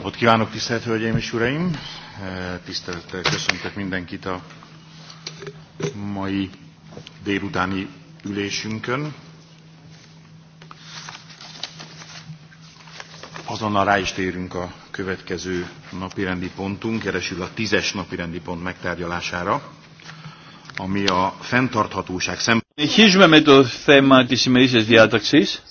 napot kívánok, tisztelt Hölgyeim és Uraim! Tisztelettel köszöntök mindenkit a mai délutáni ülésünkön. Azonnal rá is térünk a következő napirendi pontunk, keresül a tízes napirendi pont megtárgyalására, ami a fenntarthatóság szempontjából. Συνεχίζουμε a το θέμα της σημερινής διάταξης.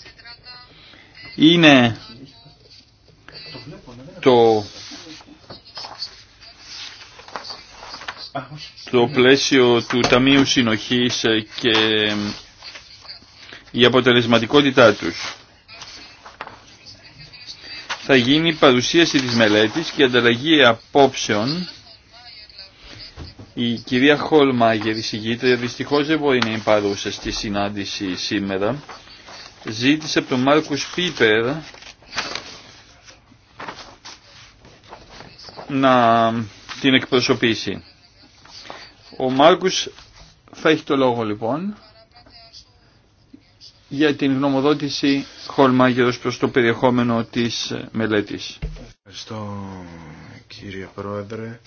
Το πλαίσιο του Ταμείου Συνοχής και η αποτελεσματικότητά τους. Θα γίνει παρουσίαση της μελέτης και ανταλλαγή απόψεων. Η κυρία Χόλμαγερ, η δυστυχώ δυστυχώς δεν μπορεί να είναι παρούσα στη συνάντηση σήμερα. Ζήτησε από τον Μάρκους Πίπερ να την εκπροσωπήσει. Ο Μάρκους θα έχει το λόγο λοιπόν για την γνωμοδότηση Χολμάγερος προς το περιεχόμενο της μελέτης. Ευχαριστώ κύριε Πρόεδρε.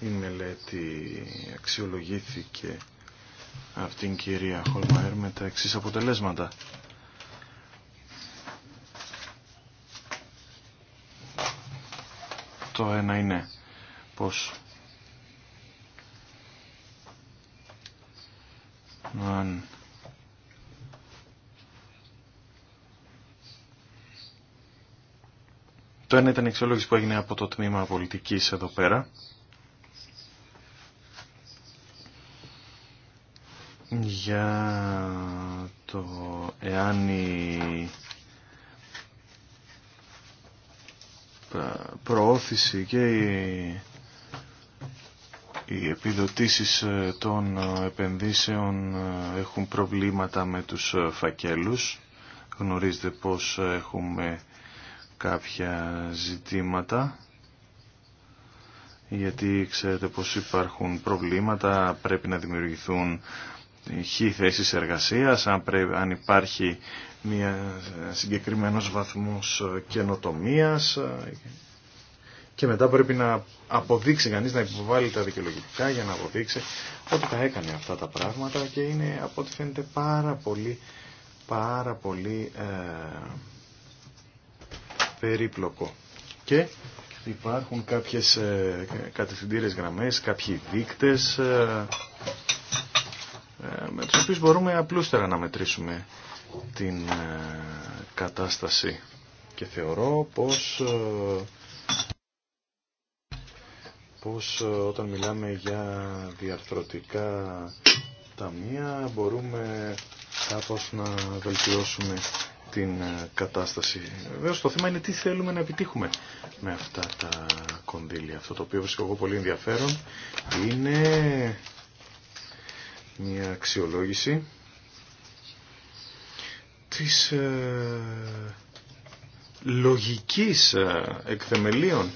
Η μελέτη αξιολογήθηκε από την κυρία Χολμαέρ με τα εξής αποτελέσματα. Το ένα είναι πως Το ένα ήταν η εξολόγηση που έγινε από το τμήμα πολιτικής εδώ πέρα. Για το εάν η προώθηση και η οι επιδοτήσεις ε, των ε, επενδύσεων ε, έχουν προβλήματα με τους φακέλους. Γνωρίζετε πως έχουμε κάποια ζητήματα γιατί ξέρετε πως υπάρχουν προβλήματα, πρέπει να δημιουργηθούν χι θέσεις εργασίας, αν, πρέπει, αν υπάρχει μια συγκεκριμένος βαθμός καινοτομίας και μετά πρέπει να αποδείξει κανείς, να υποβάλει τα δικαιολογικά για να αποδείξει ότι τα έκανε αυτά τα πράγματα και είναι από ό,τι φαίνεται πάρα πολύ, πάρα πολύ ε, περίπλοκο. Και υπάρχουν κάποιες ε, κατευθυντήρες γραμμές, κάποιοι δείκτες ε, ε, με τους οποίους μπορούμε απλούστερα να μετρήσουμε την κατάσταση. Και θεωρώ πως πως ε, όταν μιλάμε για διαρθρωτικά ταμεία μπορούμε κάπως να βελτιώσουμε την ε, κατάσταση. Βέβαια το θέμα είναι τι θέλουμε να επιτύχουμε με αυτά τα κονδύλια. Αυτό το οποίο βρίσκω εγώ πολύ ενδιαφέρον είναι μια αξιολόγηση της ε, λογικής ε, εκθεμελίων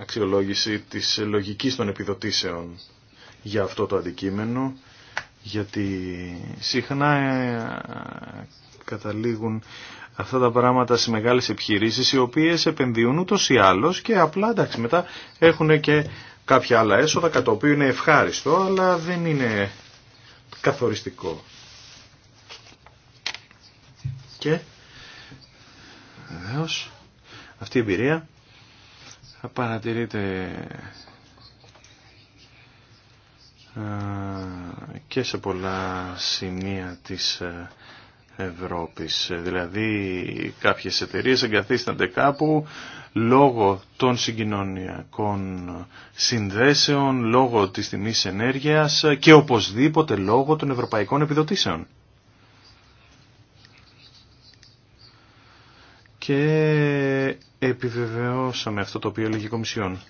αξιολόγηση της λογικής των επιδοτήσεων για αυτό το αντικείμενο, γιατί συχνά ε, καταλήγουν αυτά τα πράγματα σε μεγάλες επιχειρήσεις οι οποίες επενδύουν ούτως ή άλλως και απλά εντάξει μετά έχουν και κάποια άλλα έσοδα κατά το οποίο είναι ευχάριστο αλλά δεν είναι καθοριστικό. Και βεβαίω αυτή η αλλως και απλα ενταξει μετα εχουν και καποια αλλα εσοδα κατα το οποιο ειναι ευχαριστο αλλα δεν ειναι καθοριστικο και βεβαιως αυτη η εμπειρια θα παρατηρείτε και σε πολλά σημεία της ε, Ευρώπης. Δηλαδή κάποιες εταιρείες εγκαθίστανται κάπου λόγω των συγκοινωνιακών συνδέσεων, λόγω της τιμής ενέργειας και οπωσδήποτε λόγω των ευρωπαϊκών επιδοτήσεων. Και επιβεβαιώσαμε αυτό το οποίο έλεγε η Κομισιόν.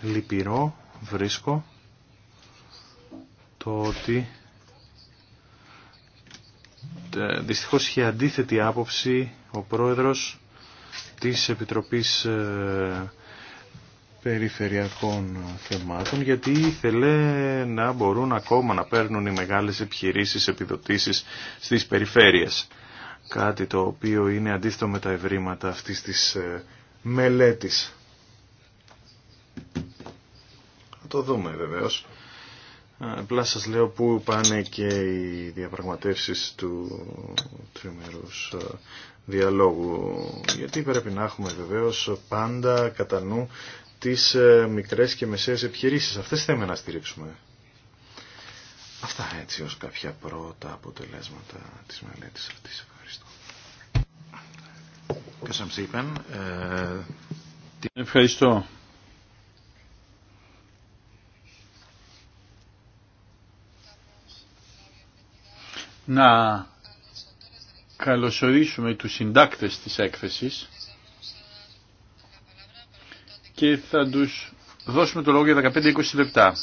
Λυπηρό βρίσκω το ότι ε, δυστυχώς είχε αντίθετη άποψη ο πρόεδρος της Επιτροπής ε, περιφερειακών θεμάτων γιατί ήθελε να μπορούν ακόμα να παίρνουν οι μεγάλες επιχειρήσεις επιδοτήσεις στις περιφέρειες. Κάτι το οποίο είναι αντίθετο με τα ευρήματα αυτής της ε, μελέτης. Θα το δούμε βεβαίως. Απλά σα λέω πού πάνε και οι διαπραγματεύσεις του τριμερούς ε, διαλόγου. Γιατί πρέπει να έχουμε βεβαίως πάντα κατά νου τις ε, μικρές και μεσαίες επιχειρήσεις. Αυτές θέλουμε να στηρίξουμε. Αυτά έτσι ως κάποια πρώτα αποτελέσματα της μελέτης αυτής. Ευχαριστώ. Ευχαριστώ. Να καλωσορίσουμε τους συντάκτες της έκθεσης και θα τους δώσουμε το λόγο για 15-20 λεπτά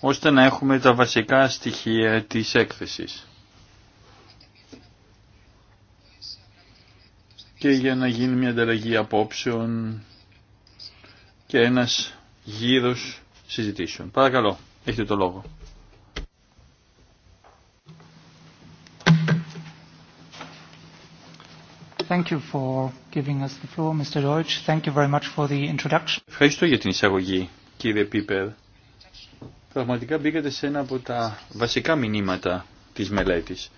ώστε να έχουμε τα βασικά στοιχεία της έκθεσης. Και για να γίνει μια ανταλλαγή απόψεων και ένας γύρος συζητήσεων. Παρακαλώ, έχετε το λόγο. Ευχαριστώ για την εισαγωγή, κύριε Πίπερ. Πραγματικά μπήκατε σε ένα από τα βασικά μηνύματα της μελέτης.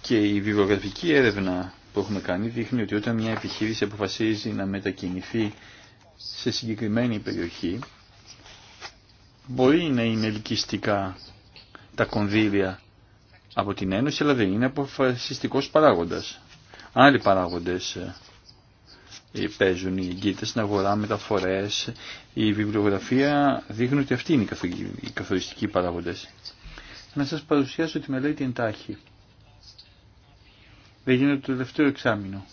Και η βιβλιογραφική έρευνα που έχουμε κάνει δείχνει ότι όταν μια επιχείρηση αποφασίζει να μετακινηθεί σε συγκεκριμένη περιοχή, μπορεί να είναι ελκυστικά τα κονδύλια από την Ένωση αλλά δεν είναι αποφασιστικός παράγοντας. Άλλοι παράγοντες ε, ε, παίζουν οι εγκύτες στην αγορά, μεταφορές, η βιβλιογραφία δείχνει ότι αυτοί είναι οι καθοριστικοί παράγοντες. Να σας παρουσιάσω τη μελέτη εντάχει. Δεν γίνεται το τελευταίο εξάμεινο.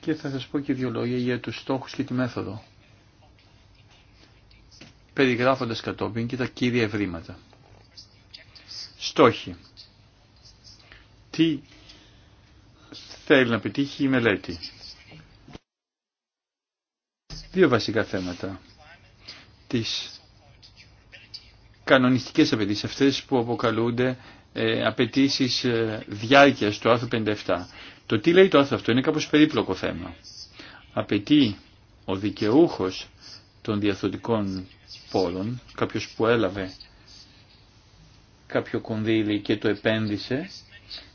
Και θα σας πω και δύο λόγια για τους στόχους και τη μέθοδο. Περιγράφοντας κατόπιν και τα κύρια ευρήματα. Στόχοι. Τι θέλει να πετύχει η μελέτη. Δύο βασικά θέματα. Τις κανονιστικές απαιτήσεις, αυτές που αποκαλούνται ε, απαιτήσει ε, διάρκειας του άρθρου 57. Το τι λέει το άρθρο αυτό είναι κάπως περίπλοκο θέμα. Απαιτεί ο δικαιούχος των διαθωτικών πόρων, κάποιος που έλαβε κάποιο κονδύλι και το επένδυσε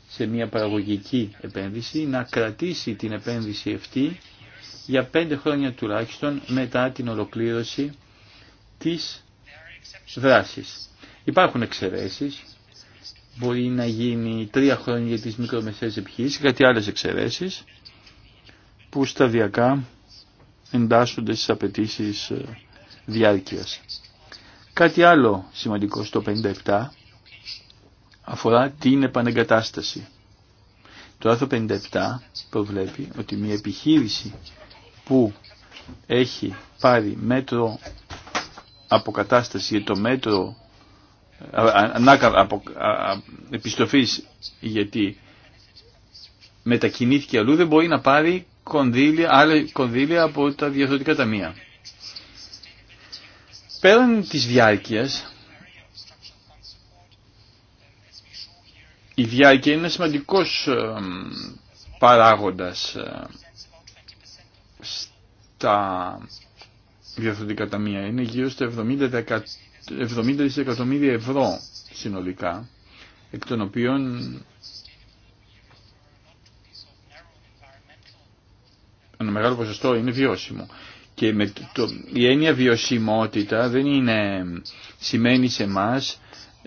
σε μια παραγωγική επένδυση, να κρατήσει την επένδυση αυτή για πέντε χρόνια τουλάχιστον μετά την ολοκλήρωση της δράσης. Υπάρχουν εξαιρέσεις, μπορεί να γίνει τρία χρόνια για τις μικρομεσαίες επιχειρήσεις, κάτι άλλες εξαιρέσεις που σταδιακά εντάσσονται στις απαιτήσει ε, διάρκειας. Κάτι άλλο σημαντικό στο 57 αφορά την επανεγκατάσταση. Το άρθρο 57 προβλέπει ότι μια επιχείρηση που έχει πάρει μέτρο αποκατάσταση το μέτρο επιστροφής γιατί μετακινήθηκε αλλού δεν μπορεί να πάρει κονδύλια, άλλα κονδύλια από τα διαθροτικά ταμεία. Πέραν της διάρκειας η διάρκεια είναι σημαντικός ε, παράγοντας ε, στα διαθροντικά ταμεία. Είναι γύρω στα 70, δισεκατομμύρια ευρώ συνολικά, εκ των οποίων ένα μεγάλο ποσοστό είναι βιώσιμο. Και το, η έννοια βιωσιμότητα δεν είναι, ε, σημαίνει σε εμάς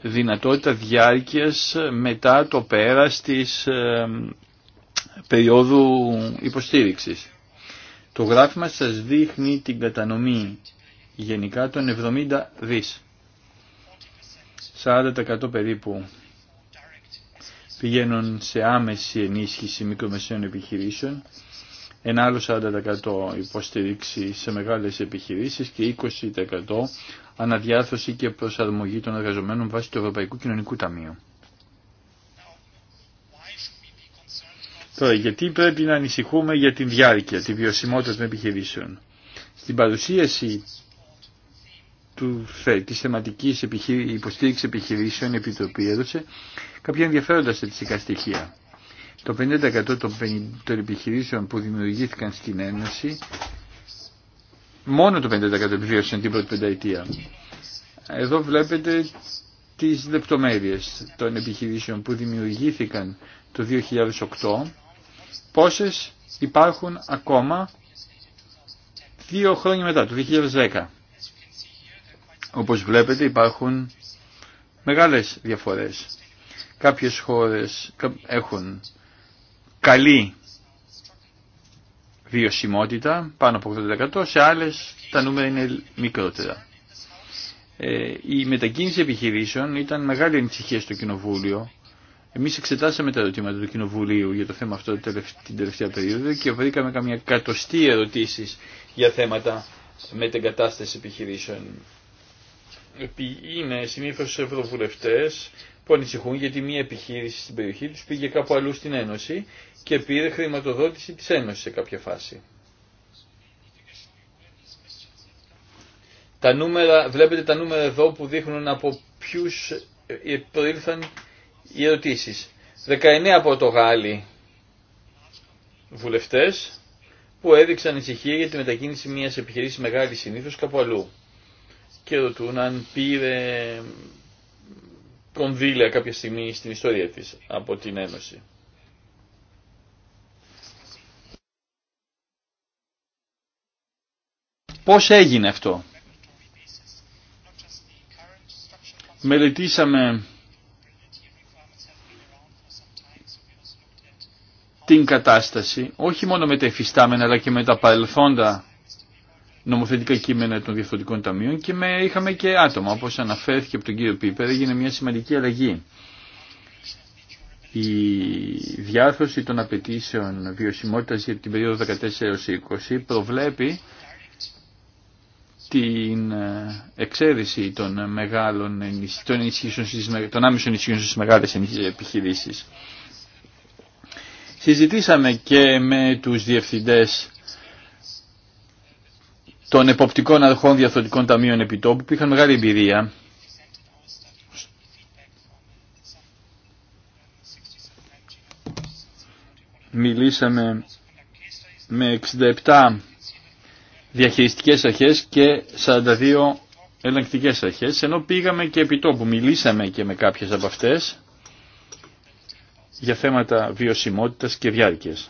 δυνατότητα διάρκειας μετά το πέρας της ε, περίοδου υποστήριξης. Το γράφημα σας δείχνει την κατανομή γενικά των 70 δις. 40% περίπου πηγαίνουν σε άμεση ενίσχυση μικρομεσαίων επιχειρήσεων, ένα άλλο 40% υποστήριξη σε μεγάλες επιχειρήσεις και 20% αναδιάρθρωση και προσαρμογή των εργαζομένων βάσει του Ευρωπαϊκού Κοινωνικού Ταμείου. Τώρα, γιατί πρέπει να ανησυχούμε για τη διάρκεια, τη βιωσιμότητα των επιχειρήσεων. Στην παρουσίαση του, της θεματικής υποστήριξης επιχειρήσεων η Επιτροπή έδωσε κάποια ενδιαφέροντα στατιστικά στοιχεία. Το 50% των επιχειρήσεων που δημιουργήθηκαν στην Ένωση μόνο το 50% επιβίωσε την πρώτη πενταετία. Εδώ βλέπετε τις λεπτομέρειες των επιχειρήσεων που δημιουργήθηκαν το 2008, πόσες υπάρχουν ακόμα δύο χρόνια μετά, το 2010. Όπως βλέπετε υπάρχουν μεγάλες διαφορές. Κάποιες χώρες έχουν καλή βιωσιμότητα πάνω από 80%, σε άλλες τα νούμερα είναι μικρότερα. Ε, η μετακίνηση επιχειρήσεων ήταν μεγάλη ανησυχία στο Κοινοβούλιο. Εμείς εξετάσαμε τα ερωτήματα του Κοινοβουλίου για το θέμα αυτό την τελευταία περίοδο και βρήκαμε καμιά κατοστή ερωτήσεις για θέματα μετεγκατάσταση επιχειρήσεων. Είναι συνήθως ευρωβουλευτές που ανησυχούν γιατί μία επιχείρηση στην περιοχή τους πήγε κάπου αλλού στην Ένωση και πήρε χρηματοδότηση της Ένωσης σε κάποια φάση. Τα νούμερα, βλέπετε τα νούμερα εδώ που δείχνουν από ποιους προήλθαν οι ερωτήσεις. 19 από το Γάλλοι βουλευτές που έδειξαν ησυχία για τη μετακίνηση μιας επιχειρήσης μεγάλη συνήθως κάπου αλλού και ρωτούν αν πήρε κονδύλια κάποια στιγμή στην ιστορία της από την Ένωση. Πώς έγινε αυτό. Μελετήσαμε την κατάσταση, όχι μόνο με τα εφιστάμενα αλλά και με τα παρελθόντα νομοθετικά κείμενα των διευθυντικών ταμείων και με, είχαμε και άτομα, όπως αναφέρθηκε από τον κύριο Πίπερ, έγινε μια σημαντική αλλαγή. Η διάρθρωση των απαιτήσεων βιωσιμότητας για την περίοδο 14 20 προβλέπει την ε, εξαίρεση των μεγάλων ενισχύσεων των άμεσων ενισχύσεων στις μεγάλες επιχειρήσεις. Συζητήσαμε και με τους διευθυντές των εποπτικών αρχών διαθωτικών ταμείων επιτόπου που είχαν μεγάλη εμπειρία μιλήσαμε με 67 διαχειριστικές αρχές και 42 ελεγκτικές αρχές, ενώ πήγαμε και επί τόπου, μιλήσαμε και με κάποιες από αυτές για θέματα βιωσιμότητας και διάρκειας.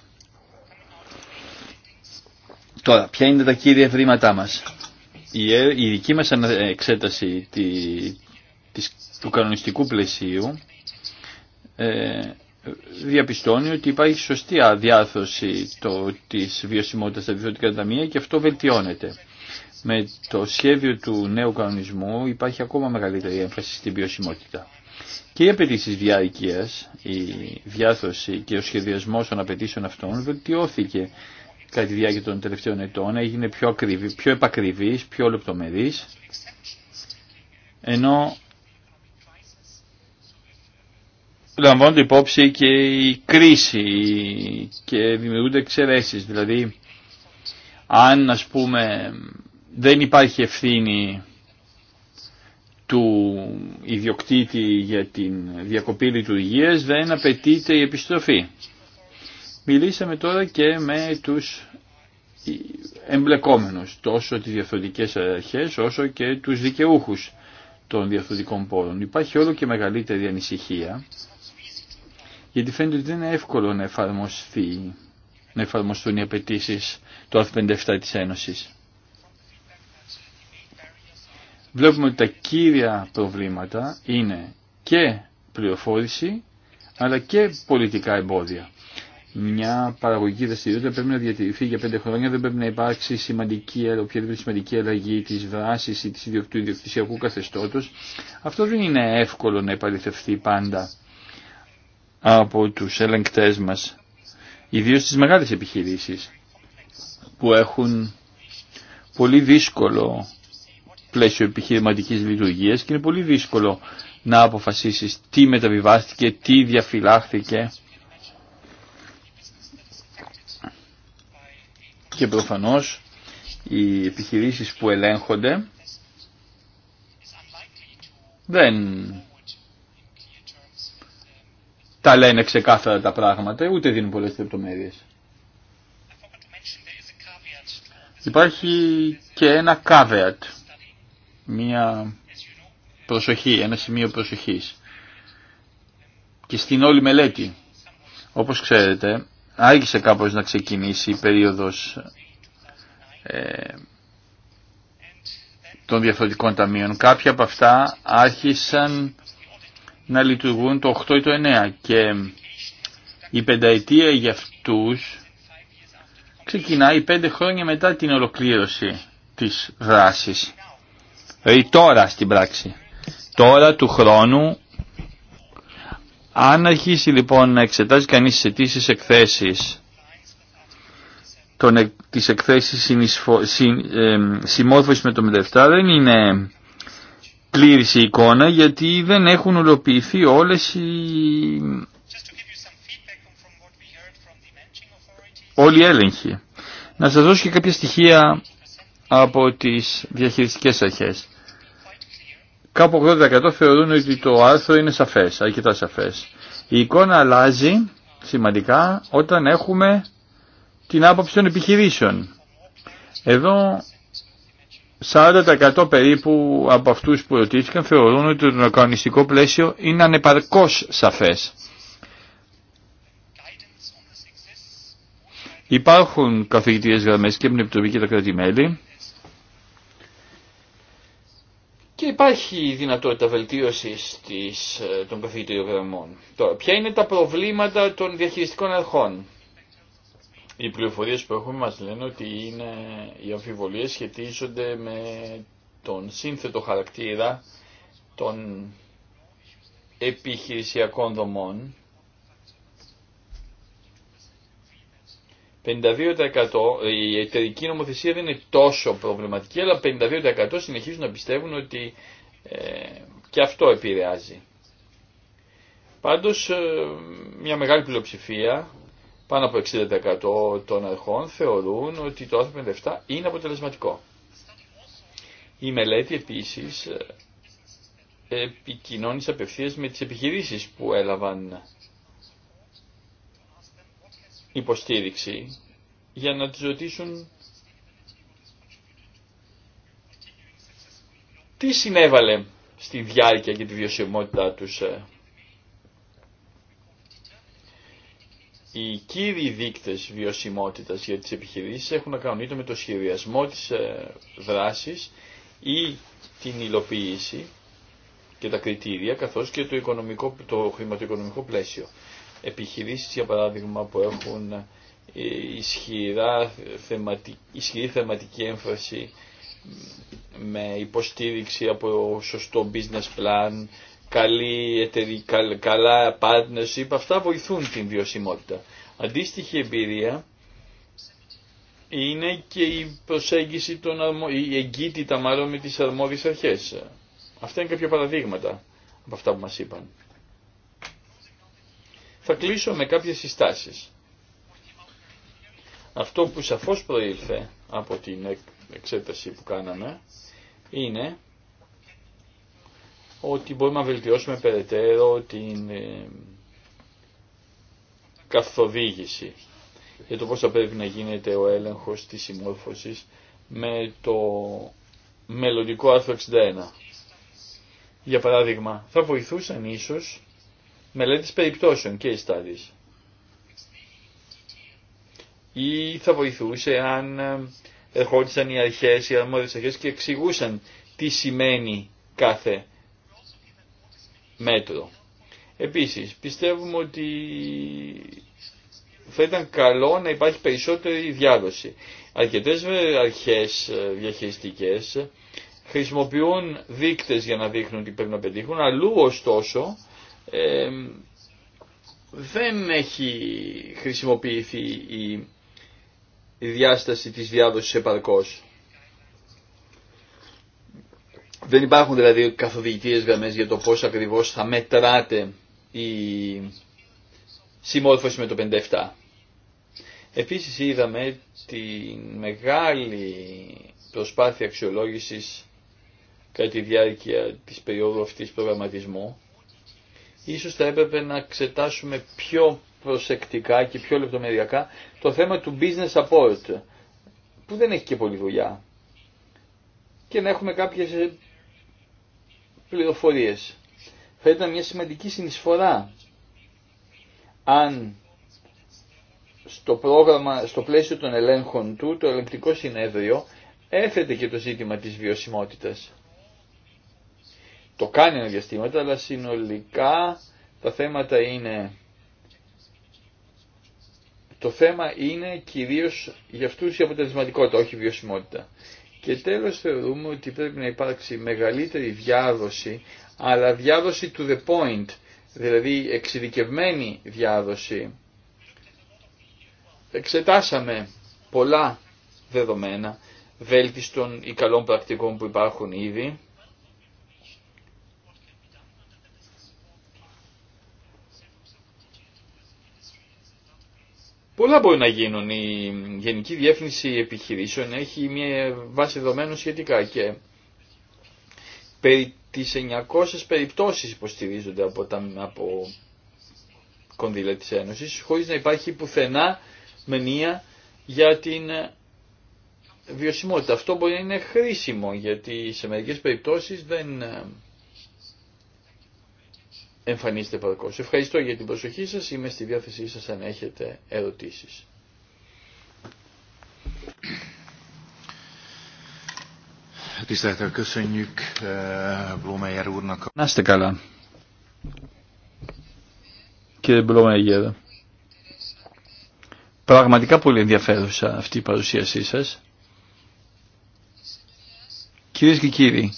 Τώρα, ποια είναι τα κύρια ευρήματά μας. Η ε, δική μας εξέταση του κανονιστικού πλαισίου ε, διαπιστώνει ότι υπάρχει σωστή αδιάρθρωση το, της βιωσιμότητας στα βιωτικά ταμεία και αυτό βελτιώνεται. Με το σχέδιο του νέου κανονισμού υπάρχει ακόμα μεγαλύτερη έμφαση στην βιωσιμότητα. Και οι απαιτήσει διάρκεια, η διάρθρωση και ο σχεδιασμό των απαιτήσεων αυτών βελτιώθηκε κατά τη διάρκεια των τελευταίων ετών, έγινε πιο, πιο επακριβής, πιο λεπτομερής, ενώ λαμβάνονται υπόψη και η κρίση και δημιουργούνται εξαιρέσεις. Δηλαδή, αν ας πούμε δεν υπάρχει ευθύνη του ιδιοκτήτη για την διακοπή λειτουργία δεν απαιτείται η επιστροφή. Μιλήσαμε τώρα και με τους εμπλεκόμενους, τόσο τις διαφορετικές αρχές όσο και τους δικαιούχους των διαφορετικών πόρων. Υπάρχει όλο και μεγαλύτερη ανησυχία γιατί φαίνεται ότι δεν είναι εύκολο να, εφαρμοστεί, να εφαρμοστούν οι απαιτήσει του άρθρου 57 της Ένωσης. Βλέπουμε ότι τα κύρια προβλήματα είναι και πληροφόρηση αλλά και πολιτικά εμπόδια. Μια παραγωγική δραστηριότητα πρέπει να διατηρηθεί για πέντε χρόνια, δεν πρέπει να υπάρξει σημαντική, οποιαδήποτε σημαντική αλλαγή τη δράση ή του ιδιοκτησιακού καθεστώτος. Αυτό δεν είναι εύκολο να επαληθευτεί πάντα από τους ελεγκτές μας, ιδίως στις μεγάλες επιχειρήσεις που έχουν πολύ δύσκολο πλαίσιο επιχειρηματικής λειτουργίας και είναι πολύ δύσκολο να αποφασίσεις τι μεταβιβάστηκε, τι διαφυλάχθηκε και προφανώς οι επιχειρήσεις που ελέγχονται δεν τα λένε ξεκάθαρα τα πράγματα, ούτε δίνουν πολλές λεπτομέρειες. Υπάρχει και ένα caveat, μια προσοχή, ένα σημείο προσοχής. Και στην όλη μελέτη, όπως ξέρετε, άρχισε κάπως να ξεκινήσει η περίοδος ε, των διαφορετικών ταμείων. Κάποια από αυτά άρχισαν να λειτουργούν το 8 ή το 9 και η πενταετία για αυτούς ξεκινάει πέντε χρόνια μετά την ολοκλήρωση της δράσης. Ε, ή τώρα στην πράξη. Τώρα του χρόνου αν αρχίσει λοιπόν να εξετάζει κανείς τις αιτήσεις εκθέσεις τις εκθέσεις συμμόρφωσης με το 57 δεν είναι πλήρης η εικόνα γιατί δεν έχουν ολοποιηθεί όλες οι... όλοι οι έλεγχοι. Να σας δώσω και κάποια στοιχεία από τις διαχειριστικές αρχές. Κάπου 80% θεωρούν ότι το άρθρο είναι σαφές, αρκετά σαφές. Η εικόνα αλλάζει σημαντικά όταν έχουμε την άποψη των επιχειρήσεων. Εδώ 40% περίπου από αυτούς που ρωτήθηκαν θεωρούν ότι το νοκανονιστικό πλαίσιο είναι ανεπαρκώς σαφές. Υπάρχουν καθηγητήρες γραμμές και από την και τα κρατη και υπάρχει δυνατότητα βελτίωσης της, ε, των καθηγητήριων γραμμών. Τώρα, ποια είναι τα προβλήματα των διαχειριστικών αρχών. Οι πληροφορίες που έχουμε μας λένε ότι είναι, οι αμφιβολίες σχετίζονται με τον σύνθετο χαρακτήρα των επιχειρησιακών δομών. 52% ε, η εταιρική νομοθεσία δεν είναι τόσο προβληματική, αλλά 52% συνεχίζουν να πιστεύουν ότι ε, και αυτό επηρεάζει. Πάντως ε, μια μεγάλη πλειοψηφία πάνω από 60% των αρχών θεωρούν ότι το άρθρο 57 είναι αποτελεσματικό. Η μελέτη επίσης ε, επικοινώνησε απευθείας με τις επιχειρήσεις που έλαβαν υποστήριξη για να τις ρωτήσουν τι συνέβαλε στη διάρκεια και τη βιωσιμότητά τους ε, οι κύριοι δείκτες βιωσιμότητας για τις επιχειρήσεις έχουν να κάνουν είτε με το σχεδιασμό της ε, δράσης ή την υλοποίηση και τα κριτήρια καθώς και το, οικονομικό, το χρηματοοικονομικό πλαίσιο. Επιχειρήσεις για παράδειγμα που έχουν ε, ισχυρά θεματική, ισχυρή θεματική έμφαση με υποστήριξη από σωστό business plan, καλή εταιρεία, καλ, καλά partnership, αυτά βοηθούν την βιωσιμότητα. Αντίστοιχη εμπειρία είναι και η προσέγγιση των αρμο... η εγκύτητα μάλλον με τις αρμόδιες αρχές. Αυτά είναι κάποια παραδείγματα από αυτά που μας είπαν. Θα κλείσω με κάποιες συστάσεις. Αυτό που σαφώς προήλθε από την εξέταση που κάναμε είναι ότι μπορούμε να βελτιώσουμε περαιτέρω την ε, καθοδήγηση για το πώς θα πρέπει να γίνεται ο έλεγχος της συμμόρφωσης με το μελλοντικό άρθρο 61. Για παράδειγμα, θα βοηθούσαν ίσως μελέτες περιπτώσεων και studies. Ή θα βοηθούσε αν ε, ερχόντουσαν οι αρχές, οι αρμόδιες αρχές και εξηγούσαν τι σημαίνει κάθε μέτρο. Επίσης, πιστεύουμε ότι θα ήταν καλό να υπάρχει περισσότερη διάδοση. Αρκετές αρχές ε, διαχειριστικές χρησιμοποιούν δείκτες για να δείχνουν τι πρέπει να πετύχουν, αλλού ωστόσο δεν έχει χρησιμοποιηθεί η, η διάσταση της διάδοσης επαρκώς. Δεν υπάρχουν δηλαδή καθοδηγητήρες γραμμές για το πώς ακριβώς θα μετράτε η συμμόρφωση με το 57. Επίσης είδαμε τη μεγάλη προσπάθεια αξιολόγησης κατά τη διάρκεια της περίοδου αυτής προγραμματισμού. Ίσως θα έπρεπε να εξετάσουμε πιο προσεκτικά και πιο λεπτομεριακά το θέμα του business support που δεν έχει και πολύ δουλειά και να έχουμε κάποιες πληροφορίες. Θα ήταν μια σημαντική συνεισφορά αν στο, πρόγραμμα, στο πλαίσιο των ελέγχων του το ελεγκτικό συνέδριο έθετε και το ζήτημα της βιωσιμότητας. Το κάνει ένα διαστήματα, αλλά συνολικά τα θέματα είναι... Το θέμα είναι κυρίως για αυτούς η αποτελεσματικότητα, όχι η βιωσιμότητα. Και τέλος θεωρούμε ότι πρέπει να υπάρξει μεγαλύτερη διάδοση, αλλά διάδοση to the point, δηλαδή εξειδικευμένη διάδοση. Εξετάσαμε πολλά δεδομένα βέλτιστων ή καλών πρακτικών που υπάρχουν ήδη Πολλά μπορεί να γίνουν. Η Γενική Διεύθυνση Επιχειρήσεων έχει μια βάση δεδομένων σχετικά και περί τις 900 περιπτώσεις υποστηρίζονται από, τα, από κονδύλια της Ένωσης χωρίς να υπάρχει πουθενά μενία για την βιωσιμότητα. Αυτό μπορεί να είναι χρήσιμο γιατί σε μερικές περιπτώσεις δεν εμφανίστε παρκώς. Ευχαριστώ για την προσοχή σας, είμαι στη διάθεσή σας αν έχετε ερωτήσεις. Eh, Να είστε καλά. Κύριε Μπλόμαγερ, πραγματικά πολύ ενδιαφέρουσα αυτή η παρουσίασή σας. Κυρίες και κύριοι,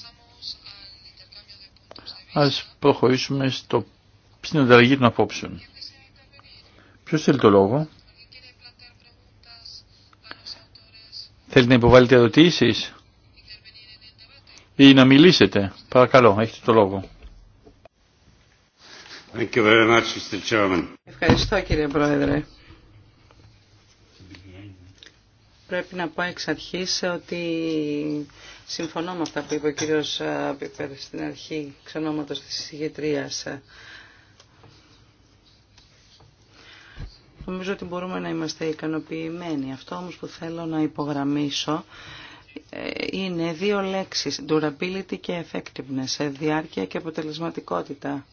Ας προχωρήσουμε στο, στην ανταλλαγή των απόψεων. Ποιος θέλει το λόγο? Θέλει να υποβάλλετε ερωτήσεις ή να μιλήσετε. Παρακαλώ, έχετε το λόγο. Ευχαριστώ κύριε Πρόεδρε. Πρέπει να πω εξ αρχής ότι Συμφωνώ με αυτά που είπε ο κύριος ε, Πίπερ στην αρχή ξενόματος της ηγετρίας. Νομίζω ότι μπορούμε να είμαστε ικανοποιημένοι. Αυτό όμως που θέλω να υπογραμμίσω ε, είναι δύο λέξεις, durability και effectiveness, ε, διάρκεια και αποτελεσματικότητα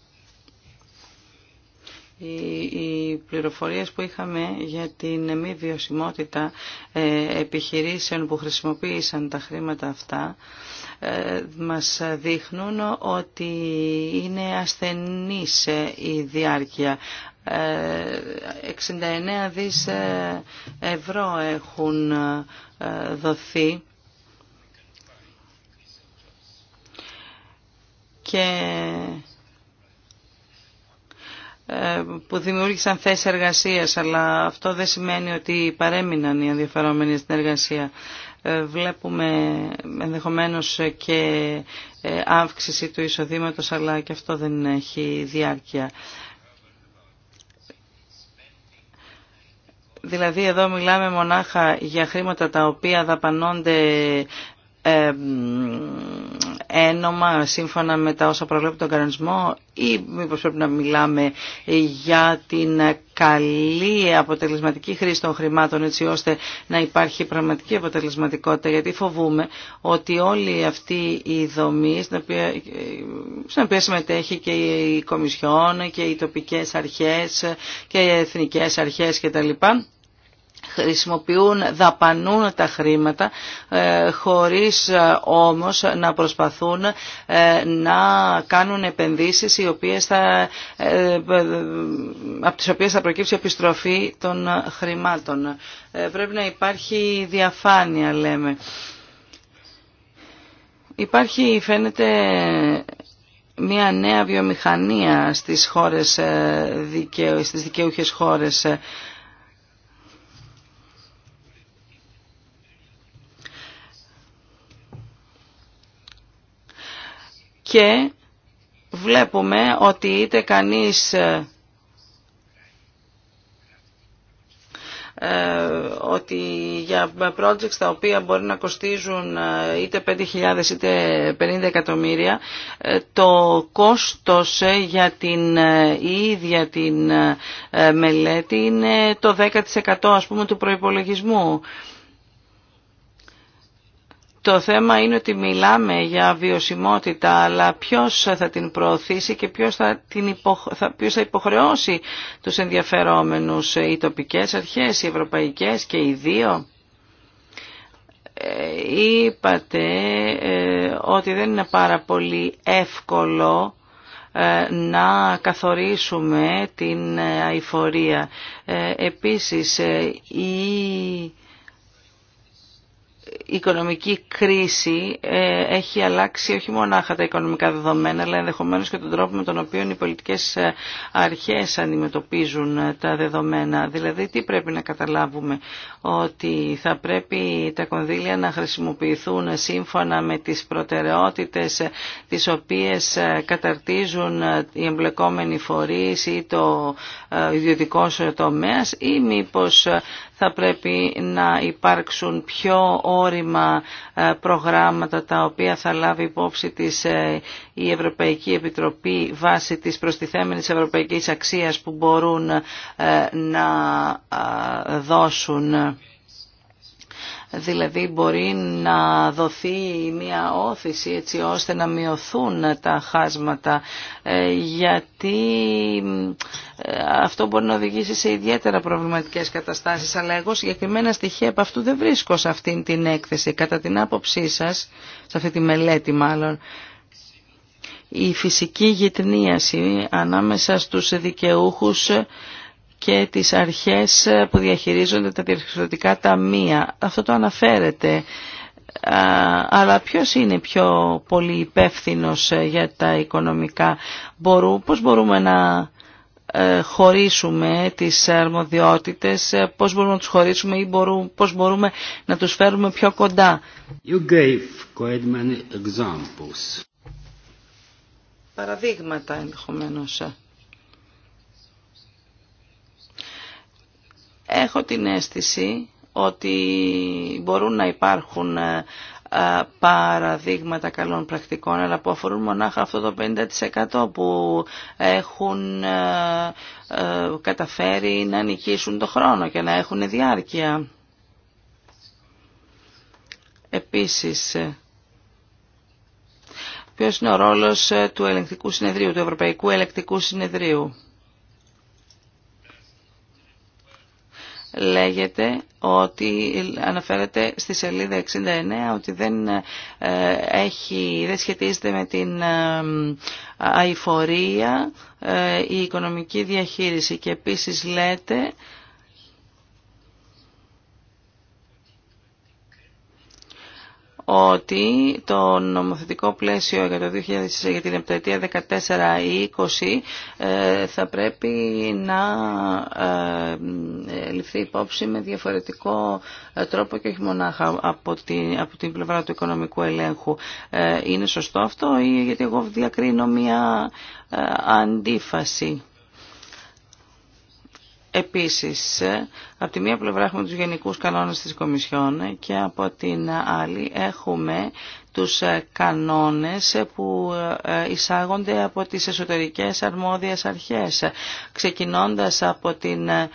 οι πληροφορίες που είχαμε για την μη βιωσιμότητα ε, επιχειρήσεων που χρησιμοποίησαν τα χρήματα αυτά ε, μας δείχνουν ότι είναι ασθενής ε, η διάρκεια. 69 δις ευρώ έχουν δοθεί και ε, που δημιούργησαν θέσει εργασία, αλλά αυτό δεν σημαίνει ότι παρέμειναν οι ενδιαφερόμενοι στην εργασία. Ε, βλέπουμε ενδεχομένως και ε, αύξηση του εισοδήματος, αλλά και αυτό δεν έχει διάρκεια. Δηλαδή εδώ μιλάμε μονάχα για χρήματα τα οποία δαπανώνται ένομα σύμφωνα με τα όσα προβλέπει τον κανονισμό ή μήπω πρέπει να μιλάμε για την καλή αποτελεσματική χρήση των χρημάτων έτσι ώστε να υπάρχει πραγματική αποτελεσματικότητα γιατί φοβούμε ότι όλη αυτή η δομή στην οποία, στην οποία συμμετέχει και η Κομισιόν και οι τοπικές αρχές και οι εθνικές αρχές κτλ χρησιμοποιούν, δαπανούν τα χρήματα ε, χωρίς ε, όμως να προσπαθούν ε, να κάνουν επενδύσεις οι οποίες θα, από τις οποίες θα προκύψει επιστροφή των χρημάτων. Πρέπει να υπάρχει διαφάνεια λέμε. Υπάρχει φαίνεται μια νέα βιομηχανία στις χώρες στις δικαιούχες χώρες και βλέπουμε ότι είτε κανείς ε, ε, ότι για projects τα οποία μπορεί να κοστίζουν ε, είτε 5.000 είτε 50 εκατομμύρια το κόστος για την ίδια την μελέτη είναι το 10% ας πούμε του προϋπολογισμού. Το θέμα είναι ότι μιλάμε για βιωσιμότητα, αλλά ποιος θα την προωθήσει και ποιος θα, την θα... υποχρεώσει τους ενδιαφερόμενους, οι τοπικές αρχές, οι ευρωπαϊκές και οι δύο. Ε, είπατε ε, ότι δεν είναι πάρα πολύ εύκολο ε, να καθορίσουμε την αηφορία. Επίσης, η η οικονομική κρίση ε, έχει αλλάξει όχι μονάχα τα οικονομικά δεδομένα, αλλά ενδεχομένω και τον τρόπο με τον οποίο οι πολιτικές ε, αρχές αντιμετωπίζουν ε, τα δεδομένα. Δηλαδή, τι πρέπει να καταλάβουμε, ότι θα πρέπει τα κονδύλια να χρησιμοποιηθούν σύμφωνα με τις προτεραιότητες τις οποίες καταρτίζουν οι εμπλεκόμενοι φορείς ή το ιδιωτικό τομέα ή μήπως θα πρέπει να υπάρξουν πιο όρημα ε, προγράμματα τα οποία θα λάβει υπόψη της ε, η Ευρωπαϊκή Επιτροπή βάσει της προστιθέμενης ευρωπαϊκής αξίας που μπορούν ε, να δώσουν Δηλαδή μπορεί να δοθεί μια όθηση έτσι ώστε να μειωθούν τα χάσματα ε, γιατί ε, αυτό μπορεί να οδηγήσει σε ιδιαίτερα προβληματικές καταστάσεις αλλά εγώ συγκεκριμένα στοιχεία από αυτού δεν βρίσκω σε αυτή την έκθεση. Κατά την άποψή σας, σε αυτή τη μελέτη μάλλον, η φυσική γυτνίαση ανάμεσα στους δικαιούχους και τις αρχές που διαχειρίζονται τα διευθυντικά ταμεία. Αυτό το αναφέρεται. Αλλά ποιος είναι πιο πολύ υπεύθυνο ε, για τα οικονομικά. Μπορού, πώς μπορούμε να ε, χωρίσουμε τις αρμοδιότητες, ε, πώς μπορούμε να τους χωρίσουμε ή μπορούμε, πώς μπορούμε να τους φέρουμε πιο κοντά. You gave Παραδείγματα ενδεχομένως. Έχω την αίσθηση ότι μπορούν να υπάρχουν ε, ε, παραδείγματα καλών πρακτικών αλλά που αφορούν μονάχα αυτό το 50% που έχουν ε, καταφέρει να νικήσουν το χρόνο και να έχουν διάρκεια. Επίσης, ποιος είναι ο ρόλος του ελεγκτικού συνεδρίου, του Ευρωπαϊκού Ελεκτικού Συνεδρίου. λέγεται ότι αναφέρεται στη σελίδα 69 ότι δεν, ε, έχει, δεν σχετίζεται με την ε, αηφορία ε, η οικονομική διαχείριση και επίσης λέτε ότι το νομοθετικό πλαίσιο για το 2000, για την επταετία 14 ή 20 θα πρέπει να ε, ε, ληφθεί υπόψη με διαφορετικό ε, τρόπο και όχι μονάχα από την, από την πλευρά του οικονομικού ελέγχου. Είναι σωστό αυτό ή γιατί εγώ διακρίνω μια αντίφαση. Επίσης, από τη μία πλευρά έχουμε τους γενικούς κανόνες της Κομισιόν και από την άλλη έχουμε τους ε, κανόνες που ε, εισάγονται από τις εσωτερικές αρμόδιες αρχές, ξεκινώντας από την ε,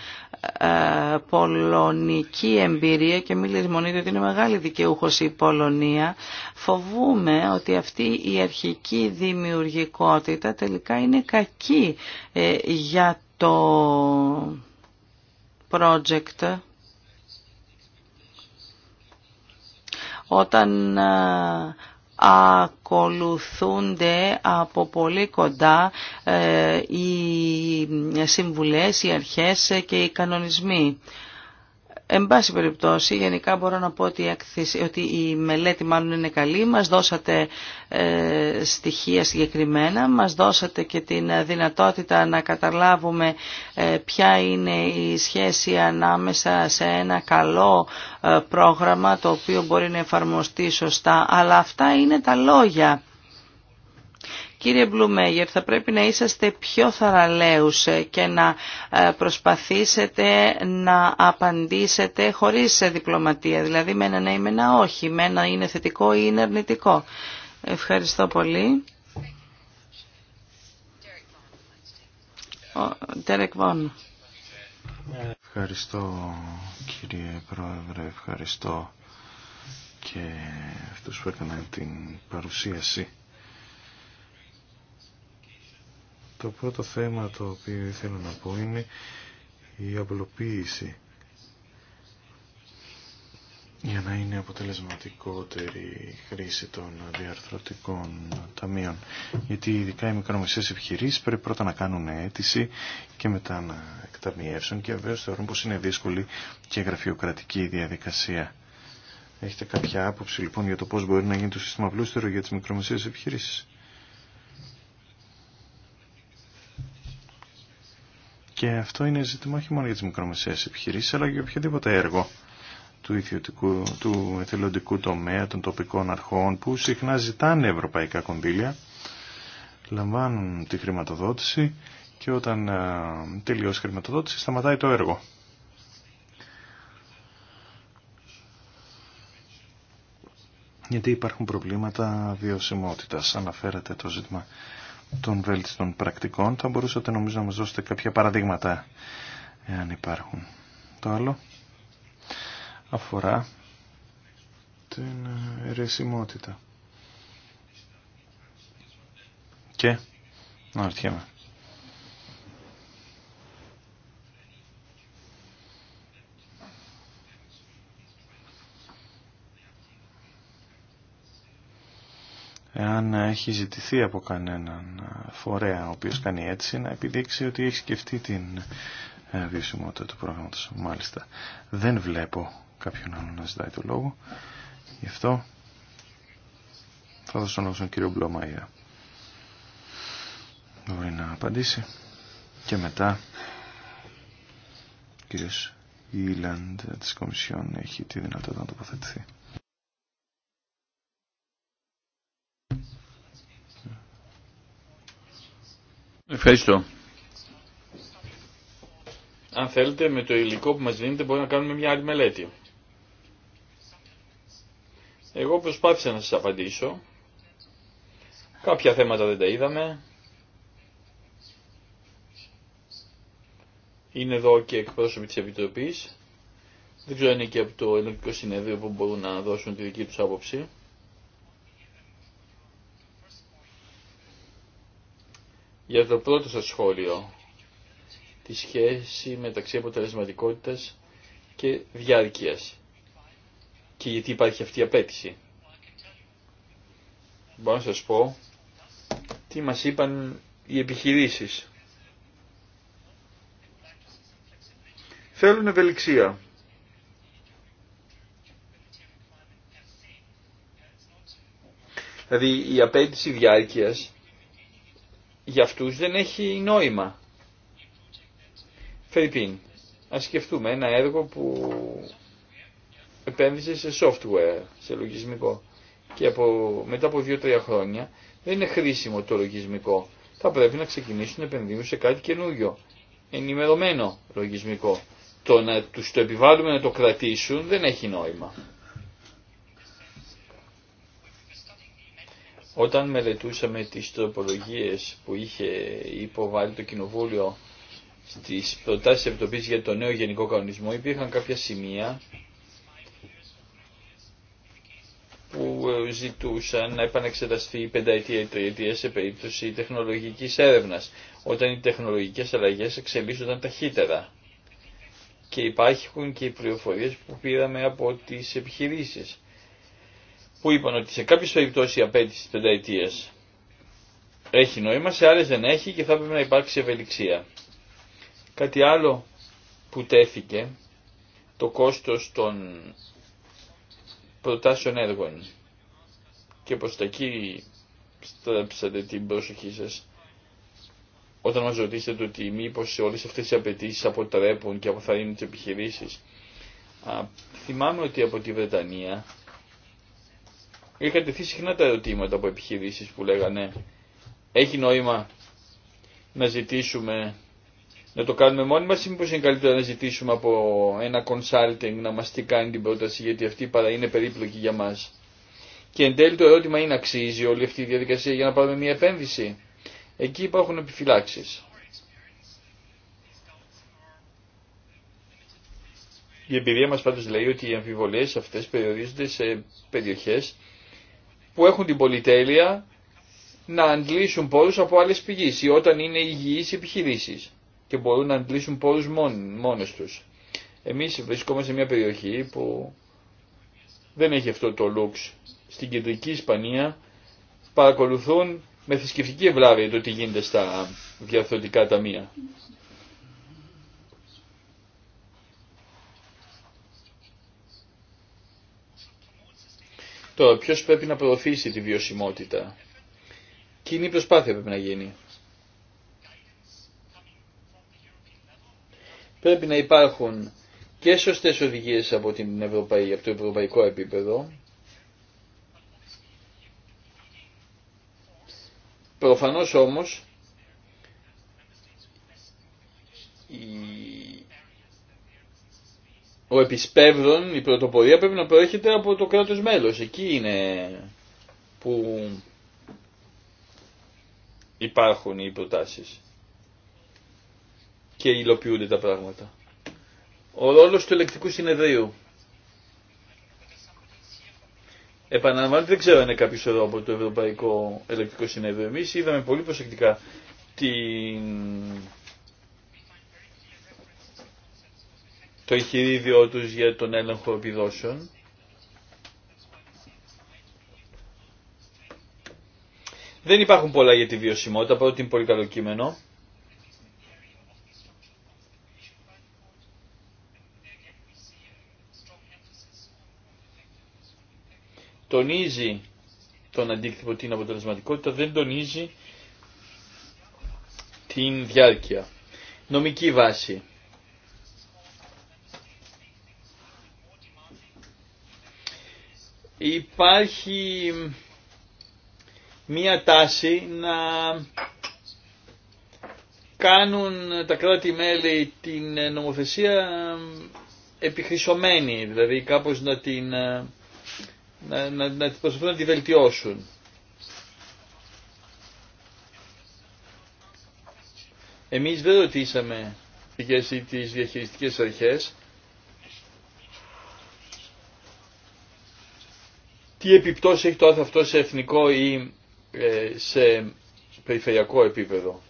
πολωνική εμπειρία και μη λησμονείται ότι είναι μεγάλη δικαιούχος η Πολωνία φοβούμε ότι αυτή η αρχική δημιουργικότητα τελικά είναι κακή για το project όταν ε, ακολουθούνται από πολύ κοντά ε, οι συμβουλές, οι αρχές και οι κανονισμοί. Εν πάση περιπτώσει, γενικά μπορώ να πω ότι η, μελέτη μάλλον είναι καλή. Μας δώσατε ε, στοιχεία συγκεκριμένα, μας δώσατε και την δυνατότητα να καταλάβουμε ε, ποια είναι η σχέση ανάμεσα σε ένα καλό ε, πρόγραμμα το οποίο μπορεί να εφαρμοστεί σωστά. Αλλά αυτά είναι τα λόγια. Κύριε Μπλουμέγερ, θα πρέπει να είσαστε πιο θαραλέους και να ε, προσπαθήσετε να απαντήσετε χωρίς διπλωματία, δηλαδή με ένα ναι ή με ένα όχι, με ένα είναι θετικό ή είναι αρνητικό. Ευχαριστώ πολύ. Ευχαριστώ κύριε Πρόεδρε, ευχαριστώ και αυτούς που έκαναν την παρουσίαση. Το πρώτο θέμα το οποίο ήθελα να πω είναι η απλοποίηση για να είναι αποτελεσματικότερη η χρήση των διαρθρωτικών ταμείων. Γιατί ειδικά οι μικρομεσαίες επιχειρήσεις πρέπει πρώτα να κάνουν αίτηση και μετά να εκταμιεύσουν και βέβαια θεωρούν πως είναι δύσκολη και γραφειοκρατική η διαδικασία. Έχετε κάποια άποψη λοιπόν για το πώς μπορεί να γίνει το σύστημα πλούστερο για τις μικρομεσαίες επιχειρήσεις. Και αυτό είναι ζήτημα όχι μόνο για τις μικρομεσαίες επιχειρήσεις, αλλά και για οποιοδήποτε έργο του, ιδιωτικού, του εθελοντικού τομέα, των τοπικών αρχών, που συχνά ζητάνε ευρωπαϊκά κονδύλια, λαμβάνουν τη χρηματοδότηση και όταν τελειώσει η χρηματοδότηση σταματάει το έργο. Γιατί υπάρχουν προβλήματα βιωσιμότητας. Αναφέρατε το ζήτημα των βέλτιστων πρακτικών. Θα μπορούσατε νομίζω να μας δώσετε κάποια παραδείγματα, εάν υπάρχουν. Το άλλο αφορά την αιρεσιμότητα. Και, να αρχίσουμε εάν έχει ζητηθεί από κανέναν φορέα ο οποίος κάνει έτσι να επιδείξει ότι έχει σκεφτεί την ε, βιωσιμότητα του πρόγραμματος. Μάλιστα δεν βλέπω κάποιον άλλο να ζητάει το λόγο. Γι' αυτό θα δώσω λόγο στον κύριο Μπλωμαϊά. Μπορεί να απαντήσει. Και μετά ο κύριος Ιλαντ της Κομισιόν έχει τη δυνατότητα να τοποθετηθεί. Ευχαριστώ. Αν θέλετε με το υλικό που μας δίνετε μπορεί να κάνουμε μια άλλη μελέτη. Εγώ προσπάθησα να σας απαντήσω. Κάποια θέματα δεν τα είδαμε. Είναι εδώ και εκπρόσωποι της Επιτροπής. Δεν ξέρω αν είναι και από το Ελληνικό Συνέδριο που μπορούν να δώσουν τη δική τους άποψη. Για το πρώτο σας σχόλιο, τη σχέση μεταξύ αποτελεσματικότητας και διάρκειας και γιατί υπάρχει αυτή η απέτηση. Μπορώ να σας πω τι μας είπαν οι επιχειρήσεις. Θέλουν ευελιξία. Δηλαδή η απέτηση διάρκειας για αυτούς δεν έχει νόημα. Φερρυπίν, ας σκεφτούμε ένα έργο που επένδυσε σε software, σε λογισμικό και από, μετά από 2-3 χρόνια δεν είναι χρήσιμο το λογισμικό. Θα πρέπει να ξεκινήσουν να επενδύουν σε κάτι καινούριο, ενημερωμένο λογισμικό. Το να τους το επιβάλλουμε να το κρατήσουν δεν έχει νόημα. Όταν μελετούσαμε τις τροπολογίες που είχε υποβάλει το Κοινοβούλιο στις προτάσεις επιτροπής για το νέο γενικό κανονισμό υπήρχαν κάποια σημεία που ζητούσαν να επανεξεταστεί η πενταετία ή τριετία σε περίπτωση τεχνολογικής έρευνας, όταν οι τεχνολογικές αλλαγές εξελίσσονταν ταχύτερα. Και υπάρχουν και οι πληροφορίες που πήραμε από τις επιχειρήσεις που είπαν ότι σε κάποιες περιπτώσεις η απέτηση πενταετίας έχει νόημα, σε άλλες δεν έχει και θα πρέπει να υπάρξει ευελιξία. Κάτι άλλο που τέθηκε, το κόστος των προτάσεων έργων. Και προς τα εκεί στρέψατε την προσοχή σας όταν μας ρωτήσετε ότι μήπως όλες αυτές οι απαιτήσει αποτρέπουν και αποθαρρύνουν τις επιχειρήσεις. θυμάμαι ότι από τη Βρετανία είχα τεθεί συχνά τα ερωτήματα από επιχειρήσεις που λέγανε έχει νόημα να ζητήσουμε, να το κάνουμε μόνοι μας ή μήπως είναι καλύτερα να ζητήσουμε από ένα consulting να μας τι κάνει την πρόταση γιατί αυτή παρά είναι περίπλοκη για μας. Και εν τέλει το ερώτημα είναι αξίζει όλη αυτή η διαδικασία για να πάρουμε μια επένδυση. Εκεί υπάρχουν επιφυλάξεις. Η εμπειρία μας πάντως λέει ότι οι αμφιβολίες αυτές περιορίζονται σε περιοχές που έχουν την πολυτέλεια να αντλήσουν πόρους από άλλες πηγές ή όταν είναι υγιείς επιχειρήσεις και μπορούν να αντλήσουν πόρους μόν, μόνος τους. Εμείς βρισκόμαστε σε μια περιοχή που δεν έχει αυτό το λουξ. Στην κεντρική Ισπανία παρακολουθούν με θρησκευτική ευλάβεια το τι γίνεται στα διαφθορτικά ταμεία. Τώρα, ποιος πρέπει να προωθήσει τη βιωσιμότητα. Κοινή προσπάθεια πρέπει να γίνει. Πρέπει να υπάρχουν και σωστές οδηγίες από, την το ευρωπαϊκό επίπεδο. Προφανώς όμως, η ο επισπεύδων, η πρωτοπορία πρέπει να προέρχεται από το κράτος μέλος. Εκεί είναι που υπάρχουν οι προτάσεις και υλοποιούνται τα πράγματα. Ο ρόλος του ελεκτικού συνεδρίου. Επαναλαμβάνω, δεν ξέρω αν είναι κάποιος εδώ από το Ευρωπαϊκό Ελεκτικό Συνέδριο. Εμεί είδαμε πολύ προσεκτικά την το εγχειρίδιό τους για τον έλεγχο επιδόσεων. Δεν υπάρχουν πολλά για τη βιωσιμότητα, παρότι είναι πολύ καλό κείμενο. Τονίζει τον αντίκτυπο την αποτελεσματικότητα, δεν τονίζει την διάρκεια. Νομική βάση. υπάρχει μία τάση να κάνουν τα κράτη-μέλη την νομοθεσία επιχρυσωμένη, δηλαδή κάπως να την, ε, να, προσπαθούν να τη βελτιώσουν. Εμείς δεν ρωτήσαμε τις διαχειριστικές αρχές, τι επιπτώσεις έχει το αυτό σε εθνικό ή ε, σε περιφερειακό επίπεδο.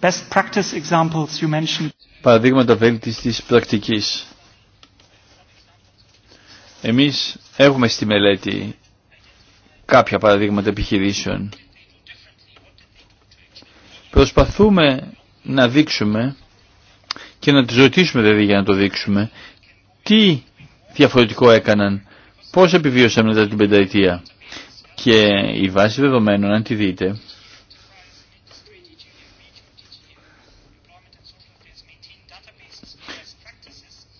Best practice examples you mentioned. Παραδείγματα βέλτιστης της πρακτικής. Εμείς έχουμε στη μελέτη κάποια παραδείγματα επιχειρήσεων. Προσπαθούμε να δείξουμε και να τις ρωτήσουμε δηλαδή για να το δείξουμε τι διαφορετικό έκαναν, πώς επιβίωσαν μετά την πενταετία. Και η βάση δεδομένων, αν τη δείτε,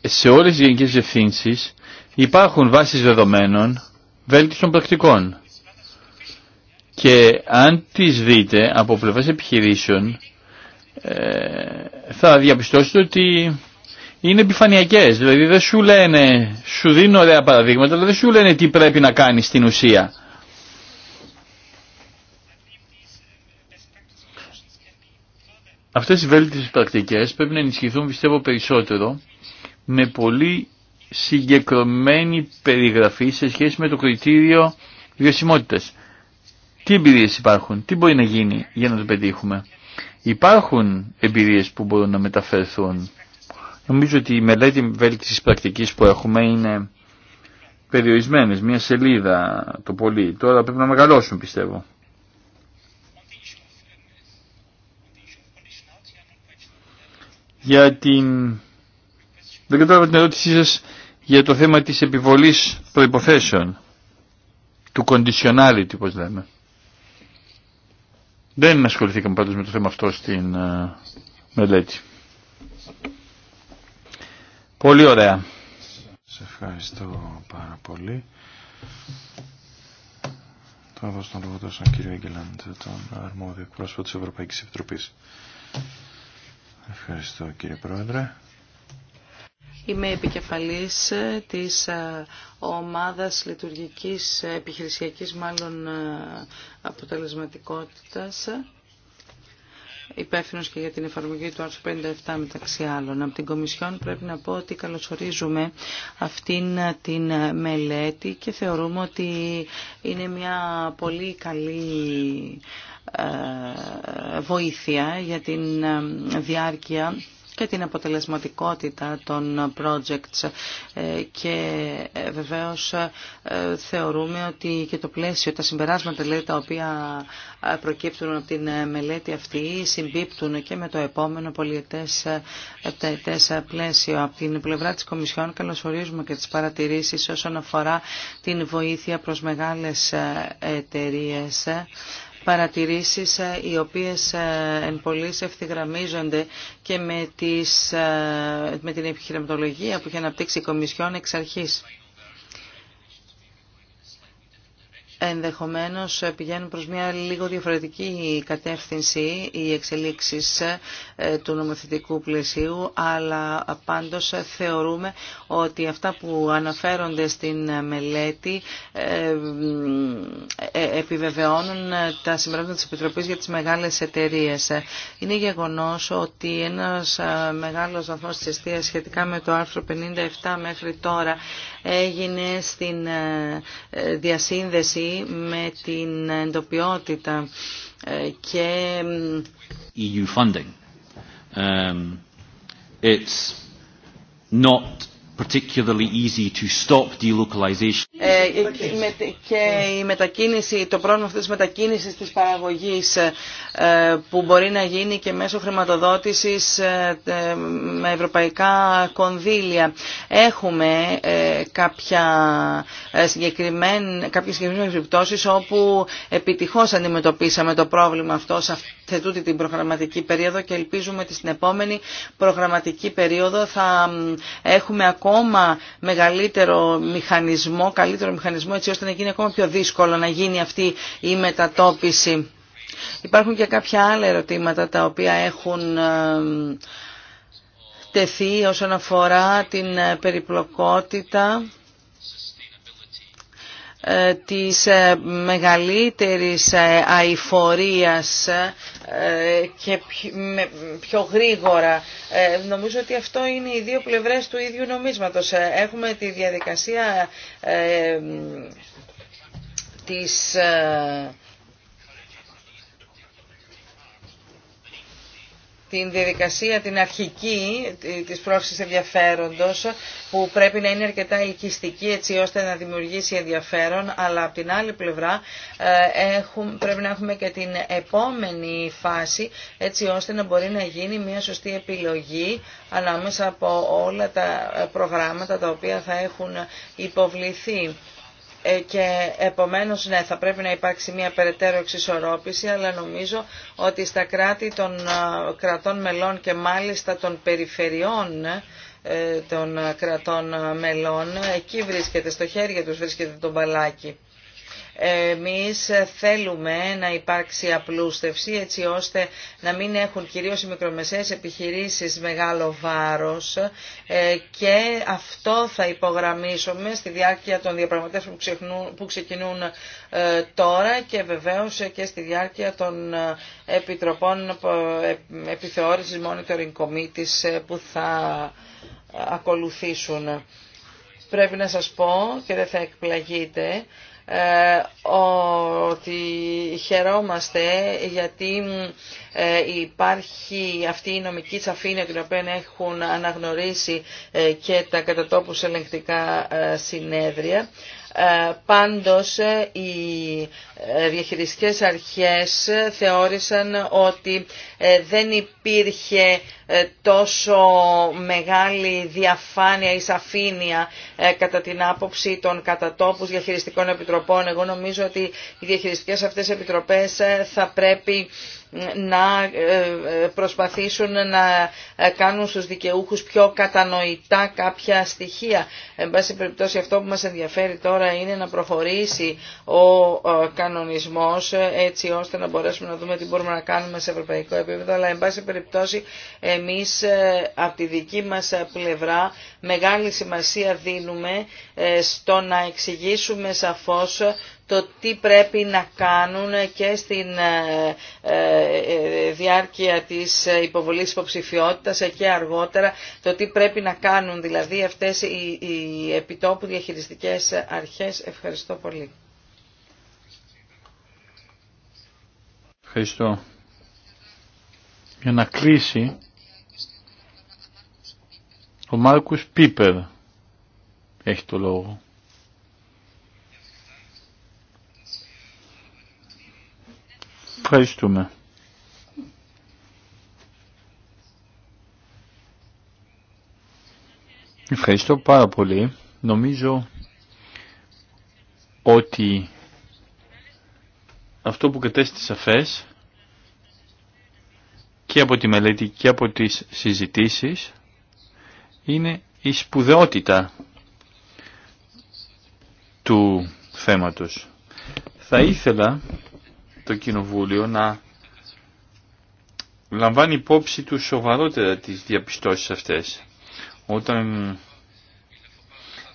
σε όλες τις γενικές ευθύνσεις υπάρχουν βάσεις δεδομένων βέλτιστων πρακτικών. Και αν τις δείτε από πλευράς επιχειρήσεων, ε, θα διαπιστώσετε ότι είναι επιφανειακές. Δηλαδή δεν σου λένε, σου δίνουν ωραία παραδείγματα, αλλά δεν σου λένε τι πρέπει να κάνει στην ουσία. Αυτές οι βέλτιστες πρακτικές πρέπει να ενισχυθούν πιστεύω περισσότερο με πολύ συγκεκριμένη περιγραφή σε σχέση με το κριτήριο βιωσιμότητας. Τι εμπειρίες υπάρχουν, τι μπορεί να γίνει για να το πετύχουμε. Υπάρχουν εμπειρίες που μπορούν να μεταφερθούν. Νομίζω ότι η μελέτη βέλτισης πρακτικής που έχουμε είναι περιορισμένες, μία σελίδα το πολύ. Τώρα πρέπει να μεγαλώσουν πιστεύω. Για την... Δεν κατάλαβα την ερώτησή σας για το θέμα της επιβολής προϋποθέσεων, του conditionality, όπω λέμε. Δεν ασχοληθήκαμε πάντως με το θέμα αυτό στην ε, μελέτη. Πολύ ωραία. Σε ευχαριστώ πάρα πολύ. Θα δώσω τον λόγο στον κύριο Αγγελάντ, τον αρμόδιο εκπρόσωπο της Ευρωπαϊκής Επιτροπής. Ευχαριστώ κύριε Πρόεδρε. Είμαι επικεφαλής της ε, ομάδας λειτουργικής, ε, επιχειρησιακής μάλλον ε, αποτελεσματικότητας υπεύθυνο και για την εφαρμογή του άρθρου 57 μεταξύ άλλων. Από την Κομισιόν πρέπει να πω ότι καλωσορίζουμε αυτήν την μελέτη και θεωρούμε ότι είναι μια πολύ καλή βοήθεια για την διάρκεια και την αποτελεσματικότητα των projects ε, και ε, βεβαίως ε, θεωρούμε ότι και το πλαίσιο, τα συμπεράσματα λέει, τα οποία προκύπτουν από την μελέτη αυτή συμπίπτουν και με το επόμενο πολιετές πλαίσιο. Από την πλευρά της Κομισιόν καλωσορίζουμε και τις παρατηρήσεις όσον αφορά την βοήθεια προς μεγάλες εταιρείες παρατηρήσεις ε, οι οποίες ε, εν πολλής ευθυγραμμίζονται και με, τις, ε, με την επιχειρηματολογία που έχει αναπτύξει η Κομισιόν εξ αρχής. ενδεχομένως πηγαίνουν προς μια λίγο διαφορετική κατεύθυνση οι εξελίξεις ε, του νομοθετικού πλαισίου, αλλά πάντως θεωρούμε ότι αυτά που αναφέρονται στην μελέτη ε, ε, επιβεβαιώνουν τα συμπράγματα της Επιτροπής για τις μεγάλες εταιρείες. Είναι γεγονός ότι ένας μεγάλος βαθμός της αιστείας σχετικά με το άρθρο 57 μέχρι τώρα έγινε στην ε, διασύνδεση με την εντοπιότητα ε, και e funding. Um, particularly easy to stop delocalization. Ε, ε, και η μετακίνηση, το πρόβλημα αυτής της μετακίνησης της παραγωγής ε, που μπορεί να γίνει και μέσω χρηματοδότησης με ευρωπαϊκά κονδύλια. Έχουμε κάποια συγκεκριμένα, κάποιες συγκεκριμένες επιπτώσεις όπου επιτυχώς αντιμετωπίσαμε το πρόβλημα αυτό σε σε τούτη την προγραμματική περίοδο και ελπίζουμε ότι στην επόμενη προγραμματική περίοδο θα έχουμε ακόμα μεγαλύτερο μηχανισμό, καλύτερο μηχανισμό έτσι ώστε να γίνει ακόμα πιο δύσκολο να γίνει αυτή η μετατόπιση. Υπάρχουν και κάποια άλλα ερωτήματα τα οποία έχουν τεθεί όσον αφορά την ε, περιπλοκότητα ε, της ε, μεγαλύτερης ε, αηφορίας και πιο γρήγορα. Νομίζω ότι αυτό είναι οι δύο πλευρές του ίδιου νομίσματος. Έχουμε τη διαδικασία της την διαδικασία την αρχική της πρόσκλησης ενδιαφέροντος που πρέπει να είναι αρκετά ελκυστική έτσι ώστε να δημιουργήσει ενδιαφέρον αλλά από την άλλη πλευρά ε, έχουμε, πρέπει να έχουμε και την επόμενη φάση έτσι ώστε να μπορεί να γίνει μια σωστή επιλογή ανάμεσα από όλα τα ε, προγράμματα τα οποία θα έχουν υποβληθεί. Ε, και επομένως ναι θα πρέπει να υπάρξει μια περαιτέρω εξισορρόπηση αλλά νομίζω ότι στα κράτη των κρατών μελών και μάλιστα των περιφερειών ε, των κρατών μελών εκεί βρίσκεται, στο χέρι τους βρίσκεται το μπαλάκι. Εμείς θέλουμε να υπάρξει απλούστευση έτσι ώστε να μην έχουν κυρίως οι μικρομεσαίες επιχειρήσεις μεγάλο βάρος ε, και αυτό θα υπογραμμίσουμε στη διάρκεια των διαπραγματεύσεων που ξεκινούν ε, τώρα και βεβαίως και στη διάρκεια των ε, επιτροπών επιθεώρησης monitoring committees που θα ακολουθήσουν. Πρέπει να σας πω και δεν θα εκπλαγείτε ε, ότι χαιρόμαστε γιατί ε, υπάρχει αυτή η νομική σαφήνεια την οποία έχουν αναγνωρίσει ε, και τα κατατόπους ελεγκτικά συνέδρια ε, πάντως ε, οι ε, διαχειριστικές αρχές θεώρησαν ότι δεν υπήρχε τόσο μεγάλη διαφάνεια ή σαφήνεια κατά την άποψη των κατατόπους διαχειριστικών επιτροπών. Εγώ νομίζω ότι οι διαχειριστικές αυτές επιτροπές θα πρέπει να ε, προσπαθήσουν να ε, κάνουν στους δικαιούχους πιο κατανοητά κάποια στοιχεία. Εν πάση περιπτώσει αυτό που μας ενδιαφέρει τώρα είναι να προχωρήσει ο ε, κανονισμός έτσι ώστε να μπορέσουμε να δούμε τι μπορούμε να κάνουμε σε ευρωπαϊκό επίπεδο αλλά εν πάση περιπτώσει εμείς από τη δική μας πλευρά μεγάλη σημασία δίνουμε στο να εξηγήσουμε σαφώς το τι πρέπει να κάνουν και στην ε, ε, ε, διάρκεια της υποβολής υποψηφιότητας και αργότερα το τι πρέπει να κάνουν δηλαδή αυτές οι επιτόπου διαχειριστικές αρχές. Ευχαριστώ πολύ. Ευχαριστώ. Για να κλείσει ο Μάρκους Πίπερ έχει το λόγο. Ευχαριστούμε. Ευχαριστώ πάρα πολύ. Νομίζω ότι αυτό που κατέστησα φες και από τη μελέτη και από τις συζητήσεις είναι η σπουδαιότητα του θέματος. Θα ήθελα το Κοινοβούλιο να λαμβάνει υπόψη του σοβαρότερα τις διαπιστώσεις αυτές. Όταν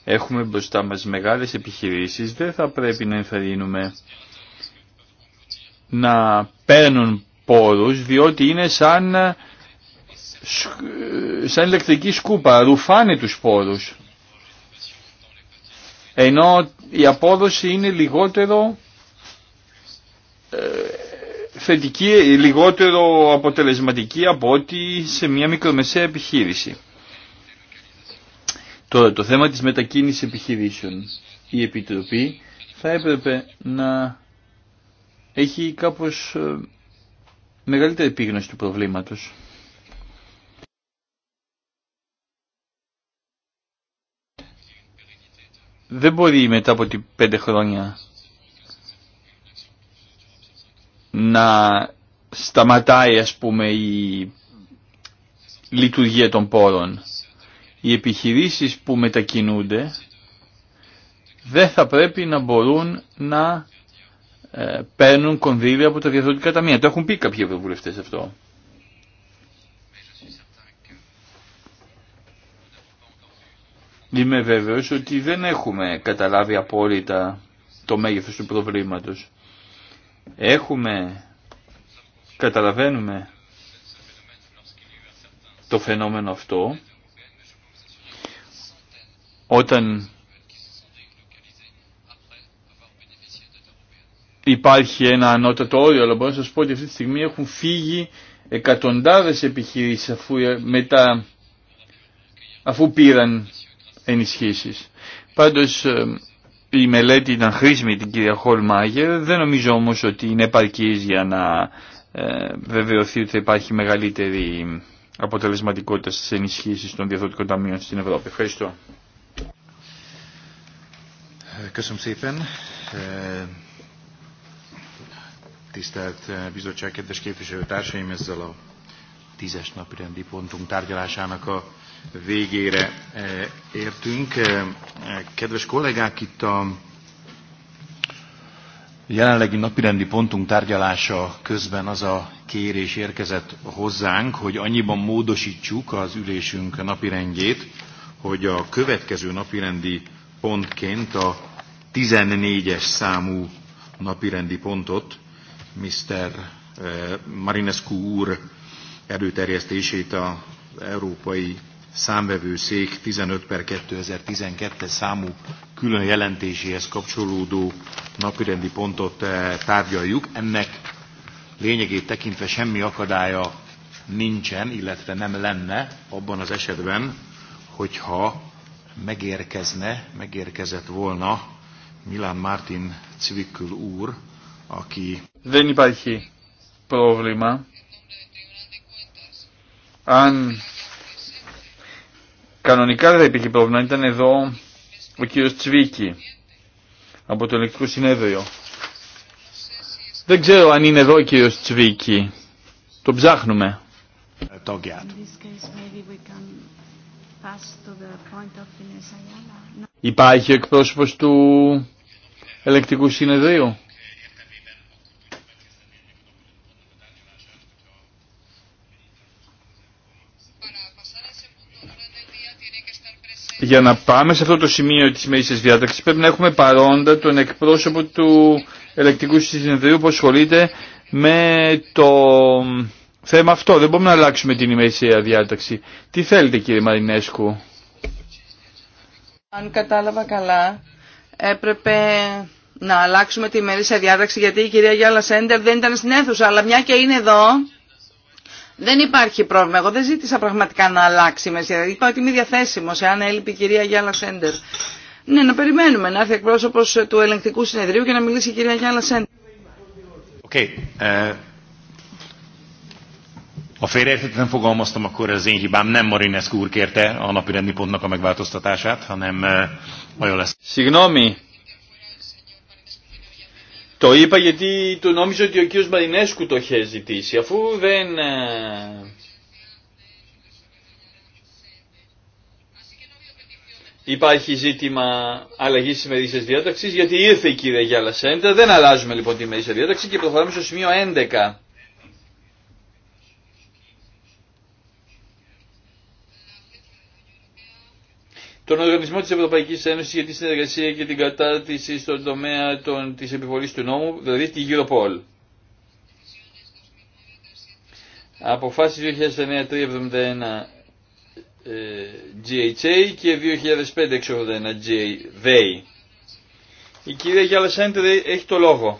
έχουμε μπροστά μας μεγάλες επιχειρήσεις δεν θα πρέπει να ενθαρρύνουμε να παίρνουν πόρους διότι είναι σαν, σαν ηλεκτρική σκούπα, ρουφάνε τους πόρους. Ενώ η απόδοση είναι λιγότερο ε, θετική, λιγότερο αποτελεσματική από ό,τι σε μια μικρομεσαία επιχείρηση. Τώρα το θέμα της μετακίνησης επιχειρήσεων. Η Επιτροπή θα έπρεπε να έχει κάπως ε, μεγαλύτερη επίγνωση του προβλήματος. Δεν μπορεί μετά από πέντε χρόνια να σταματάει ας πούμε η λειτουργία των πόρων. Οι επιχειρήσεις που μετακινούνται δεν θα πρέπει να μπορούν να ε, παίρνουν κονδύλια από τα διαδοτικά ταμεία. Το έχουν πει κάποιοι ευρωβουλευτές αυτό. Είμαι βέβαιος ότι δεν έχουμε καταλάβει απόλυτα το μέγεθος του προβλήματος έχουμε, καταλαβαίνουμε το φαινόμενο αυτό όταν υπάρχει ένα ανώτατο όριο, αλλά μπορώ να σας πω ότι αυτή τη στιγμή έχουν φύγει εκατοντάδες επιχειρήσεις αφού, ε, μετά, αφού πήραν ενισχύσεις. Πάντως ε, η μελέτη ήταν χρήσιμη την κυρία Χολμάγερ, δεν νομίζω όμως ότι είναι επαρκής για να ε, βεβαιωθεί ότι θα υπάρχει μεγαλύτερη αποτελεσματικότητα στις ενισχύσεις των διαδοτικών ταμείων στην Ευρώπη. Ευχαριστώ tízes napi rendi pontunk tárgyalásának a végére értünk. Kedves kollégák, itt a jelenlegi napirendi pontunk tárgyalása közben az a kérés érkezett hozzánk, hogy annyiban módosítsuk az ülésünk napirendjét, hogy a következő napirendi pontként a 14-es számú napirendi pontot Mr. Marinescu úr előterjesztését az Európai Számvevőszék 15 per 2012 számú külön jelentéséhez kapcsolódó napirendi pontot tárgyaljuk. Ennek lényegét tekintve semmi akadálya nincsen, illetve nem lenne abban az esetben, hogyha megérkezne, megérkezett volna Milán Martin civikül úr, aki... Δεν υπάρχει πρόβλημα αν κανονικά δεν υπήρχε πρόβλημα, ήταν εδώ ο κύριος Τσβίκη από το Ελεκτικό Συνέδριο. Δεν ξέρω αν είναι εδώ ο κύριος Τσβίκη. Το ψάχνουμε. Ε, Υπάρχει ο εκπρόσωπος του Ελεκτικού Συνεδρίου. για να πάμε σε αυτό το σημείο της μέσης διάταξης πρέπει να έχουμε παρόντα τον εκπρόσωπο του ελεκτικού συνεδρίου που ασχολείται με το θέμα αυτό. Δεν μπορούμε να αλλάξουμε την ημερησία διάταξη. Τι θέλετε κύριε Μαρινέσκου. Αν κατάλαβα καλά έπρεπε να αλλάξουμε την ημερήσια διάταξη γιατί η κυρία Γιάλα Σέντερ δεν ήταν στην αίθουσα αλλά μια και είναι εδώ δεν υπάρχει πρόβλημα. Εγώ δεν ζήτησα πραγματικά να αλλάξει η μεσαία. Είπα ότι είμαι διαθέσιμο, εάν έλειπε η κυρία Γιάννα Σέντερ. Ναι, να περιμένουμε να έρθει εκπρόσωπο του ελεγκτικού συνεδρίου και να μιλήσει η κυρία Γιάννα Σέντερ. Okay. Uh... A να fogalmaztam, akkor az én Συγγνώμη, το είπα γιατί το νόμιζα ότι ο κύριος Μαρινέσκου το είχε ζητήσει, αφού δεν... Ε, υπάρχει ζήτημα αλλαγή τη ημερήσια διάταξη γιατί ήρθε η κυρία Γιάλα Σέντερ. Δεν αλλάζουμε λοιπόν τη ημερήσια διάταξη και προχωράμε στο σημείο 11. τον Οργανισμό της Ευρωπαϊκής Ένωσης για τη συνεργασία και την κατάρτιση στον τομέα τη της επιβολής του νόμου, δηλαδή τη Europol. αποφασει 2009 2009-371 GHA και 2005-681 GHA. Η κυρία Γιάλα Σέντερ έχει το λόγο.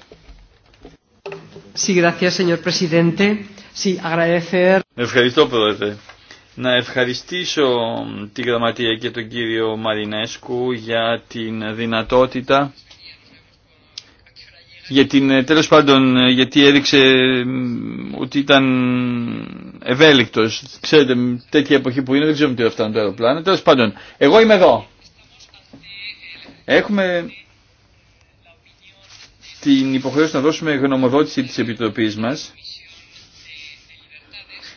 Ευχαριστώ, Πρόεδρε. Να ευχαριστήσω τη Γραμματεία και τον κύριο Μαρινέσκου για την δυνατότητα για την, ε, τέλος πάντων, ε, γιατί έδειξε ότι ήταν ευέλικτος. Ξέρετε, τέτοια εποχή που είναι, δεν ξέρουμε τι αυτά είναι το αεροπλάνο. Τέλος πάντων, εγώ είμαι εδώ. Έχουμε την υποχρέωση να δώσουμε γνωμοδότηση της Επιτροπής μας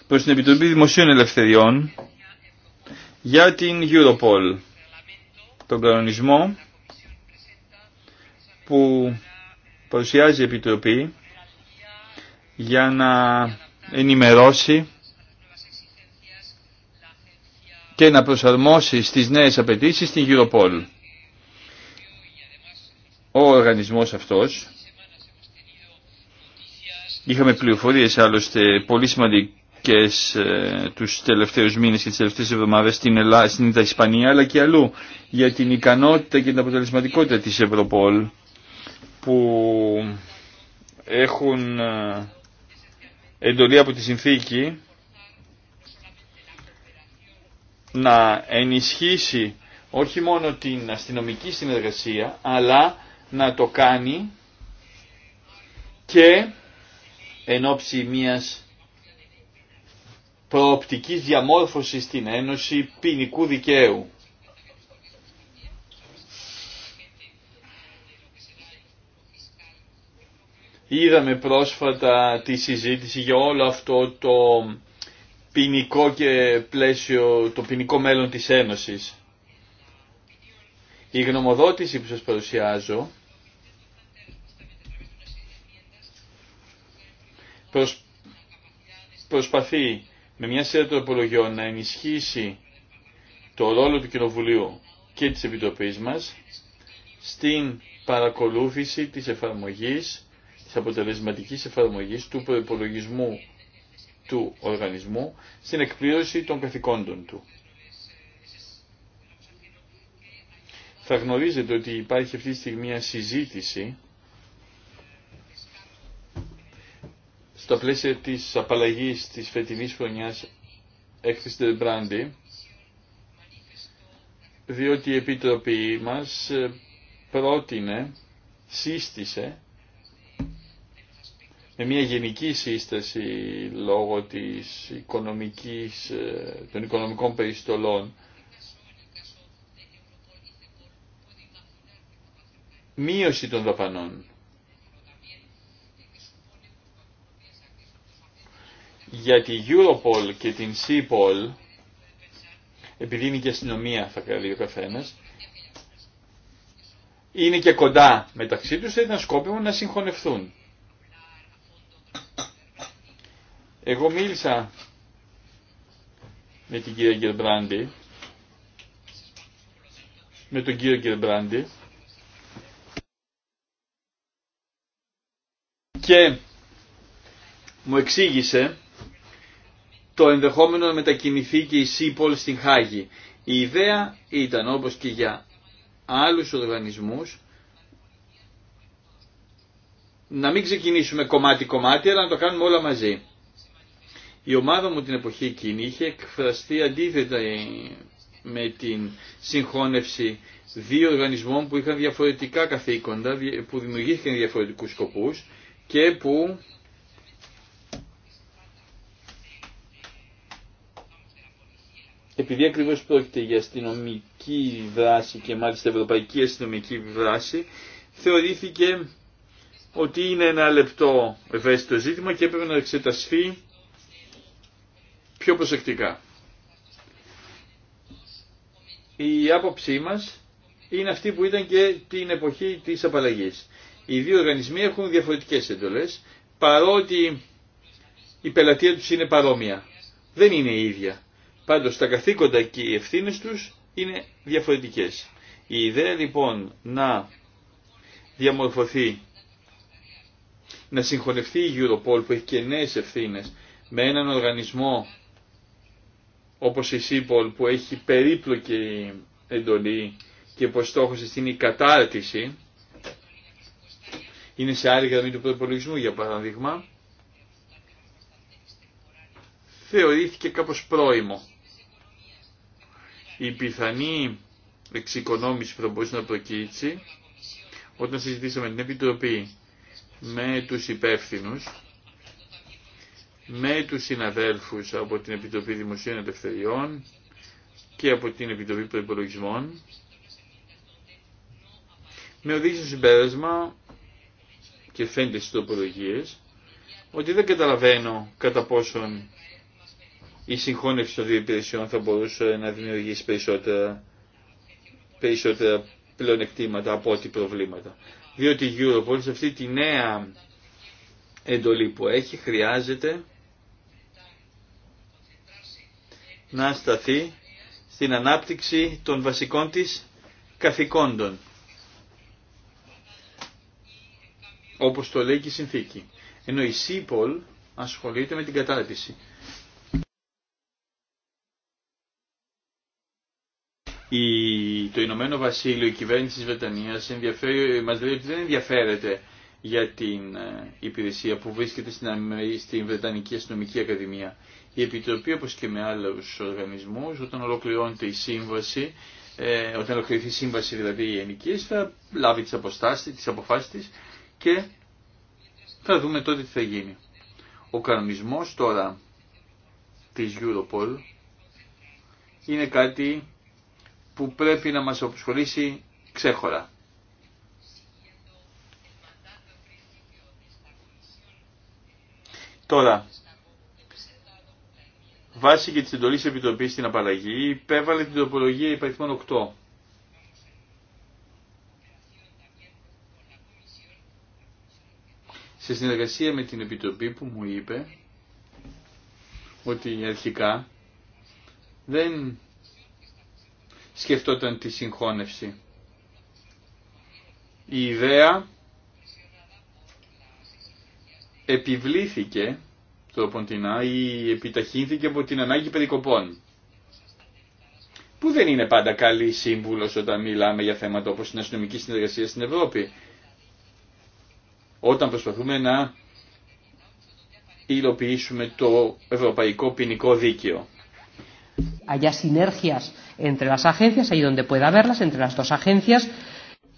προς την Επιτροπή Δημοσίων Ελευθεριών για την Europol, τον κανονισμό που παρουσιάζει η Επιτροπή για να ενημερώσει και να προσαρμόσει στις νέες απαιτήσεις την Europol. Ο οργανισμός αυτός, είχαμε πληροφορίες άλλωστε πολύ σημαντικές και ε, τους τελευταίους μήνες και τις τελευταίες εβδομάδες στην, Ελλάδα, στην Ισπανία αλλά και αλλού για την ικανότητα και την αποτελεσματικότητα της Ευρωπόλ που έχουν ε, εντολή από τη συνθήκη να ενισχύσει όχι μόνο την αστυνομική συνεργασία αλλά να το κάνει και εν ώψη μιας προοπτικής διαμόρφωσης στην Ένωση ποινικού δικαίου. Είδαμε πρόσφατα τη συζήτηση για όλο αυτό το ποινικό και πλαίσιο, το ποινικό μέλλον της Ένωσης. Η γνωμοδότηση που σας παρουσιάζω προσπαθεί με μια σειρά τροπολογιών να ενισχύσει το ρόλο του Κοινοβουλίου και της Επιτροπής μας στην παρακολούθηση της εφαρμογής, της αποτελεσματικής εφαρμογής του προπολογισμού του οργανισμού στην εκπλήρωση των καθηκόντων του. Θα γνωρίζετε ότι υπάρχει αυτή τη στιγμή μια συζήτηση στα πλαίσια της απαλλαγής της φετινής χρονιάς έκθεση μπράντι διότι η Επίτροπη μας ε, πρότεινε, σύστησε, με μια γενική σύσταση λόγω της οικονομικής, ε, των οικονομικών περιστολών, μείωση των δαπανών για τη Europol και την C-Pol επειδή είναι και αστυνομία θα καλεί ο καθένα, είναι και κοντά μεταξύ τους, ήταν σκόπιμο να συγχωνευτούν. Εγώ μίλησα με την κυρία Γκερμπράντη, με τον κύριο Γκερμπράντη και μου εξήγησε το ενδεχόμενο να μετακινηθεί και η ΣΥΠΟΛ στην Χάγη. Η ιδέα ήταν όπως και για άλλους οργανισμούς να μην ξεκινήσουμε κομμάτι-κομμάτι αλλά να το κάνουμε όλα μαζί. Η ομάδα μου την εποχή εκείνη είχε εκφραστεί αντίθετα ε, με την συγχώνευση δύο οργανισμών που είχαν διαφορετικά καθήκοντα, που δημιουργήθηκαν διαφορετικούς σκοπούς και που επειδή ακριβώ πρόκειται για αστυνομική δράση και μάλιστα ευρωπαϊκή αστυνομική δράση, θεωρήθηκε ότι είναι ένα λεπτό ευαίσθητο ζήτημα και έπρεπε να εξετασθεί πιο προσεκτικά. Η άποψή μας είναι αυτή που ήταν και την εποχή της απαλλαγής. Οι δύο οργανισμοί έχουν διαφορετικές εντολές, παρότι η πελατεία τους είναι παρόμοια. Δεν είναι η ίδια. Πάντως τα καθήκοντα και οι ευθύνε τους είναι διαφορετικές. Η ιδέα λοιπόν να διαμορφωθεί, να συγχωνευτεί η Europol που έχει και νέες ευθύνε με έναν οργανισμό όπως η ΣΥΠΟΛ που έχει περίπλοκη εντολή και πως στόχος της είναι η κατάρτιση, είναι σε άλλη γραμμή του προπολογισμού για παράδειγμα, θεωρήθηκε κάπως πρόημο η πιθανή εξοικονόμηση που θα μπορούσε να προκύψει όταν συζητήσαμε την Επιτροπή με τους υπεύθυνου, με τους συναδέλφους από την Επιτροπή Δημοσίων Ελευθεριών και από την Επιτροπή Προϋπολογισμών με οδήγησε στο συμπέρασμα και φαίνεται στις τοπολογίες ότι δεν καταλαβαίνω κατά πόσον η συγχώνευση των δύο υπηρεσιών θα μπορούσε να δημιουργήσει περισσότερα, περισσότερα πλεονεκτήματα από ό,τι προβλήματα. Διότι η Europol σε αυτή τη νέα εντολή που έχει χρειάζεται να σταθεί στην ανάπτυξη των βασικών της καθηκόντων. Όπως το λέει και η συνθήκη. Ενώ η ΣΥΠΟΛ ασχολείται με την κατάρτιση. το Ηνωμένο Βασίλειο, η κυβέρνηση της Βρετανίας μας λέει ότι δεν ενδιαφέρεται για την ε, υπηρεσία που βρίσκεται στην, στην Βρετανική Αστυνομική Ακαδημία. Η Επιτροπή, όπως και με άλλους οργανισμούς, όταν ολοκληρώνεται η σύμβαση, ε, όταν ολοκληρωθεί η σύμβαση δηλαδή η ενική, θα λάβει τις, αποστάσεις, τις αποφάσεις της και θα δούμε τότε τι θα γίνει. Ο κανονισμός τώρα της Europol είναι κάτι που πρέπει να μας αποσχολήσει ξέχωρα. Τώρα, βάσει και της εντολής επιτροπή στην απαλλαγή, υπέβαλε την τροπολογία υπαριθμών 8. σε συνεργασία με την Επιτροπή που μου είπε ότι αρχικά δεν σκεφτόταν τη συγχώνευση. Η ιδέα επιβλήθηκε το Ποντινά ή επιταχύνθηκε από την ανάγκη περικοπών που δεν είναι πάντα καλή σύμβουλος όταν μιλάμε για θέματα όπως την αστυνομική συνεργασία στην Ευρώπη. Όταν προσπαθούμε να υλοποιήσουμε το ευρωπαϊκό ποινικό δίκαιο haya sinergias entre las agencias, ahí donde pueda haberlas, entre las dos agencias.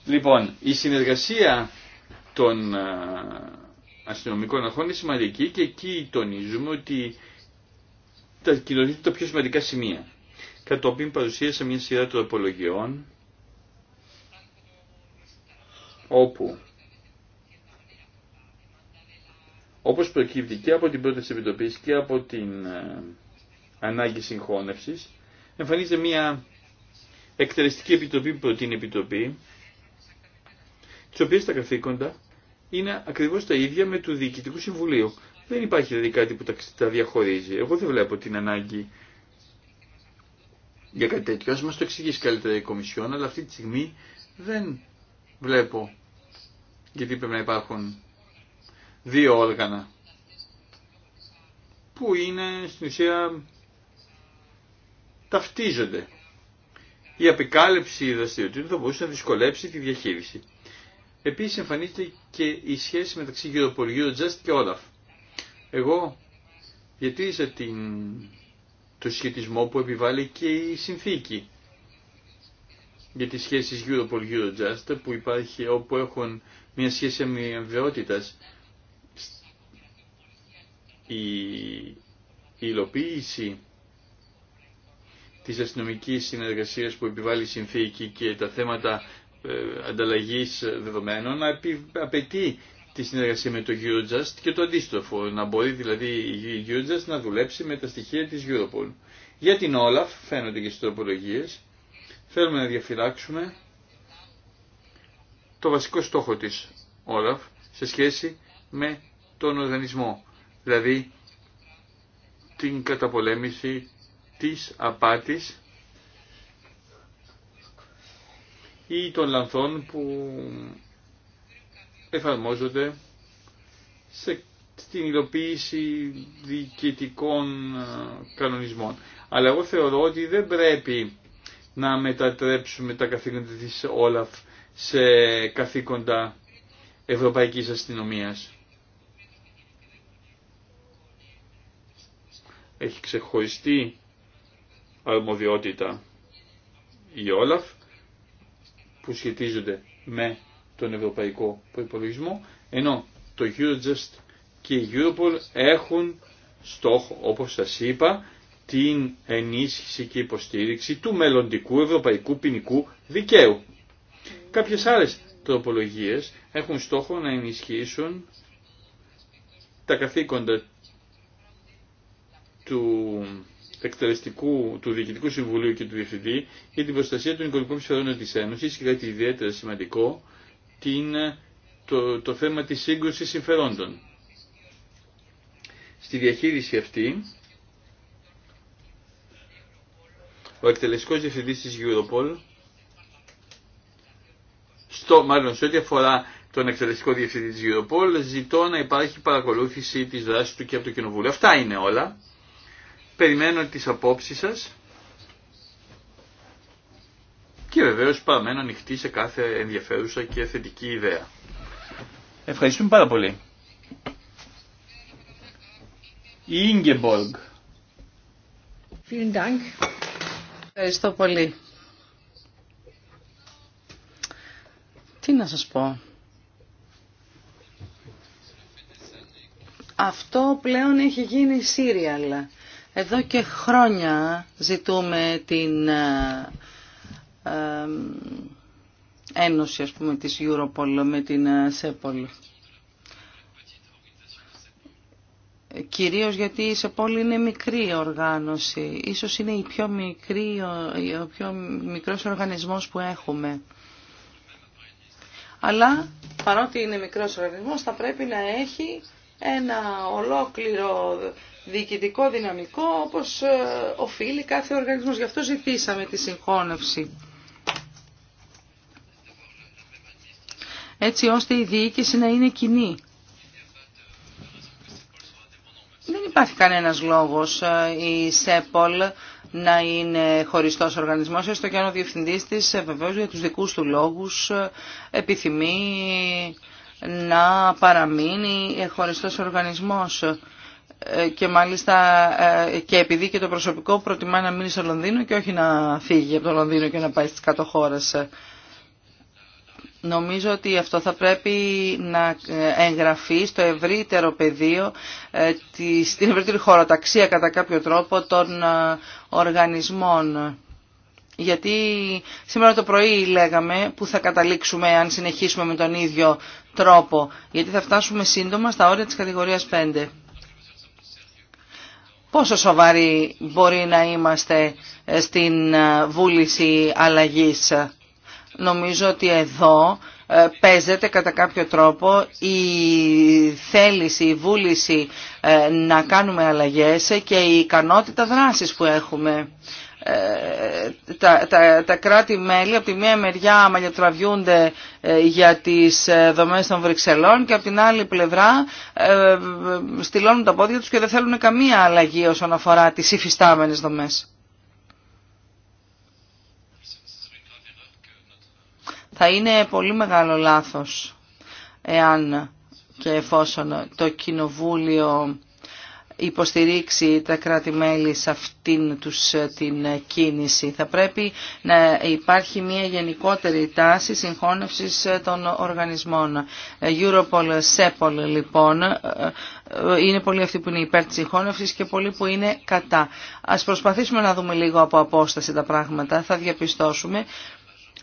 Λοιπόν, η συνεργασία των αστυνομικών αρχών είναι σημαντική και εκεί τονίζουμε ότι τα κοινωνίζουν τα πιο σημαντικά σημεία. Κατόπιν παρουσίασα μια σειρά τροπολογιών όπου όπως προκύπτει και από την πρόταση επιτροπής και από την ανάγκη συγχώνευσης, εμφανίζεται μια εκτελεστική επιτροπή που προτείνει επιτροπή, τις οποίες τα καθήκοντα είναι ακριβώς τα ίδια με του Διοικητικού Συμβουλίου. Δεν υπάρχει δηλαδή κάτι που τα διαχωρίζει. Εγώ δεν βλέπω την ανάγκη για κάτι τέτοιο. Ας μας το εξηγήσει καλύτερα η Κομισιόν, αλλά αυτή τη στιγμή δεν βλέπω γιατί πρέπει να υπάρχουν δύο όργανα που είναι στην ουσία ταυτίζονται. Η απεκάλυψη δραστηριοτήτων θα μπορούσε να δυσκολέψει τη διαχείριση. Επίσης εμφανίζεται και η σχέση μεταξύ Europol, Just και Όλαφ. Εγώ διατήρησα την... το σχετισμό που επιβάλλει και η συνθήκη για τις σχέσεις Europol, Eurojust που υπάρχει όπου έχουν μια σχέση αμοιβαιότητας. Η... η υλοποίηση τη αστυνομική συνεργασίες που επιβάλλει η συνθήκη και τα θέματα ε, ανταλλαγής δεδομένων να απαιτεί τη συνεργασία με το Eurojust και το αντίστροφο, να μπορεί δηλαδή η Eurojust να δουλέψει με τα στοιχεία της Europol. Για την Όλαφ, φαίνονται και στις τροπολογίες, θέλουμε να διαφυλάξουμε το βασικό στόχο της Όλαφ σε σχέση με τον οργανισμό, δηλαδή την καταπολέμηση της απάτης ή των λανθών που εφαρμόζονται σε, στην υλοποίηση διοικητικών κανονισμών. Αλλά εγώ θεωρώ ότι δεν πρέπει να μετατρέψουμε τα καθήκοντα της Όλαφ σε καθήκοντα Ευρωπαϊκής Αστυνομίας. Έχει ξεχωριστεί αρμοδιότητα η Όλαφ που σχετίζονται με τον ευρωπαϊκό προϋπολογισμό ενώ το Eurojust και η Europol έχουν στόχο όπως σας είπα την ενίσχυση και υποστήριξη του μελλοντικού ευρωπαϊκού ποινικού δικαίου. Κάποιες άλλες τροπολογίες έχουν στόχο να ενισχύσουν τα καθήκοντα του εκτελεστικού, του Διοικητικού Συμβουλίου και του Διευθυντή για την προστασία των οικονομικών συμφερόντων της Ένωσης και κάτι ιδιαίτερα σημαντικό, την, το, το θέμα της σύγκρουση συμφερόντων. Στη διαχείριση αυτή, ο εκτελεστικός διευθυντής της Europol, στο, μάλλον σε ό,τι αφορά τον εκτελεστικό διευθυντή της Europol, ζητώ να υπάρχει παρακολούθηση της δράσης του και από το Κοινοβούλιο. Αυτά είναι όλα. Περιμένω τις απόψεις σας και βεβαίως παραμένω ανοιχτή σε κάθε ενδιαφέρουσα και θετική ιδέα. Ευχαριστούμε πάρα πολύ. Η Ingeborg. Ευχαριστώ πολύ. Τι να σας πω. Αυτό πλέον έχει γίνει σύριαλ. Εδώ και χρόνια ζητούμε την ε, ε, ένωση ας πούμε της Europol με την ε, Σέπολ. Κυρίως γιατί η Σεπόλ είναι μικρή οργάνωση. Ίσως είναι η πιο μικρή, ο πιο μικρός οργανισμός που έχουμε. Αλλά παρότι είναι μικρός οργανισμός θα πρέπει να έχει ένα ολόκληρο διοικητικό δυναμικό όπως ε, οφείλει κάθε οργανισμός. Γι' αυτό ζητήσαμε τη συγχώνευση. Έτσι ώστε η διοίκηση να είναι κοινή. Δεν υπάρχει κανένας λόγος ε, η ΣΕΠΟΛ να είναι χωριστός οργανισμός, έστω και αν ο διευθυντής της ε, βεβαίως για τους δικούς του λόγους επιθυμεί να παραμείνει χωριστός οργανισμός ε, και μάλιστα ε, και επειδή και το προσωπικό προτιμά να μείνει στο Λονδίνο και όχι να φύγει από το Λονδίνο και να πάει στις κάτω χώρες. Νομίζω ότι αυτό θα πρέπει να εγγραφεί στο ευρύτερο πεδίο, στην ε, ευρύτερη χωροταξία κατά κάποιο τρόπο των οργανισμών. Γιατί σήμερα το πρωί λέγαμε που θα καταλήξουμε αν συνεχίσουμε με τον ίδιο τρόπο. Γιατί θα φτάσουμε σύντομα στα όρια της κατηγορίας 5. Πόσο σοβαροί μπορεί να είμαστε ε, στην ε, βούληση αλλαγής. Νομίζω ότι εδώ ε, παίζεται κατά κάποιο τρόπο η θέληση, η βούληση να κάνουμε αλλαγές και η ικανότητα δράσης που έχουμε. Ε, τα, κράτη-μέλη από τη μία μεριά μαλλιοτραβιούνται ε, για τις ε, δομές των Βρυξελών και από την άλλη πλευρά στυλώνουν τα πόδια τους και δεν θέλουν καμία αλλαγή όσον αφορά τις υφιστάμενες δομές. Θα είναι πολύ μεγάλο λάθος εάν και εφόσον το Κοινοβούλιο υποστηρίξει τα κράτη-μέλη σε αυτήν τους ε, την ε, κίνηση. Θα πρέπει να υπάρχει μια γενικότερη τάση συγχώνευσης ε, των οργανισμών. Europol, Sepol λοιπόν, είναι πολλοί αυτοί που είναι υπέρ της συγχώνευσης και πολλοί που είναι κατά. Ας προσπαθήσουμε να δούμε λίγο από απόσταση τα πράγματα, θα διαπιστώσουμε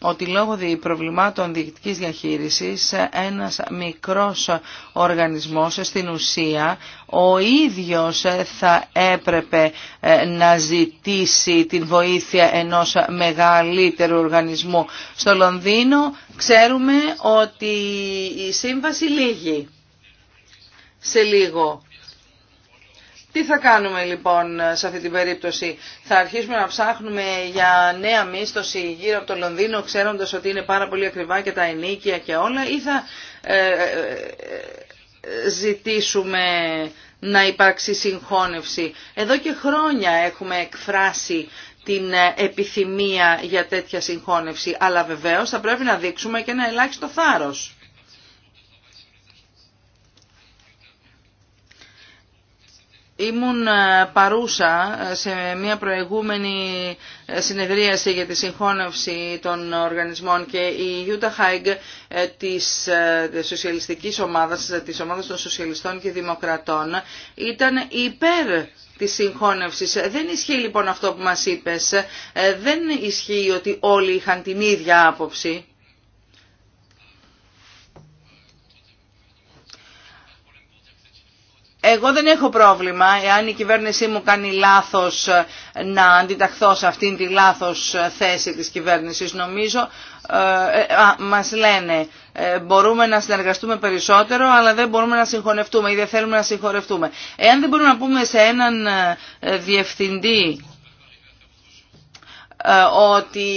ότι λόγω προβλημάτων διοικητικής διαχείρισης ένας μικρός οργανισμός στην ουσία ο ίδιος θα έπρεπε ε, να ζητήσει την βοήθεια ενός μεγαλύτερου οργανισμού. Στο Λονδίνο ξέρουμε ότι η σύμβαση λύγει σε λίγο. Τι θα κάνουμε λοιπόν σε αυτή την περίπτωση. Θα αρχίσουμε να ψάχνουμε για νέα μίσθωση γύρω από το Λονδίνο ξέροντας ότι είναι πάρα πολύ ακριβά και τα ενίκια και όλα ή θα ε, ε, ε, ζητήσουμε να υπάρξει συγχώνευση. Εδώ και χρόνια έχουμε εκφράσει την επιθυμία για τέτοια συγχώνευση αλλά βεβαίως θα πρέπει να δείξουμε και ένα ελάχιστο θάρρος. Ήμουν ε, παρούσα ε, σε μια προηγούμενη ε, συνεδρίαση για τη συγχώνευση των οργανισμών και η Ιούτα Χάιγκ της σοσιαλιστικής ομάδας, της ομάδας των σοσιαλιστών και δημοκρατών ήταν υπέρ της συγχώνευσης. Δεν ισχύει λοιπόν αυτό που μας είπες. Δεν ισχύει ότι όλοι είχαν την ίδια άποψη. Εγώ δεν έχω πρόβλημα, εάν η κυβέρνησή μου κάνει λάθος, ε, να αντιταχθώ σε αυτήν τη λάθος ε, θέση της κυβέρνησης. Νομίζω, ε, ε μας λένε, μπορούμε να συνεργαστούμε περισσότερο, αλλά δεν μπορούμε να συγχωνευτούμε ή δεν θέλουμε να συγχωνευτούμε. Εάν δεν μπορούμε να πούμε σε έναν διευθυντή ε, ότι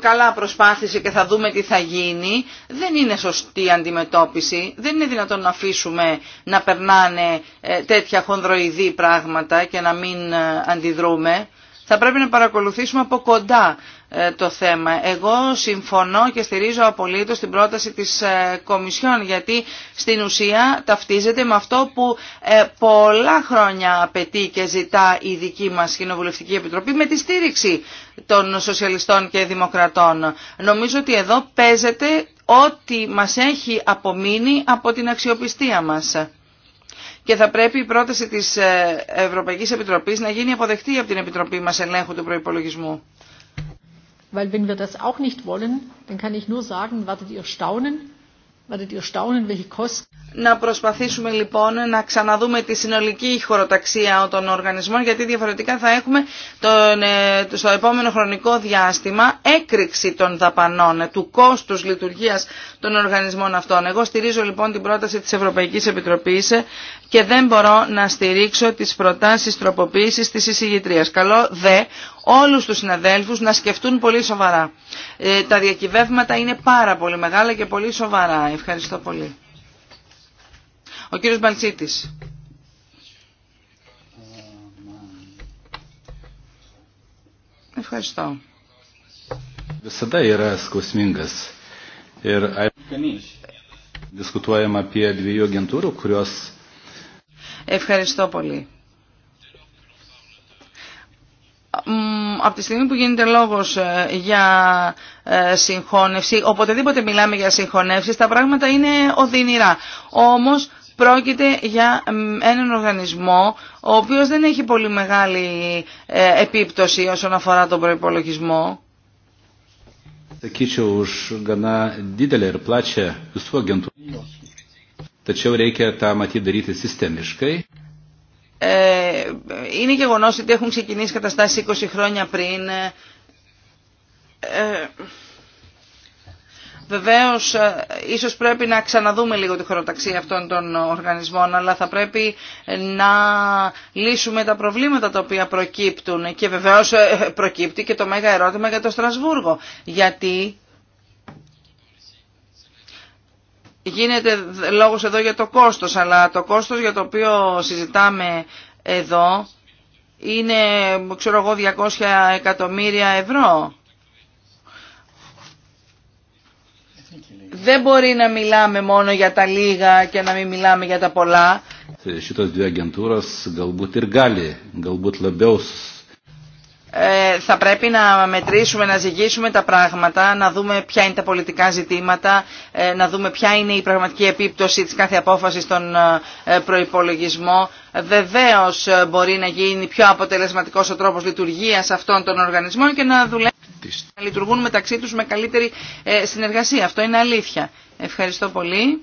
καλά προσπάθησε και θα δούμε τι θα γίνει, δεν είναι σωστή αντιμετώπιση. Δεν είναι δυνατόν να αφήσουμε να περνάνε ε, τέτοια χονδροειδή πράγματα και να μην ε, αντιδρούμε θα πρέπει να παρακολουθήσουμε από κοντά ε, το θέμα. Εγώ συμφωνώ και στηρίζω απολύτως την πρόταση της ε, Κομισιόν γιατί στην ουσία ταυτίζεται με αυτό που ε, πολλά χρόνια απαιτεί και ζητά η δική μας Κοινοβουλευτική Επιτροπή με τη στήριξη των σοσιαλιστών και δημοκρατών. Νομίζω ότι εδώ παίζεται ό,τι μας έχει απομείνει από την αξιοπιστία μας και θα πρέπει η πρόταση της ε, Ευρωπαϊκής Επιτροπής να γίνει αποδεκτή από την Επιτροπή μας ελέγχου του προϋπολογισμού. Weil wenn wir das auch nicht wollen, dann kann ich nur sagen, werdet ihr staunen, werdet ihr staunen, welche Kosten να προσπαθήσουμε λοιπόν να ξαναδούμε τη συνολική χωροταξία των οργανισμών γιατί διαφορετικά θα έχουμε τον, ε, στο επόμενο χρονικό διάστημα έκρηξη των δαπανών, ε, του κόστους λειτουργίας των οργανισμών αυτών. Εγώ στηρίζω λοιπόν την πρόταση της Ευρωπαϊκής Επιτροπής ε, και δεν μπορώ να στηρίξω τις προτάσεις τροποποίησης της εισηγητρίας. Καλό δε όλους τους συναδέλφους να σκεφτούν πολύ σοβαρά. τα διακυβεύματα είναι πάρα πολύ μεγάλα και πολύ σοβαρά. Ευχαριστώ πολύ. Ο κύριος Μπαλτσίτης. Ευχαριστώ. Ευχαριστώ πολύ. Από τη στιγμή που γίνεται λόγος ε, για ε, συγχώνευση, οποτεδήποτε μιλάμε για συγχωνεύσεις, τα πράγματα είναι οδυνηρά. Όμως Πρόκειται για έναν οργανισμό ο οποίος δεν έχει πολύ μεγάλη ε, επίπτωση όσον αφορά τον προϋπολογισμό. E, e, είναι γεγονό ότι έχουν ξεκινήσει καταστάσεις 20 χρόνια πριν. Ε, ε, Βεβαίως, ε, ίσως πρέπει να ξαναδούμε λίγο τη χωροταξία αυτών των οργανισμών, αλλά θα πρέπει να λύσουμε τα προβλήματα τα οποία προκύπτουν. Και βεβαίως ε, προκύπτει και το μέγα ερώτημα για το Στρασβούργο. Γιατί γίνεται λόγος εδώ για το κόστος, αλλά το κόστος για το οποίο συζητάμε εδώ είναι, ξέρω εγώ, 200 εκατομμύρια ευρώ. Δεν μπορεί να μιλάμε μόνο για τα λίγα και να μην μιλάμε για τα πολλά. Ε, θα πρέπει να μετρήσουμε, να ζυγίσουμε τα πράγματα, να δούμε ποια είναι τα πολιτικά ζητήματα, ε, να δούμε ποια είναι η πραγματική επίπτωση της κάθε απόφασης στον ε, προϋπολογισμό. Βεβαίως ε, μπορεί να γίνει πιο αποτελεσματικός ο τρόπος λειτουργίας αυτών των οργανισμών και να δουλεύει. Να λειτουργούν μεταξύ τους με καλύτερη ε, συνεργασία. Αυτό είναι αλήθεια. Ευχαριστώ πολύ.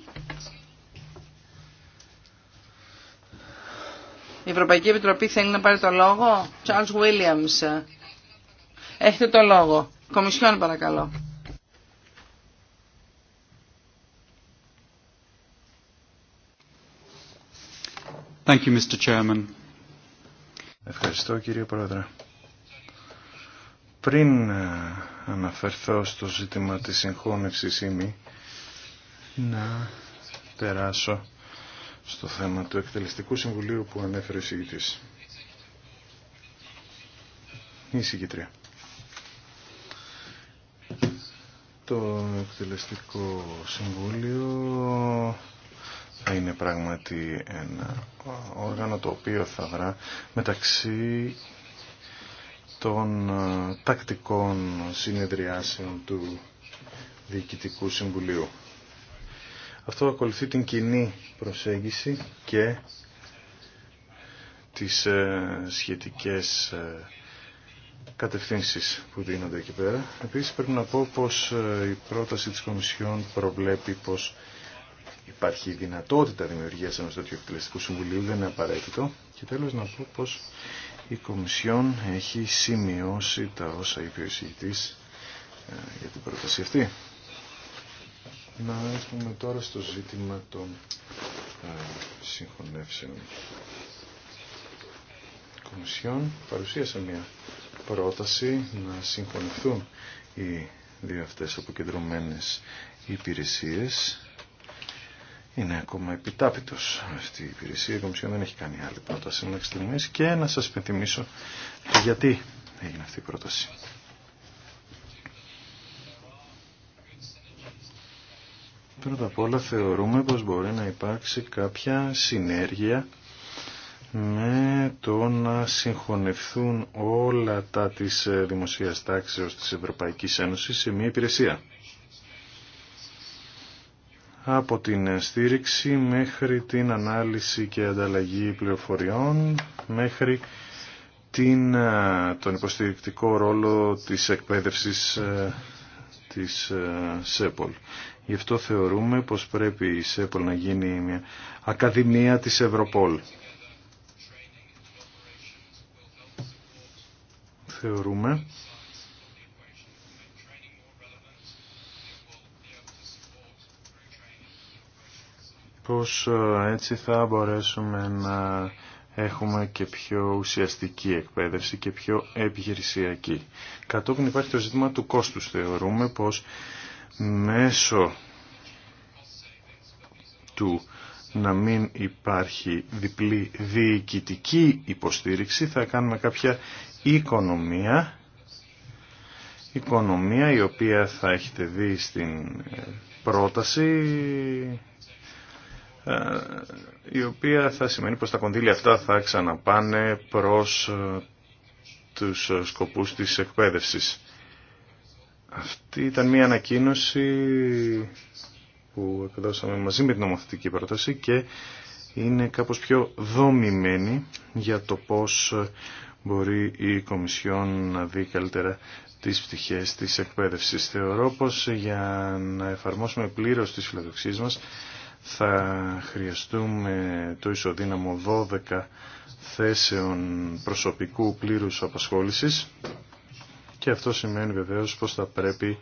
Η Ευρωπαϊκή Επιτροπή θέλει να πάρει το λόγο. Charles Williams. Έχετε το λόγο. Κομισιόν παρακαλώ. Thank you, Mr. Chairman. Ευχαριστώ κύριε Πρόεδρε. Πριν ε, αναφερθώ στο ζήτημα της συγχώνευσης ήμι, να περάσω στο θέμα του εκτελεστικού συμβουλίου που ανέφερε ο εισηγητής. Η εισηγητρία. Το εκτελεστικό συμβούλιο είναι πράγματι ένα όργανο το οποίο θα δρά μεταξύ των ε, τακτικών συνεδριάσεων του Διοικητικού Συμβουλίου. Αυτό ακολουθεί την κοινή προσέγγιση και τις ε, σχετικές ε, κατευθύνσεις που δίνονται εκεί πέρα. Επίσης πρέπει να πω πως η πρόταση της Κομισιόν προβλέπει πως υπάρχει δυνατότητα δημιουργίας ενός τέτοιου εκτελεστικού συμβουλίου, δεν είναι απαραίτητο. Και τέλος να πω πως η Κομισιόν έχει σημειώσει τα όσα είπε ο εισηγητής ε, για την πρόταση αυτή. Να έρθουμε τώρα στο ζήτημα των ε, συγχωνεύσεων. Η Κομισιόν παρουσίασε μια πρόταση να συγχωνευτούν οι δύο αυτές αποκεντρωμένες υπηρεσίες είναι ακόμα επιτάπητος αυτή η υπηρεσία. Η Κομισιόν δεν έχει κάνει άλλη πρόταση μέχρι στιγμή και να σας πενθυμίσω γιατί έγινε αυτή η πρόταση. Πρώτα απ' όλα θεωρούμε πως μπορεί να υπάρξει κάποια συνέργεια με το να συγχωνευθούν όλα τα της δημοσίας τάξεως της Ευρωπαϊκής Ένωσης σε μια υπηρεσία από την στήριξη μέχρι την ανάλυση και ανταλλαγή πληροφοριών, μέχρι την, τον υποστηρικτικό ρόλο της εκπαίδευσης της ΣΕΠΟΛ. Γι' αυτό θεωρούμε πως πρέπει η ΣΕΠΟΛ να γίνει μια Ακαδημία της Ευρωπόλ. Θεωρούμε πως ε, έτσι θα μπορέσουμε να έχουμε και πιο ουσιαστική εκπαίδευση και πιο επιχειρησιακή. Κατόπιν υπάρχει το ζήτημα του κόστους. Θεωρούμε πως μέσω του να μην υπάρχει διπλή διοικητική υποστήριξη θα κάνουμε κάποια οικονομία οικονομία η οποία θα έχετε δει στην ε, πρόταση ε, η οποία θα σημαίνει πως τα κονδύλια αυτά θα ξαναπάνε προς ε, τους ε, σκοπούς της εκπαίδευσης. Αυτή ήταν μια ανακοίνωση που εκδώσαμε μαζί με την νομοθετική πρόταση και είναι κάπως πιο δομημένη για το πώς μπορεί η Κομισιόν να δει καλύτερα τις πτυχές της εκπαίδευσης. Θεωρώ πως για να εφαρμόσουμε πλήρως τις φιλοδοξίες μας θα χρειαστούμε το ισοδύναμο 12 θέσεων προσωπικού πλήρους απασχόλησης και αυτό σημαίνει βεβαίως πως θα πρέπει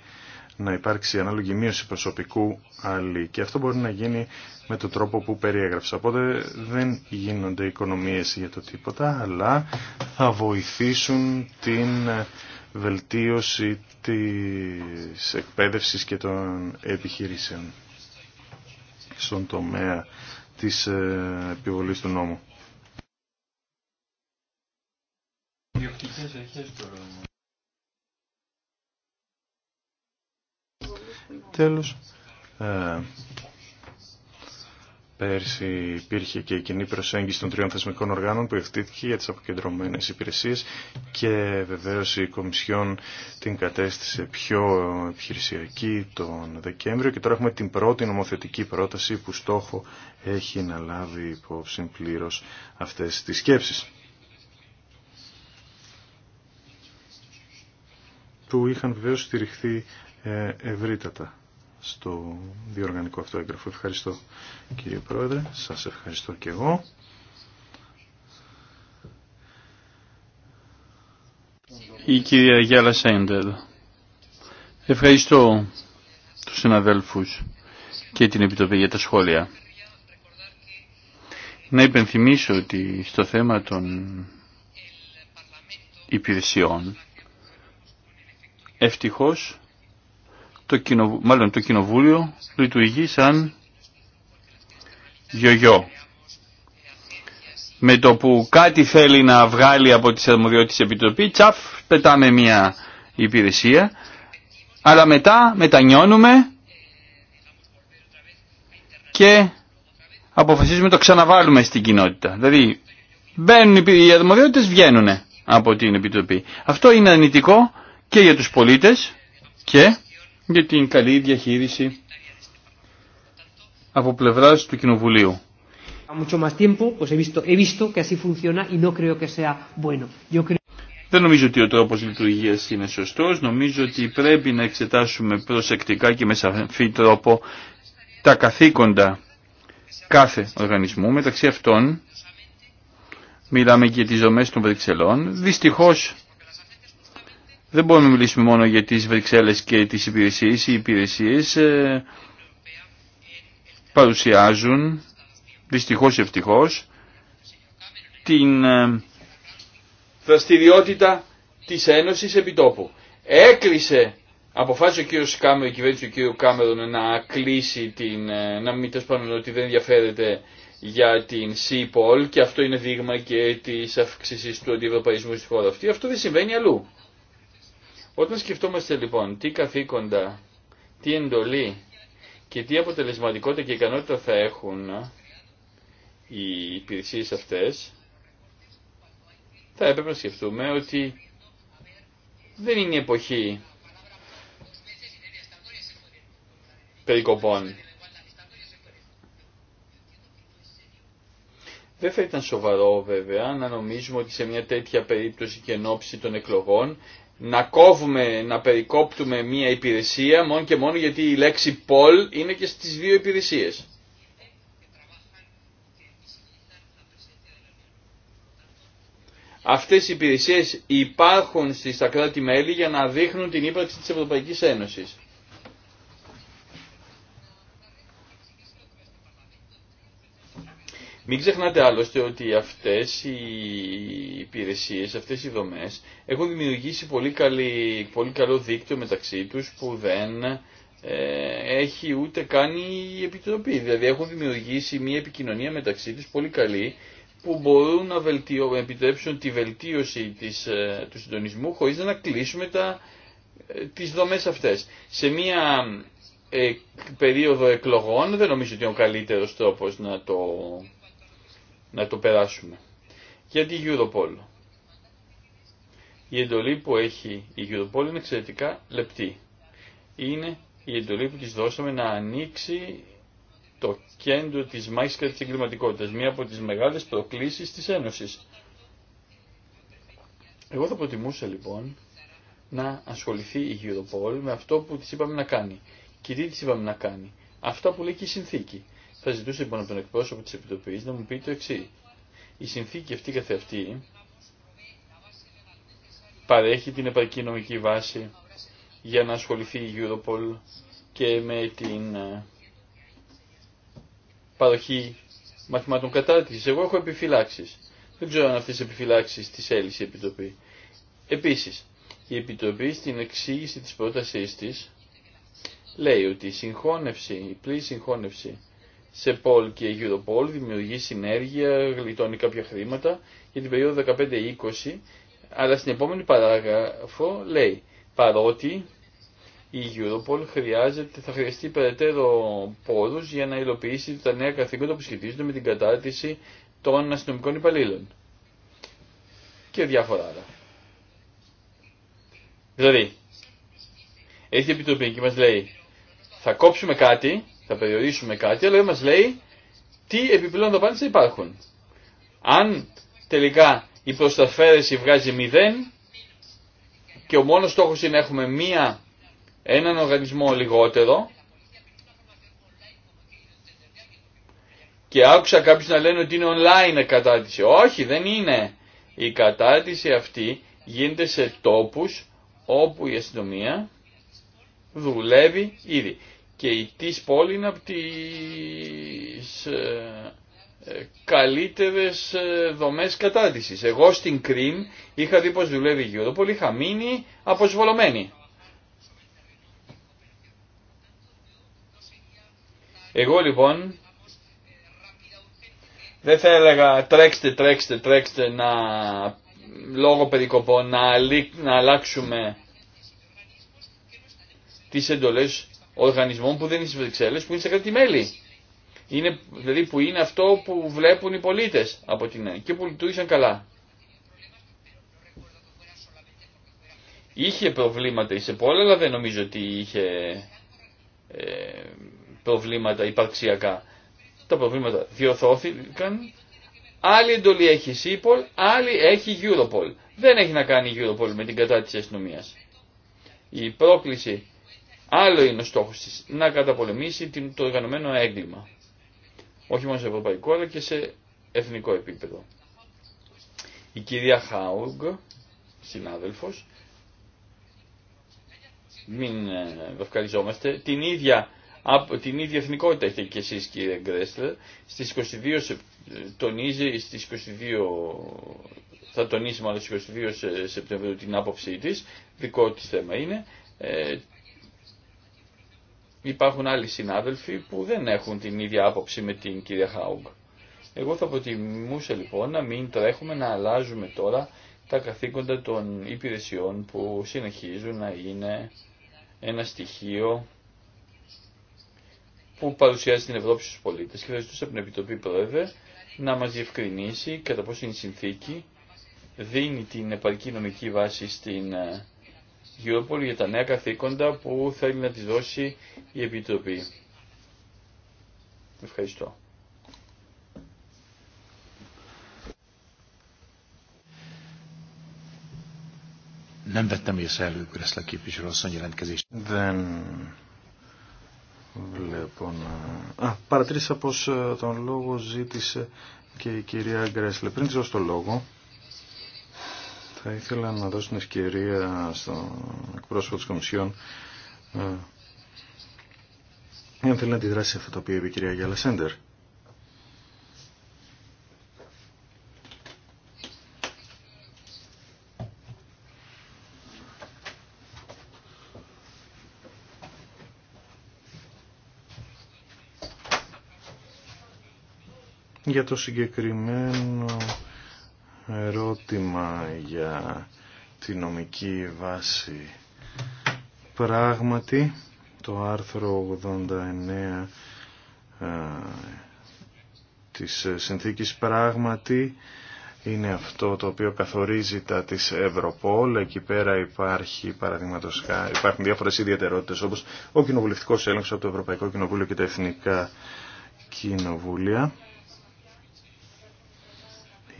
να υπάρξει ανάλογη μείωση προσωπικού άλλη και αυτό μπορεί να γίνει με τον τρόπο που περιέγραψα. Οπότε δεν γίνονται οικονομίες για το τίποτα, αλλά θα βοηθήσουν την βελτίωση της εκπαίδευσης και των επιχειρήσεων στον τομέα της ε, επιβολής του νόμου. Τέλος, ε, Πέρσι υπήρχε και η κοινή προσέγγιση των τριών θεσμικών οργάνων που ευθύθηκε για τις αποκεντρωμένες υπηρεσίες και βεβαίως η Κομισιόν την κατέστησε πιο επιχειρησιακή τον Δεκέμβριο και τώρα έχουμε την πρώτη νομοθετική πρόταση που στόχο έχει να λάβει υπόψη πλήρω αυτές τις σκέψεις. Που είχαν βεβαίως στηριχθεί ε, ευρύτατα στο διοργανικό αυτό έγγραφο. Ευχαριστώ κύριε Πρόεδρε, σας ευχαριστώ και εγώ. Η κυρία Γιάλα Σέντερ. Ευχαριστώ τους συναδέλφους και την Επιτροπή για τα σχόλια. Να υπενθυμίσω ότι στο θέμα των υπηρεσιών ευτυχώς το, μάλλον, το κοινοβούλιο λειτουργεί σαν γιογιό. Με το που κάτι θέλει να βγάλει από τις αρμοδιότητες επιτροπή, τσαφ, πετάμε μια υπηρεσία, αλλά μετά μετανιώνουμε και αποφασίζουμε το ξαναβάλουμε στην κοινότητα. Δηλαδή μπαίνουν οι αρμοδιότητες, βγαίνουν από την επιτροπή. Αυτό είναι αρνητικό και για τους πολίτες και για την καλή διαχείριση από πλευράς του Κοινοβουλίου. Δεν νομίζω ότι ο τρόπο λειτουργία είναι σωστό, Νομίζω ότι πρέπει να εξετάσουμε προσεκτικά και με σαφή τρόπο τα καθήκοντα κάθε οργανισμού. Μεταξύ αυτών μιλάμε και για τις δομέ των Βρυξελών. Δυστυχώ, δεν μπορούμε να μιλήσουμε μόνο για τις Βρυξέλλες και τις υπηρεσίες. Οι υπηρεσίες ε, παρουσιάζουν, δυστυχώς ή ευτυχώς, την ε, δραστηριότητα της Ένωσης επιτόπου. Έκλεισε, αποφάσισε ο κύριος Κάμερον, η κυβέρνηση του κύριου Κάμερον να κλείσει την, ε, να μην πάνω ότι δεν ενδιαφέρεται για την ΣΥΠΟΛ και αυτό είναι δείγμα και της αύξησης του αντιευρωπαϊσμού στη χώρα αυτή. Αυτό δεν συμβαίνει αλλού. Όταν σκεφτόμαστε λοιπόν τι καθήκοντα, τι εντολή και τι αποτελεσματικότητα και ικανότητα θα έχουν οι υπηρεσίε αυτές, θα έπρεπε να σκεφτούμε ότι δεν είναι η εποχή περικοπών. Δεν θα ήταν σοβαρό βέβαια να νομίζουμε ότι σε μια τέτοια περίπτωση και ενόψη των εκλογών να κόβουμε, να περικόπτουμε μία υπηρεσία μόνο και μόνο γιατί η λέξη «πολ» είναι και στις δύο υπηρεσίες. Αυτές οι υπηρεσίες υπάρχουν στις κράτη-μέλη για να δείχνουν την ύπαρξη της Ευρωπαϊκής Ένωσης. Μην ξεχνάτε άλλωστε ότι αυτές οι υπηρεσίες, αυτές οι δομές έχουν δημιουργήσει πολύ, καλή, πολύ καλό δίκτυο μεταξύ τους που δεν ε, έχει ούτε κάνει η Επιτροπή. Δηλαδή έχουν δημιουργήσει μια επικοινωνία μεταξύ τους πολύ καλή που μπορούν να βελτιώ, επιτρέψουν τη βελτίωση ε, του συντονισμού χωρίς να κλείσουμε τα, ε, τις δομές αυτές. Σε μια περίοδο εκλογών δεν νομίζω ότι είναι ο καλύτερος τρόπος να το να το περάσουμε. Γιατί η Europol. Η εντολή που έχει η Europol είναι εξαιρετικά λεπτή. Είναι η εντολή που της δώσαμε να ανοίξει το κέντρο της μάχης κατά της εγκληματικότητας, μία από τις μεγάλες προκλήσεις της Ένωσης. Εγώ θα προτιμούσα λοιπόν να ασχοληθεί η Europol με αυτό που της είπαμε να κάνει. Και τι της είπαμε να κάνει. Αυτά που λέει και η συνθήκη. Θα ζητούσα λοιπόν από τον εκπρόσωπο της Επιτροπής να μου πει το εξή. Η συνθήκη αυτή καθεαυτή παρέχει την επαρκή νομική βάση για να ασχοληθεί η Europol και με την ε, παροχή μαθημάτων κατάρτισης. Εγώ έχω επιφυλάξεις. Δεν ξέρω αν αυτές τις επιφυλάξεις τις έλυσε η Επιτροπή. Επίσης, η Επιτροπή στην εξήγηση της πρότασής της λέει ότι η συγχώνευση, η πλήρη συγχώνευση σε Πολ και Europol δημιουργεί συνέργεια, γλιτώνει κάποια χρήματα για την περίοδο 15-20, αλλά στην επόμενη παράγραφο λέει παρότι η Europol χρειάζεται, θα χρειαστεί περαιτέρω πόρους για να υλοποιήσει τα νέα καθήκοντα που σχετίζονται με την κατάρτιση των αστυνομικών υπαλλήλων και διάφορα άλλα. Δηλαδή, έχει η Επιτροπή και μας λέει θα κόψουμε κάτι θα περιορίσουμε κάτι, αλλά λέει τι επιπλέον δαπάνες θα υπάρχουν. Αν τελικά η προσταφαίρεση βγάζει μηδέν και ο μόνος στόχος είναι να έχουμε μία, έναν οργανισμό λιγότερο και άκουσα κάποιους να λένε ότι είναι online η κατάρτιση. Όχι, δεν είναι. Η κατάρτιση αυτή γίνεται σε τόπους όπου η αστυνομία δουλεύει ήδη. Και η της πόλη είναι από τις ε, ε, καλύτερες ε, δομές κατάδυσης. Εγώ στην Κρίν είχα δει πως δουλεύει η γεωδοπολή, είχα μείνει αποσβολωμένη. Εγώ λοιπόν δεν θα έλεγα τρέξτε, τρέξτε, τρέξτε να λόγω περικοπών να, να αλλάξουμε τις εντολές οργανισμών που δεν είναι στι Βρυξέλλε, που είναι σε κράτη-μέλη. Είναι, δηλαδή που είναι αυτό που βλέπουν οι πολίτες από την και που λειτουργήσαν καλά. Είχε προβλήματα η ΣΕΠΟΛ, αλλά δεν νομίζω ότι είχε ε, προβλήματα υπαρξιακά. Τα προβλήματα διορθώθηκαν. Άλλη εντολή έχει η ΣΥΠΟΛ, άλλη έχει η Europol. Δεν έχει να κάνει η Europol με την κατάρτιση αστυνομία. Η πρόκληση Άλλο είναι ο στόχος της, να καταπολεμήσει το οργανωμένο έγκλημα. Όχι μόνο σε ευρωπαϊκό αλλά και σε εθνικό επίπεδο. Η κυρία Χάουγκ, συνάδελφος, μην δουκαριζόμαστε, ε, την ίδια, την ίδια εθνικότητα έχετε και εσείς κύριε Γκρέσλερ, στις 22 τονίζει, στις 22, θα τονίσει μάλλον στις 22 Σεπτεμβρίου την άποψή της, δικό της θέμα είναι, ε, υπάρχουν άλλοι συνάδελφοι που δεν έχουν την ίδια άποψη με την κυρία Χάουγκ. Εγώ θα προτιμούσα λοιπόν να μην τρέχουμε να αλλάζουμε τώρα τα καθήκοντα των υπηρεσιών που συνεχίζουν να είναι ένα στοιχείο που παρουσιάζει την Ευρώπη στους πολίτες και θα ζητούσα από την Επιτροπή Πρόεδρε να μας διευκρινίσει κατά πόσο η συνθήκη δίνει την επαρκή νομική βάση στην ε, Europol για τα νέα καθήκοντα που θέλει να τη δώσει η Επιτροπή. Ευχαριστώ. Nem vettem észre előbb Greszle képviselő asszony jelentkezést. Δεν βλέπω να... Α, παρατήρησα πως ε, τον λόγο ζήτησε και η κυρία Γκρέσλε. Πριν ξέρω στο λόγο, θα ήθελα να δώσω την ευκαιρία στον εκπρόσωπο της Κομισιόν ε, αν θέλει να αντιδράσει σε αυτό το είπε η κυρία Γιάλα Σέντερ. για το συγκεκριμένο ερώτημα για τη νομική βάση. Πράγματι, το άρθρο 89 ε, της συνθήκης πράγματι είναι αυτό το οποίο καθορίζει τα της Ευρωπόλ. Εκεί πέρα υπάρχει, παραδείγματος, υπάρχουν διάφορες ιδιαιτερότητες όπως ο κοινοβουλευτικός έλεγχος από το Ευρωπαϊκό Κοινοβούλιο και τα Εθνικά Κοινοβούλια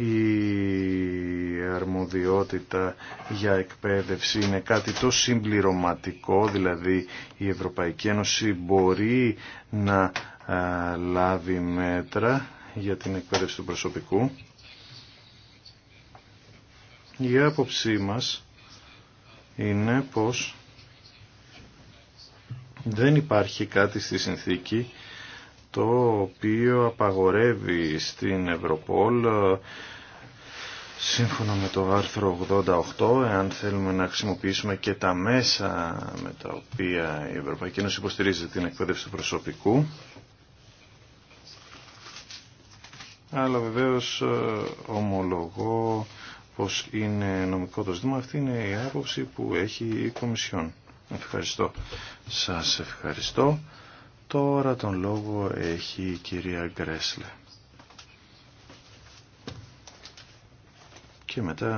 η αρμοδιότητα για εκπαίδευση είναι κάτι το συμπληρωματικό, δηλαδή η Ευρωπαϊκή Ένωση μπορεί να λάβει μέτρα για την εκπαίδευση του προσωπικού. Η άποψή μας είναι πως δεν υπάρχει κάτι στη συνθήκη το οποίο απαγορεύει στην Ευρωπόλ ε, σύμφωνα με το άρθρο 88 εάν θέλουμε να χρησιμοποιήσουμε και τα μέσα με τα οποία η Ευρωπαϊκή Ένωση υποστηρίζει την εκπαίδευση του προσωπικού αλλά βεβαίως ε, ομολογώ πως είναι νομικό το ζήτημα. Αυτή είναι η άποψη που έχει η Κομισιόν. Ευχαριστώ. Σας ευχαριστώ. Τώρα τον λόγο έχει η κυρία Γκρέσλε. Και μετά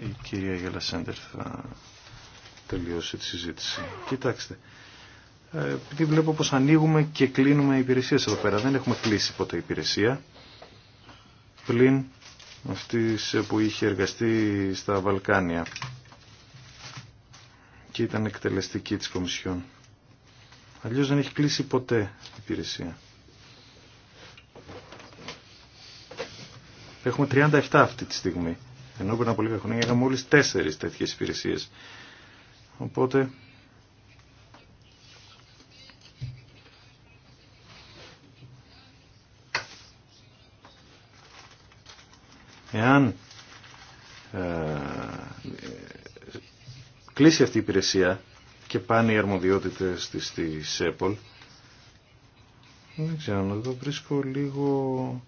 η κυρία Γελασέντερ θα τελειώσει τη συζήτηση. Κοιτάξτε, ε, επειδή βλέπω πως ανοίγουμε και κλείνουμε υπηρεσίες εδώ πέρα. Δεν έχουμε κλείσει ποτέ υπηρεσία. Πλην αυτής που είχε εργαστεί στα Βαλκάνια και ήταν εκτελεστική της Κομισιόν. Αλλιώς δεν έχει κλείσει ποτέ η υπηρεσία. Έχουμε 37 αυτή τη στιγμή. Ενώ πριν από λίγα χρόνια είχαμε μόλις τέσσερις τέτοιες υπηρεσίες. Οπότε... Εάν ε, κλείσει αυτή η υπηρεσία, και πάνε οι αρμοδιότητες της ΣΕΠΟΛ. Δεν ξέρω, να βρίσκω λίγο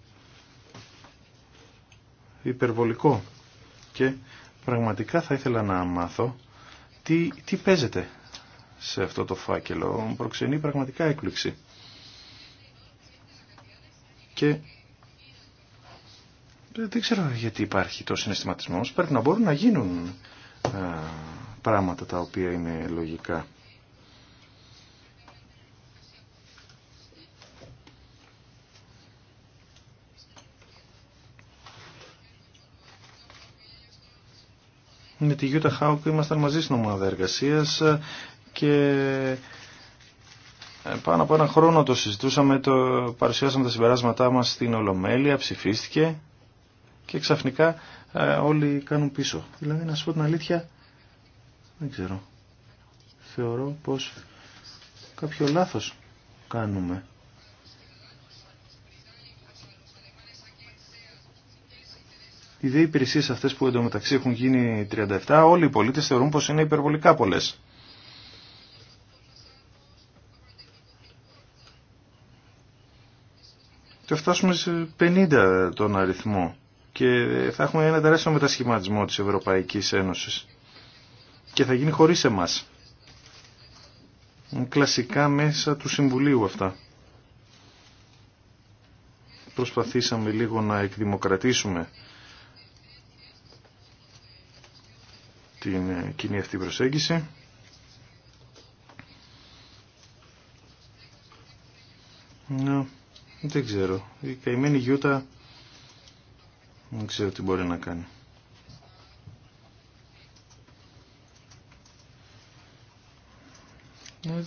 υπερβολικό και πραγματικά θα ήθελα να μάθω τι, τι παίζεται σε αυτό το φάκελο. Προξενεί πραγματικά έκπληξη. Και δεν ξέρω γιατί υπάρχει το συναισθηματισμός. Πρέπει να μπορούν να γίνουν πράγματα τα οποία είναι λογικά. Με τη Γιούτα Χάουκ ήμασταν μαζί στην ομάδα εργασίας και πάνω από ένα χρόνο το συζητούσαμε, το παρουσιάσαμε τα συμπεράσματά μας στην Ολομέλεια, ψηφίστηκε και ξαφνικά ε, όλοι κάνουν πίσω. Δηλαδή να σου πω την αλήθεια, δεν ξέρω. Θεωρώ πως κάποιο λάθος κάνουμε. Οι δε υπηρεσίες αυτές που εντωμεταξύ έχουν γίνει 37, όλοι οι πολίτες θεωρούν πως είναι υπερβολικά πολλές. Και φτάσουμε σε 50 τον αριθμό και θα έχουμε ένα τεράστιο μετασχηματισμό της Ευρωπαϊκής Ένωσης και θα γίνει χωρίς εμάς. Κλασικά μέσα του Συμβουλίου αυτά. Προσπαθήσαμε λίγο να εκδημοκρατήσουμε την ε, κοινή αυτή προσέγγιση. Να, δεν ξέρω. Η καημένη Γιούτα δεν ξέρω τι μπορεί να κάνει.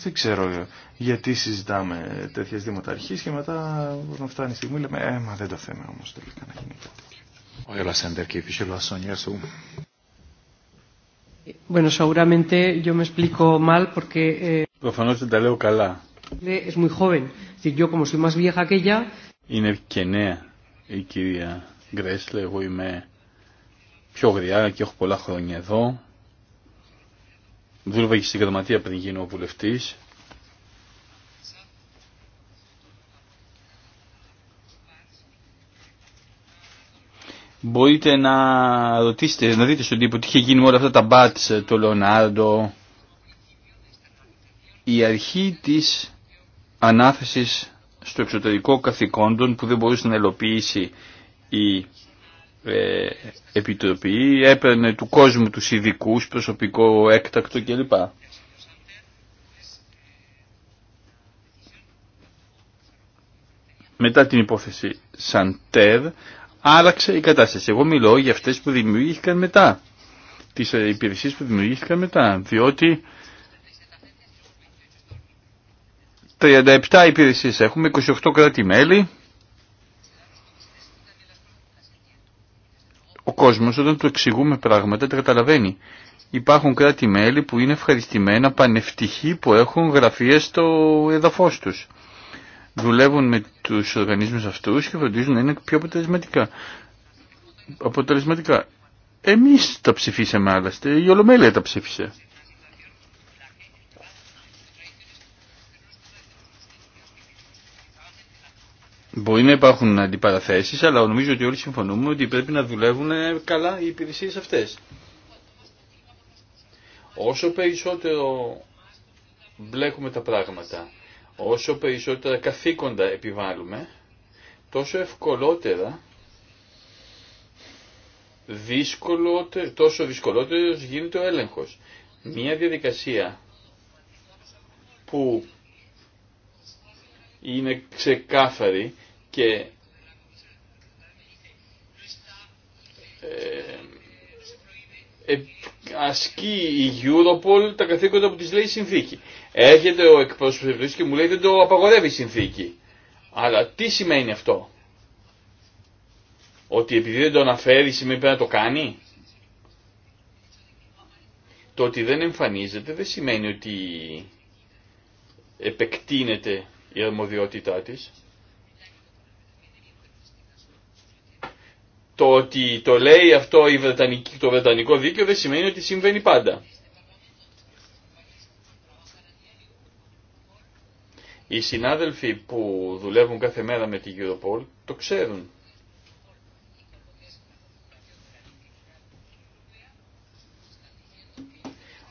δεν ξέρω γιατί συζητάμε τέτοια ζητήματα και μετά όταν φτάνει η στιγμή λέμε «Ε, μα δεν το θέμα όμως τελικά να γίνει κάτι τέτοιο». Ο Ιωλασέντερ και η Bueno, seguramente yo me explico mal porque. Eh, Προφανώ δεν τα λέω καλά. Es muy joven. Es decir, yo como soy más vieja que ella. Είναι και νέα η κυρία Γκρέσλε. Εγώ είμαι πιο γριά και έχω πολλά χρόνια εδώ. Δούλευα και στην Γραμματεία πριν γίνω βουλευτής. Μπορείτε να ρωτήσετε, να δείτε στον τύπο τι είχε γίνει με όλα αυτά τα μπάτς, ε, το Λεωνάρντο. Η αρχή της ανάθεσης στο εξωτερικό καθηκόντων που δεν μπορούσε να ελοποιήσει η ε, επιτροπή έπαιρνε του κόσμου τους ειδικού, προσωπικό έκτακτο κλπ. Μετά την υπόθεση Σαντέρ άλλαξε η κατάσταση. Εγώ μιλώ για αυτές που δημιουργήθηκαν μετά. Τις ε, υπηρεσίες που δημιουργήθηκαν μετά. Διότι 37 υπηρεσίες έχουμε, 28 κράτη-μέλη, όταν του εξηγούμε πράγματα τα καταλαβαίνει. Υπάρχουν κράτη-μέλη που είναι ευχαριστημένα, πανευτυχοί που έχουν γραφεία στο εδαφό του. Δουλεύουν με τους οργανισμούς αυτούς και φροντίζουν να είναι πιο αποτελεσματικά. αποτελεσματικά. Εμείς τα ψηφίσαμε άλλαστε, η Ολομέλεια τα ψήφισε. Μπορεί να υπάρχουν αντιπαραθέσεις, αλλά νομίζω ότι όλοι συμφωνούμε ότι πρέπει να δουλεύουν καλά οι υπηρεσίες αυτές. Όσο περισσότερο μπλέκουμε τα πράγματα, όσο περισσότερα καθήκοντα επιβάλλουμε, τόσο ευκολότερα, τόσο δυσκολότερος γίνεται ο έλεγχος. Μία διαδικασία που είναι ξεκάθαρη και ε, ε, ασκεί η Europol τα καθήκοντα που της λέει η συνθήκη. Έρχεται ο εκπρόσωπος της και μου λέει δεν το απαγορεύει η συνθήκη. Αλλά τι σημαίνει αυτό. Ότι επειδή δεν το αναφέρει σημαίνει πρέπει να το κάνει. Το ότι δεν εμφανίζεται δεν σημαίνει ότι επεκτείνεται η αρμοδιότητά της. Το ότι το λέει αυτό η Βρετανική, το Βρετανικό δίκαιο δεν σημαίνει ότι συμβαίνει πάντα. Οι συνάδελφοι που δουλεύουν κάθε μέρα με την Europol το ξέρουν.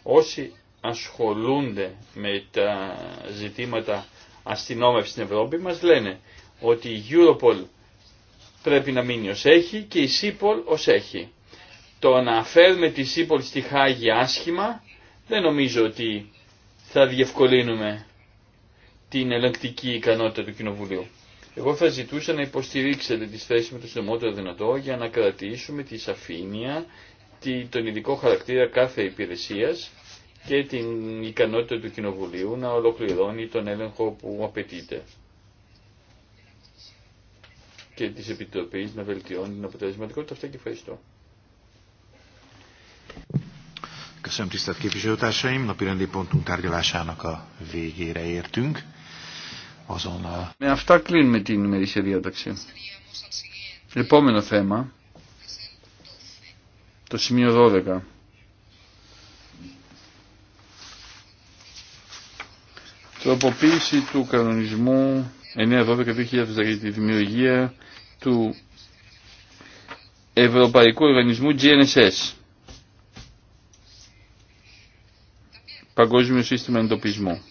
Όσοι ασχολούνται με τα ζητήματα αστυνόμευσης στην Ευρώπη μας λένε ότι η Europol πρέπει να μείνει ως έχει και η ΣΥΠΟΛ ως έχει. Το να φέρουμε τη ΣΥΠΟΛ στη Χάγη άσχημα δεν νομίζω ότι θα διευκολύνουμε την ελεγκτική ικανότητα του Κοινοβουλίου. Εγώ θα ζητούσα να υποστηρίξετε τις θέσεις με το συντομότερο δυνατό για να κρατήσουμε τη σαφήνεια, τον ειδικό χαρακτήρα κάθε υπηρεσίας και την ικανότητα του Κοινοβουλίου να ολοκληρώνει τον έλεγχο που απαιτείται και της Επιτροπής να βελτιώνει την αποτελεσματικότητα. Αυτά και ευχαριστώ. Köszönöm Με αυτά κλείνουμε την ημερήσια διάταξη. Επόμενο θέμα, το σημείο 12. Τροποποίηση του κανονισμού 9 12 για τη δημιουργία του Ευρωπαϊκού Οργανισμού GNSS. Παγκόσμιο Σύστημα Εντοπισμού.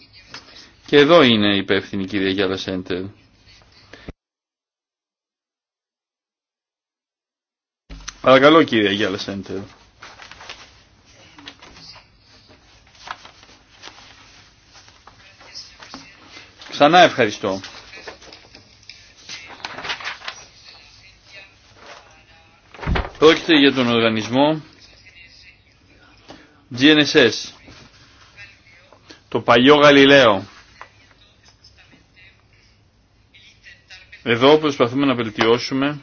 Και εδώ είναι η υπεύθυνη κυρία Γιάλα Σέντερ. Παρακαλώ κυρία Γιάλα Σέντερ. Ξανά ευχαριστώ. Πρόκειται για τον οργανισμό GNSS, το παλιό Γαλιλαίο. Εδώ προσπαθούμε να βελτιώσουμε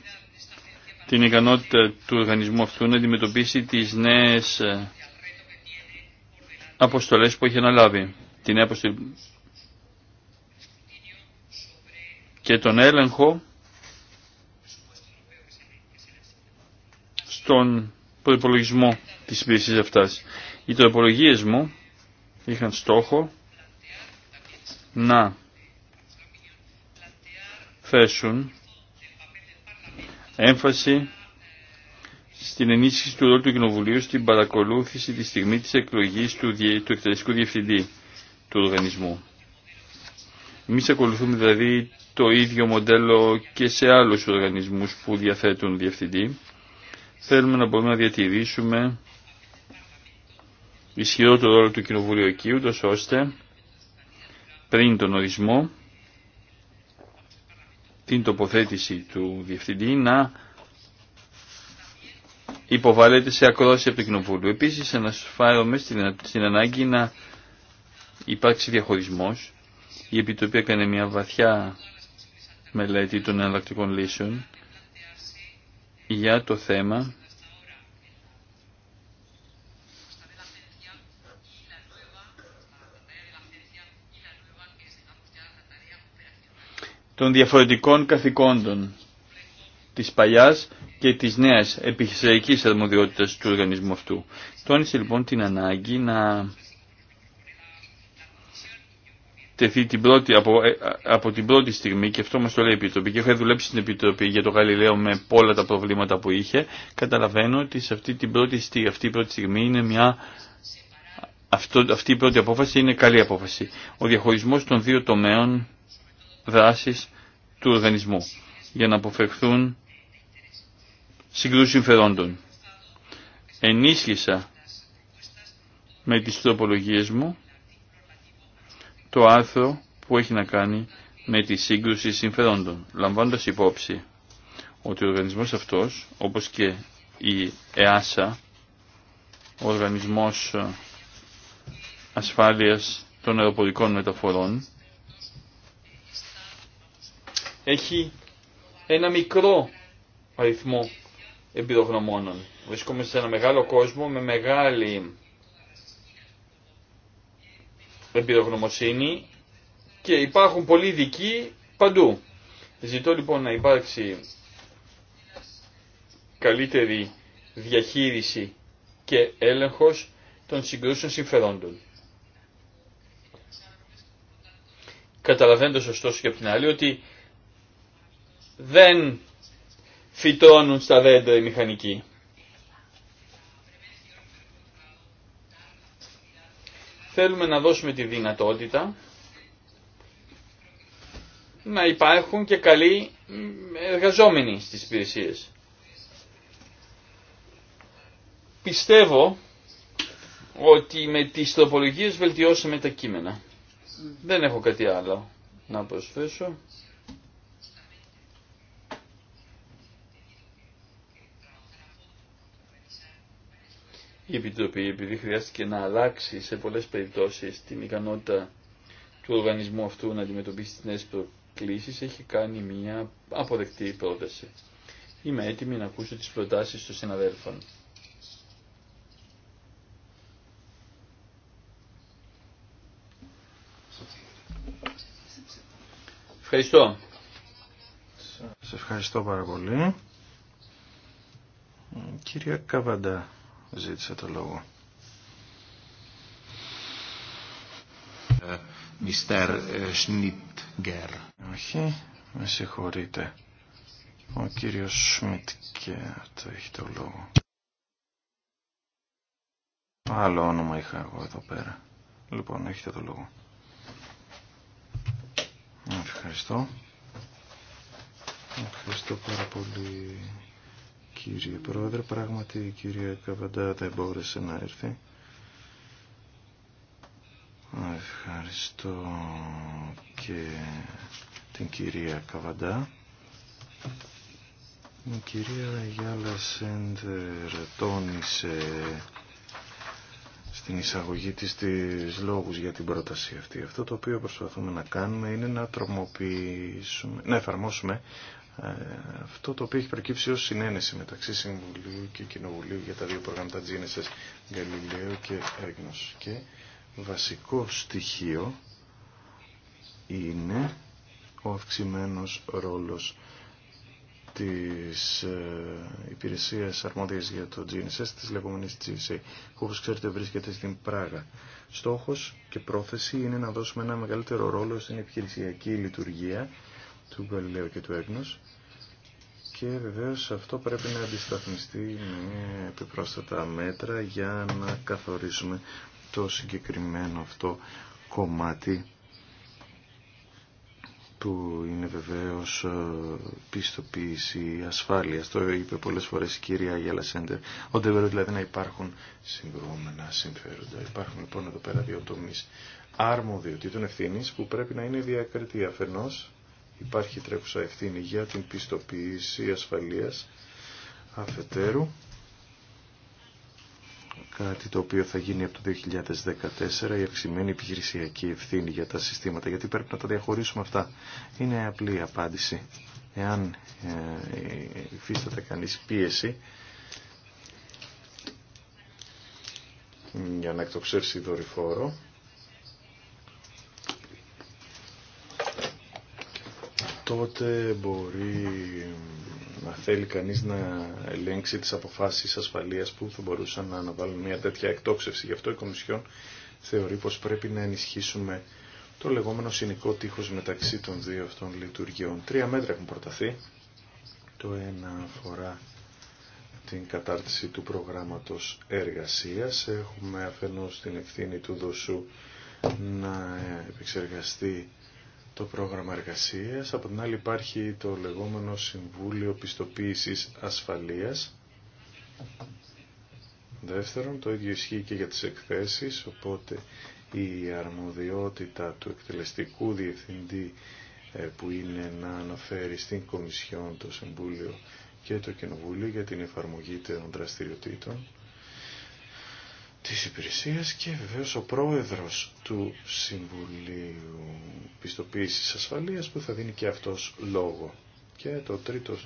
την ικανότητα του οργανισμού αυτού να αντιμετωπίσει τις νέες ε, αποστολές που έχει αναλάβει. Την αποστολή και τον έλεγχο στον προπολογισμό της υπηρεσίας αυτάς. Οι τροπολογίες μου είχαν στόχο να θέσουν έμφαση στην ενίσχυση του ρόλου του Κοινοβουλίου στην παρακολούθηση τη στιγμή της εκλογής του, του εκτελεστικού διευθυντή του οργανισμού. Εμεί ακολουθούμε δηλαδή το ίδιο μοντέλο και σε άλλους οργανισμούς που διαθέτουν διευθυντή θέλουμε να μπορούμε να διατηρήσουμε ισχυρό το ρόλο του Κοινοβουλίου εκεί, ούτως ώστε πριν τον ορισμό την τοποθέτηση του Διευθυντή να υποβάλλεται σε ακρόαση από το Κοινοβούλιο. Επίσης ανασφάρομαι στην, στην ανάγκη να υπάρξει διαχωρισμός. Η Επιτροπή έκανε μια βαθιά μελέτη των εναλλακτικών λύσεων για το θέμα των διαφορετικών καθηκόντων της παλιάς και της νέας επιχειρησιακής αρμοδιότητας του οργανισμού αυτού. Τόνισε λοιπόν την ανάγκη να τεθεί την πρώτη, ε, από, την πρώτη στιγμή και αυτό μας το λέει η Επιτροπή και έχω δουλέψει στην Επιτροπή για το Γαλιλαίο με όλα τα προβλήματα που είχε καταλαβαίνω ότι σε αυτή, την πρώτη, η πρώτη στιγμή είναι μια αυτή η πρώτη απόφαση είναι καλή απόφαση. Ο διαχωρισμός των δύο τομέων δράσης του οργανισμού για να αποφευχθούν συγκρούσεις συμφερόντων. Ενίσχυσα με τις τροπολογίες μου το άρθρο που έχει να κάνει με τη σύγκρουση συμφερόντων, λαμβάνοντας υπόψη ότι ο οργανισμός αυτός, όπως και η ΕΑΣΑ, ο Οργανισμός Ασφάλειας των Αεροπορικών Μεταφορών, έχει ένα μικρό αριθμό εμπειρογνωμόνων. Βρισκόμαστε σε ένα μεγάλο κόσμο με μεγάλη εμπειρογνωμοσύνη και υπάρχουν πολλοί ειδικοί παντού. Ζητώ λοιπόν να υπάρξει καλύτερη διαχείριση και έλεγχος των συγκρούσεων συμφερόντων. Καταλαβαίνοντας ωστόσο και από την άλλη ότι δεν φυτρώνουν στα δέντρα οι μηχανικοί. θέλουμε να δώσουμε τη δυνατότητα να υπάρχουν και καλοί εργαζόμενοι στις υπηρεσίες. Πιστεύω ότι με τις τοπολογίες βελτιώσαμε τα κείμενα. Δεν έχω κάτι άλλο να προσθέσω. η Επιτροπή, επειδή χρειάστηκε να αλλάξει σε πολλές περιπτώσεις την ικανότητα του οργανισμού αυτού να αντιμετωπίσει τις νέες προκλήσεις, έχει κάνει μια αποδεκτή πρόταση. Είμαι έτοιμη να ακούσω τις προτάσεις των συναδέλφων. Ευχαριστώ. Σας ευχαριστώ πάρα πολύ. Κυρία Καβαντά ζήτησε το λόγο. Μιστέρ ε, Σνίτγκερ. Όχι, με συγχωρείτε. Ο κύριος το έχει το λόγο. Άλλο όνομα είχα εγώ εδώ πέρα. Λοιπόν, έχετε το λόγο. Ευχαριστώ. Ευχαριστώ πάρα πολύ κύριε Πρόεδρε. Πράγματι η κυρία Καβαντά δεν μπόρεσε να έρθει. Ευχαριστώ και την κυρία Καβαντά. Η κυρία Γιάλα Σέντερ τόνισε στην εισαγωγή της τις λόγους για την πρόταση αυτή. Αυτό το οποίο προσπαθούμε να κάνουμε είναι να τρομοποιήσουμε, να εφαρμόσουμε ε, αυτό το οποίο έχει προκύψει ως συνένεση μεταξύ Συμβουλίου και Κοινοβουλίου για τα δύο προγράμματα Τζίνεσες Γαλιλαίο και Έγνος. Και βασικό στοιχείο είναι ο αυξημένος ρόλος της ε, υπηρεσίας αρμόδιας για το GNSS της λεγόμενης GSA που όπως ξέρετε βρίσκεται στην Πράγα. Στόχος και πρόθεση είναι να δώσουμε ένα μεγαλύτερο ρόλο στην επιχειρησιακή λειτουργία του Γαλιλαίου και του Έγνος και βεβαίως αυτό πρέπει να αντισταθμιστεί με επιπρόσθετα μέτρα για να καθορίσουμε το συγκεκριμένο αυτό κομμάτι που είναι βεβαίως ε, πιστοποίηση ασφάλειας. Το είπε πολλές φορές η κυρία Γιάννα Σέντερ. Όντε βέβαια δηλαδή να υπάρχουν συγκρούμενα συμφέροντα. Υπάρχουν λοιπόν εδώ πέρα δύο τομείς αρμοδιοτήτων ευθύνης που πρέπει να είναι διακριτή αφενός υπάρχει τρέχουσα ευθύνη για την πιστοποίηση ασφαλείας αφετέρου κάτι το οποίο θα γίνει από το 2014, η αυξημένη επιχειρησιακή ευθύνη για τα συστήματα, γιατί πρέπει να τα διαχωρίσουμε αυτά. Είναι απλή απάντηση. Εάν ε, υφίσταται κανείς πίεση για να εκτοξεύσει δορυφόρο, τότε μπορεί να θέλει κανείς να ελέγξει τις αποφάσεις ασφαλείας που θα μπορούσαν να αναβάλουν μια τέτοια εκτόξευση. Γι' αυτό η Κομισιόν θεωρεί πως πρέπει να ενισχύσουμε το λεγόμενο συνικό τείχος μεταξύ των δύο αυτών λειτουργιών. Τρία μέτρα έχουν προταθεί. Το ένα αφορά την κατάρτιση του προγράμματος εργασίας. Έχουμε αφενός την ευθύνη του δοσού να επεξεργαστεί το πρόγραμμα εργασίας. Από την άλλη υπάρχει το λεγόμενο Συμβούλιο Πιστοποίησης Ασφαλείας. Δεύτερον, το ίδιο ισχύει και για τις εκθέσεις, οπότε η αρμοδιότητα του εκτελεστικού διευθυντή ε, που είναι να αναφέρει στην Κομισιόν το Συμβούλιο και το Κοινοβούλιο για την εφαρμογή των δραστηριοτήτων της υπηρεσίας και βεβαίως ο πρόεδρος του Συμβουλίου Πιστοποίησης Ασφαλείας που θα δίνει και αυτός λόγο. Και το τρίτο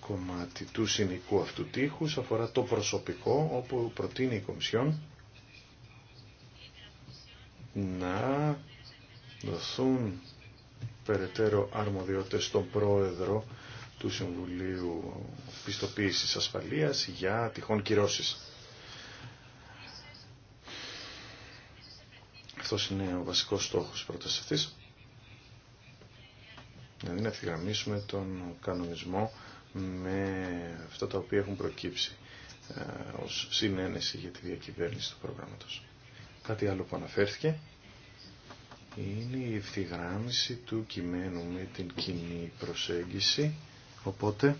κομμάτι του συνοικού αυτού τείχους αφορά το προσωπικό όπου προτείνει η Κομισιόν να δοθούν περαιτέρω αρμοδιότητες στον πρόεδρο του Συμβουλίου Πιστοποίησης Ασφαλείας για τυχόν κυρώσεις. Αυτός είναι ο βασικός στόχος της πρότασης αυτής. Δηλαδή να ευθυγραμμίσουμε τον κανονισμό με αυτά τα οποία έχουν προκύψει ε, ως συνένεση για τη διακυβέρνηση του προγράμματος. Κάτι άλλο που αναφέρθηκε είναι η ευθυγράμμιση του κειμένου με την κοινή προσέγγιση, οπότε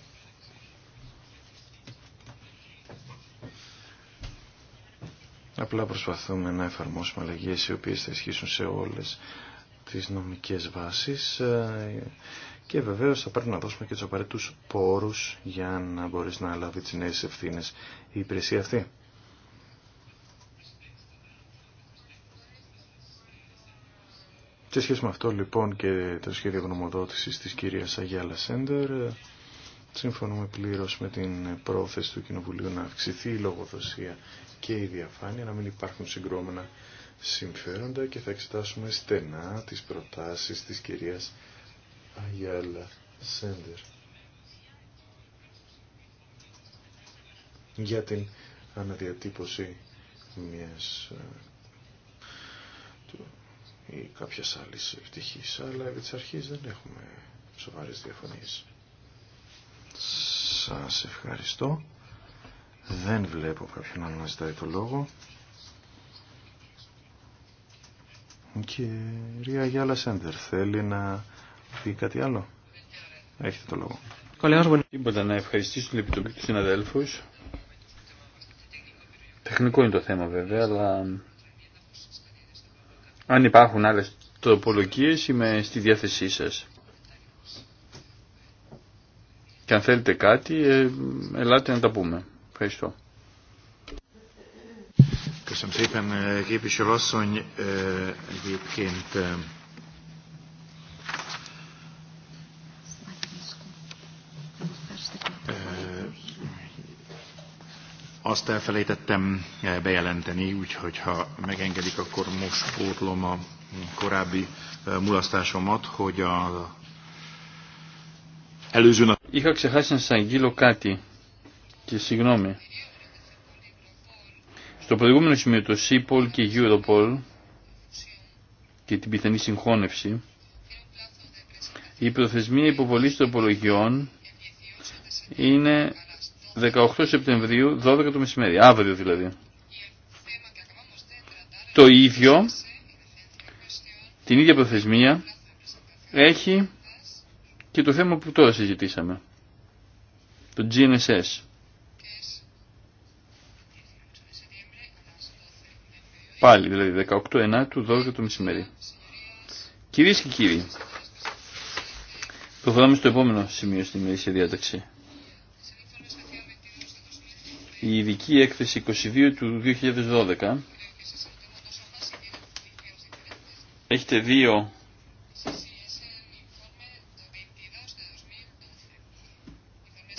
Απλά προσπαθούμε να εφαρμόσουμε αλλαγές οι οποίες θα ισχύσουν σε όλες τις νομικές βάσεις ε, και βεβαίως θα πρέπει να δώσουμε και τους απαραίτητους πόρους για να μπορείς να λάβει τις νέες ευθύνες η υπηρεσία αυτή. Σε σχέση με αυτό λοιπόν και το σχέδιο γνωμοδότησης της κυρίας Αγιά Σέντερ, Συμφωνούμε πλήρως με την πρόθεση του Κοινοβουλίου να αυξηθεί η λογοδοσία και η διαφάνεια, να μην υπάρχουν συγκρόμενα συμφέροντα και θα εξετάσουμε στενά τις προτάσεις της κυρίας Αγιάλα Σέντερ για την αναδιατύπωση μιας ε, ή κάποιας άλλης ευτυχής, αλλά επί της αρχής δεν έχουμε σοβαρές διαφωνίες. Σας ευχαριστώ. Δεν βλέπω κάποιον άλλο να ζητάει το λόγο. Κυρία Γιάλα Σέντερ, θέλει να πει κάτι άλλο. Έχετε το λόγο. Τίποτα να ευχαριστήσω την επιτροπή του συναδέλφου. Τεχνικό είναι το θέμα βέβαια, αλλά αν υπάρχουν άλλες τοπολογίες είμαι στη διάθεσή σας. Και αν θέλετε κάτι, ε, ελάτε να τα πούμε. Ευχαριστώ. Köszönöm szépen, azt elfelejtettem bejelenteni, úgyhogy ha megengedik, akkor most pótlom a korábbi mulasztásomat, hogy a előző nap Είχα ξεχάσει να σας αγγείλω κάτι και συγγνώμη. Στο προηγούμενο σημείο το Σίπολ και Europol και την πιθανή συγχώνευση η προθεσμία υποβολής των υπολογιών είναι 18 Σεπτεμβρίου, 12 το μεσημέρι, αύριο δηλαδή. Το ίδιο, την ίδια προθεσμία, έχει και το θέμα που τώρα συζητήσαμε. Το GNSS. Πάλι δηλαδή 18, 9 του 12 το μεσημέρι. Κυρίε και κύριοι, προχωράμε στο επόμενο σημείο στην ημερήσια διάταξη. Η ειδική έκθεση 22 του 2012 έχετε δύο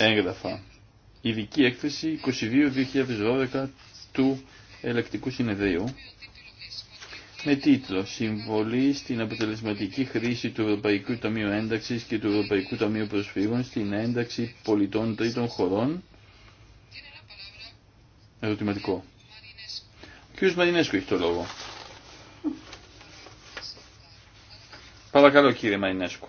έγγραφα. Ειδική έκθεση 22-2012 του Ελεκτικού Συνεδρίου με τίτλο «Συμβολή στην αποτελεσματική χρήση του Ευρωπαϊκού Ταμείου Ένταξης και του Ευρωπαϊκού Ταμείου Προσφύγων στην ένταξη πολιτών τρίτων χωρών» Ερωτηματικό. Ο κ. Μαρινέσκου έχει το λόγο. Παρακαλώ κύριε Μαρινέσκου.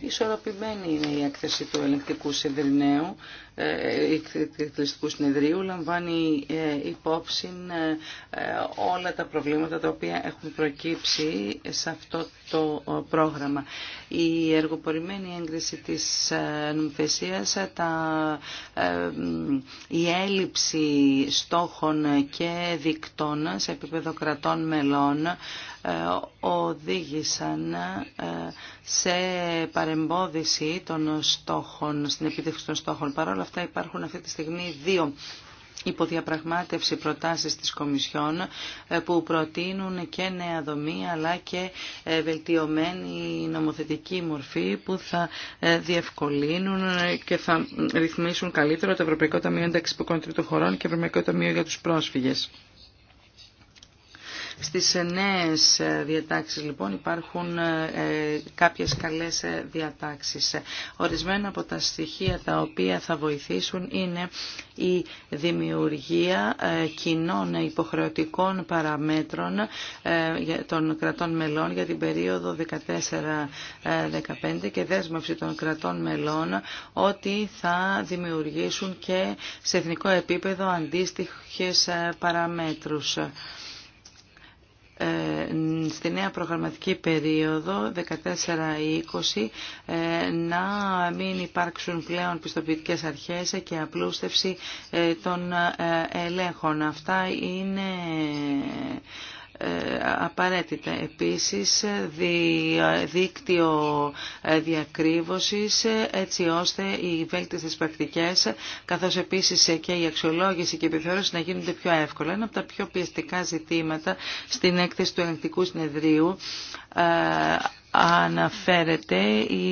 Ισορροπημένη είναι η έκθεση του ελεγκτικού συνεδρίου, ε, εκτελεστικού συνεδρίου, λαμβάνει ε, υπόψη ε, όλα τα προβλήματα τα οποία έχουν προκύψει σε αυτό το πρόγραμμα. Η εργοπορημένη έγκριση της νομοθεσίας, η έλλειψη στόχων και δικτών σε επίπεδο κρατών μελών, ε, οδήγησαν ε, σε παρεμπόδιση των στόχων, στην επίτευξη των στόχων. Παρ' όλα αυτά υπάρχουν αυτή τη στιγμή δύο υποδιαπραγμάτευση προτάσεις της Κομισιόν ε, που προτείνουν και νέα δομή αλλά και βελτιωμένη νομοθετική μορφή που θα διευκολύνουν και θα ρυθμίσουν καλύτερα το Ευρωπαϊκό Ταμείο Ένταξης Χωρών και Ευρωπαϊκό Ταμείο για τους Πρόσφυγες. Στις νέες ε, διατάξεις λοιπόν υπάρχουν ε, ε, κάποιες καλές διατάξεις. Ορισμένα από τα στοιχεία τα οποία θα βοηθήσουν είναι η δημιουργία κοινών υποχρεωτικών παραμέτρων των κρατών μελών για την περίοδο 14-15 και δέσμευση των κρατών μελών ότι θα δημιουργήσουν και σε εθνικό επίπεδο αντίστοιχες παραμέτρους. Ε, στη νέα προγραμματική περίοδο 14-20 ε, να μην υπάρξουν πλέον πιστοποιητικές αρχές και απλούστευση ε, των ελέγχων. Αυτά είναι ε, απαραίτητα. Επίσης, δίκτυο ε, διακρύβωσης ε, έτσι ώστε οι βέλτιστες πρακτικές καθώς επίσης και η αξιολόγηση και η επιθεώρηση να γίνονται πιο εύκολα. Ένα από τα πιο πιεστικά ζητήματα στην έκθεση του ελληνικού Συνεδρίου αναφέρεται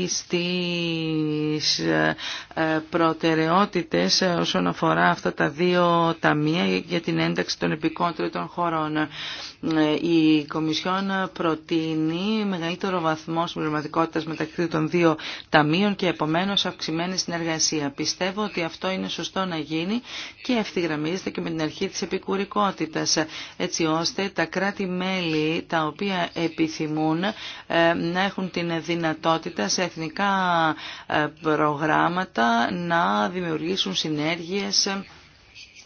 στις ε, προτεραιότητες όσον αφορά αυτά τα δύο ταμεία για την ένταξη των επικών τρίτων χωρών. Ε, η Κομισιόν προτείνει μεγαλύτερο βαθμό συμπληρωματικότητας μεταξύ των δύο ταμείων και επομένως αυξημένη συνεργασία. Πιστεύω ότι αυτό είναι σωστό να γίνει και ευθυγραμμίζεται και με την αρχή της επικουρικότητας, έτσι ώστε τα κράτη-μέλη τα οποία επιθυμούν ε, να έχουν την δυνατότητα σε εθνικά ε, προγράμματα να δημιουργήσουν συνέργειες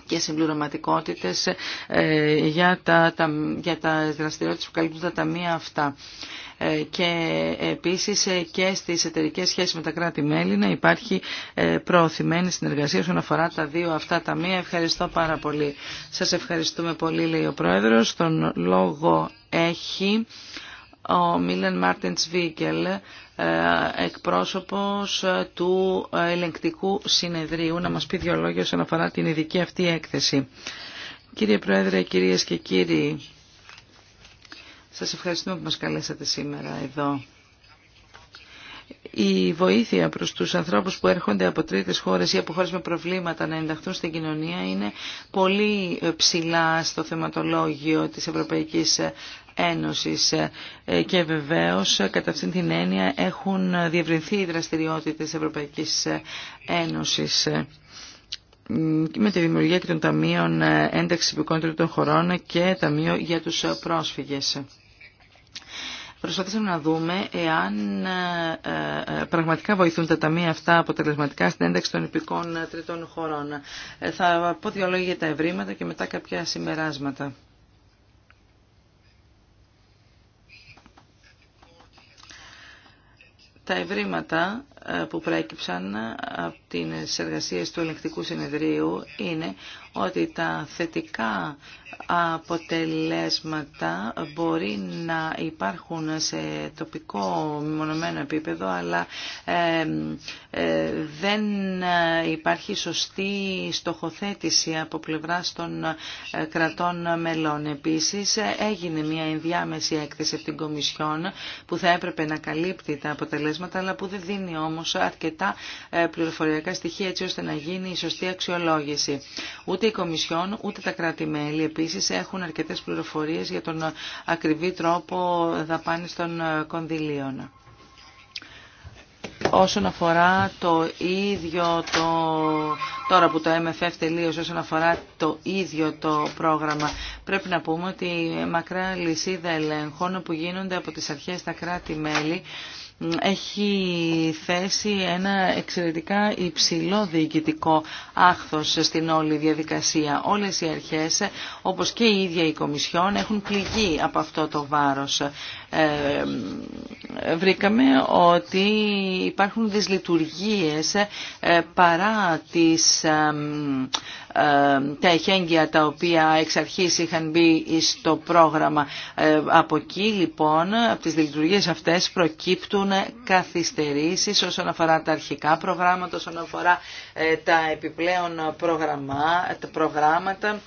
και συμπληρωματικότητες ε, για, τα, τα, για τα δραστηριότητες που καλύπτουν τα ταμεία αυτά ε, και επίσης και στις εταιρικέ σχέσεις με τα κράτη-μέλη να υπάρχει προωθημένη συνεργασία όσον αφορά τα δύο αυτά ταμεία. Ευχαριστώ πάρα πολύ. Σας ευχαριστούμε πολύ λέει ο Πρόεδρος. Τον λόγο έχει ο Μίλεν Μάρτιν Τσβίγκελ, ε, εκπρόσωπος ε, του ελεγκτικού συνεδρίου, να μας πει δύο λόγια όσον αφορά την ειδική αυτή έκθεση. Κύριε Πρόεδρε, κυρίες και κύριοι, σας ευχαριστούμε που μας καλέσατε σήμερα εδώ. Η βοήθεια προς τους ανθρώπους που έρχονται από τρίτες χώρες ή από χώρες με προβλήματα να ενταχθούν στην κοινωνία είναι πολύ ψηλά στο θεματολόγιο της Ευρωπαϊκής Ένωσης ε, και βεβαίως κατά αυτήν την έννοια έχουν διευρυνθεί οι δραστηριότητες Ευρωπαϊκής Ένωσης ε, με τη δημιουργία και των ταμείων ε, ένταξη υπηκόντρων των χωρών και ταμείο για τους πρόσφυγες. Προσπαθήσαμε να δούμε εάν πραγματικά βοηθούν τα ταμεία αυτά αποτελεσματικά στην ένταξη των υπηκών τριτών χωρών. Θα πω δύο λόγια για τα ευρήματα και μετά κάποια συμπεράσματα. τα ευρήματα ε, που προέκυψαν ε, από τις εργασίες του ελεκτικού συνεδρίου είναι ότι τα θετικά αποτελέσματα μπορεί να υπάρχουν σε τοπικό μονομένο επίπεδο, αλλά ε, δεν υπάρχει σωστή στοχοθέτηση από πλευράς των ε, κρατών μελών. Επίσης, έγινε μια ενδιάμεση έκθεση από την Κομισιόν που θα έπρεπε να καλύπτει τα αποτελέσματα, αλλά που δεν δίνει όμως αρκετά ε, πληροφοριακά στοιχεία έτσι ώστε να γίνει η σωστή αξιολόγηση. Ούτε Ούτε Κομισιόν, ούτε τα κράτη-μέλη επίσης έχουν αρκετές πληροφορίες για τον ακριβή τρόπο δαπάνης των κονδυλίων. Όσον αφορά το ίδιο το... Τώρα που το MFF τελείωσε όσον αφορά το ίδιο το πρόγραμμα, πρέπει να πούμε ότι μακρά λυσίδα ελέγχων που γίνονται από τις αρχές στα κράτη-μέλη έχει θέσει ένα εξαιρετικά υψηλό διοικητικό άχθος στην όλη διαδικασία. Όλες οι αρχές, όπως και η ίδια η Κομισιόν, έχουν πληγεί από αυτό το βάρος. Ε, βρήκαμε ότι υπάρχουν δυσλειτουργίες ε, παρά τις ε, ε, τα εχέγγυα τα οποία εξ αρχής είχαν μπει στο πρόγραμμα. Ε, από εκεί λοιπόν, από τις λειτουργίες αυτές προκύπτουν καθυστερήσεις όσον αφορά τα αρχικά προγράμματα, όσον αφορά ε, τα επιπλέον προγράμματα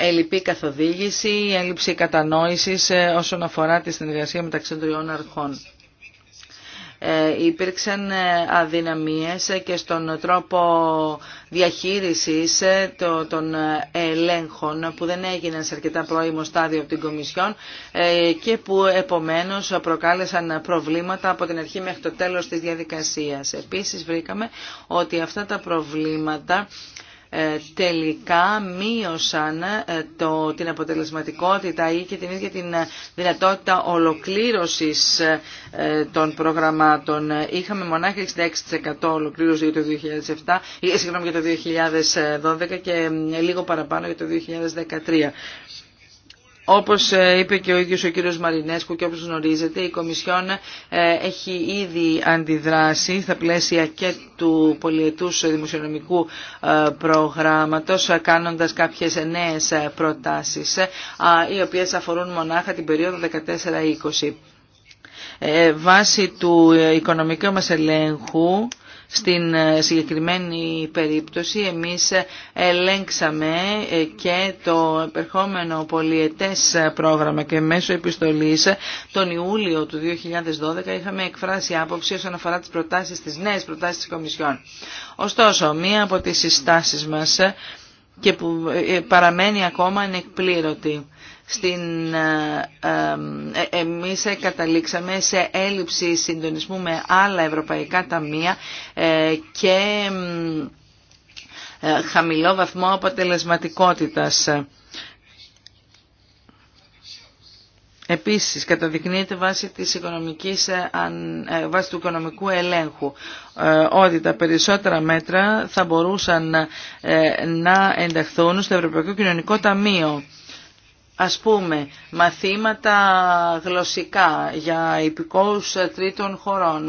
ελλειπή καθοδήγηση, έλλειψη κατανόησης όσον αφορά τη συνεργασία μεταξύ των τριών αρχών. Ε, υπήρξαν ε, αδυναμίες ε, και στον τρόπο διαχείρισης των ελέγχων που δεν έγιναν σε αρκετά πρώιμο στάδιο από την Κομισιόν και που επομένως προκάλεσαν προβλήματα από την αρχή μέχρι το τέλος της διαδικασίας. Επίσης βρήκαμε ότι αυτά τα προβλήματα ε, τελικά μείωσαν ε, το, την αποτελεσματικότητα ή και την ίδια την ε, δυνατότητα ολοκλήρωσης των προγραμμάτων. Είχαμε μονάχα 66% ολοκλήρωση για το, 2007, συγγνώμη, για το 2012 και λίγο παραπάνω για το 2013. Όπως ε, είπε και ο ίδιος ο κύριος Μαρινέσκου και όπως γνωρίζετε, η Κομισιόν ε, έχει ήδη αντιδράσει στα πλαίσια και του πολιετούς δημοσιονομικού ε, προγράμματος, κάνοντας κάποιες νέες προτάσεις, οι οποίες αφορούν μονάχα την περίοδο 14-20. Βάσει του οικονομικού μας ελέγχου, στην ε, συγκεκριμένη περίπτωση εμείς ελέγξαμε ε, και το επερχόμενο πολιετές πρόγραμμα και μέσω επιστολής τον Ιούλιο του 2012 είχαμε εκφράσει άποψη όσον αφορά τις προτάσεις, τις νέες προτάσεις της Κομισιόν. Ωστόσο, μία από τις συστάσεις μας και που ε, παραμένει ακόμα ανεκπλήρωτη στην, ε, ε, ε, εμείς καταλήξαμε σε έλλειψη συντονισμού με άλλα ευρωπαϊκά ταμεία και χαμηλό βαθμό αποτελεσματικότητας. Επίσης, καταδεικνύεται βάσει, της οικονομικής, βάσει του οικονομικού ελέγχου ότι τα περισσότερα μέτρα θα μπορούσαν να ενταχθούν στο Ευρωπαϊκό Κοινωνικό Ταμείο ας πούμε μαθήματα γλωσσικά για υπηκόους τρίτων χωρών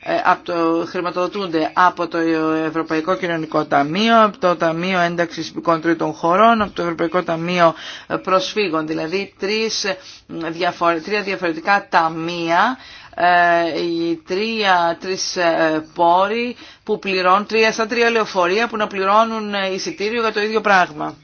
ε, από το, χρηματοδοτούνται από το Ευρωπαϊκό Κοινωνικό Ταμείο, από το Ταμείο Ένταξη Υπηκών Τρίτων Χωρών, από το Ευρωπαϊκό Ταμείο Προσφύγων. Δηλαδή τρεις, τρία διαφορετικά ταμεία, ε, τρία, τρεις ε, πόροι που πληρώνουν, τρία στα τρία λεωφορεία που να πληρώνουν εισιτήριο για το ίδιο πράγμα.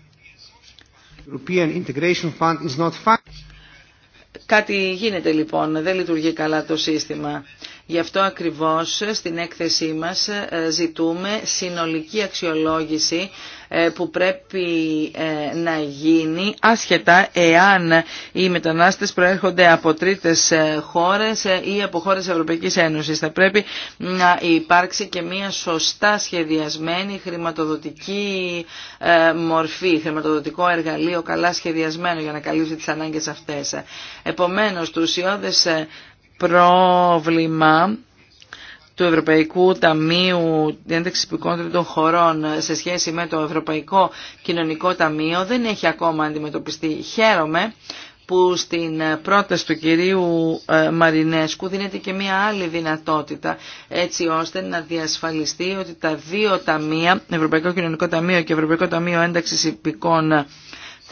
Κάτι γίνεται λοιπόν, δεν λειτουργεί καλά το σύστημα. Γι' αυτό ακριβώς ε, στην έκθεσή μας ε, ε, ζητούμε συνολική αξιολόγηση που πρέπει να γίνει άσχετα εάν οι μετανάστες προέρχονται από τρίτες χώρες ή από χώρες Ευρωπαϊκής Ένωσης. Θα πρέπει να υπάρξει και μια σωστά σχεδιασμένη χρηματοδοτική μορφή, χρηματοδοτικό εργαλείο καλά σχεδιασμένο για να καλύψει τις ανάγκες αυτές. Επομένως, τους ιώδες πρόβλημα του Ευρωπαϊκού Ταμείου Ένταξη Υπηκόντρων των Χωρών σε σχέση με το Ευρωπαϊκό Κοινωνικό Ταμείο δεν έχει ακόμα αντιμετωπιστεί. Χαίρομαι που στην πρόταση του κυρίου ε, Μαρινέσκου δίνεται και μια άλλη δυνατότητα έτσι ώστε να διασφαλιστεί ότι τα δύο ταμεία, Ευρωπαϊκό Κοινωνικό Ταμείο και Ευρωπαϊκό Ταμείο Ένταξης Υπηκών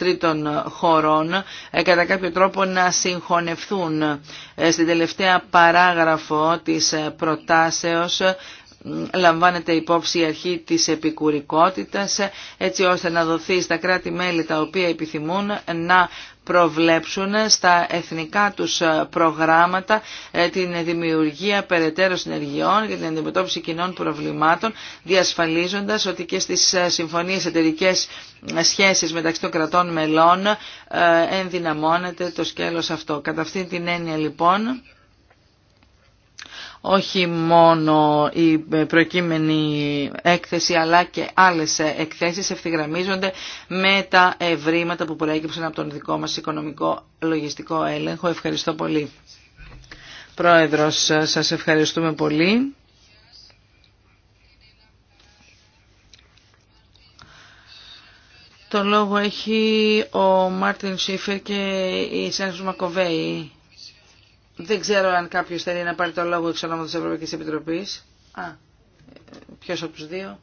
τρίτων χωρών ε, κατά κάποιο τρόπο να συγχωνευτούν. Ε, στην τελευταία παράγραφο της ε, προτάσεως λαμβάνεται υπόψη η αρχή της επικουρικότητας έτσι ώστε να δοθεί στα κράτη-μέλη τα οποία επιθυμούν να προβλέψουν στα εθνικά τους προγράμματα ε, την δημιουργία περαιτέρω συνεργειών για την αντιμετώπιση κοινών προβλημάτων, διασφαλίζοντας ότι και στις ε, συμφωνίες εταιρικέ ε, σχέσεις μεταξύ των κρατών μελών ενδυναμώνεται το σκέλος αυτό. Κατά αυτή την έννοια λοιπόν όχι μόνο η προκείμενη έκθεση αλλά και άλλες εκθέσεις ευθυγραμμίζονται με τα ευρήματα που προέκυψαν από τον δικό μας οικονομικό λογιστικό έλεγχο. Ευχαριστώ πολύ. Πρόεδρος, σας ευχαριστούμε πολύ. Το λόγο έχει ο Μάρτιν Σίφερ και η Σένσου Μακοβέη. Δεν ξέρω αν κάποιο θέλει να πάρει το λόγο εξ ονόματος Ευρωπαϊκής Επιτροπής. Α, ποιος από τους δύο.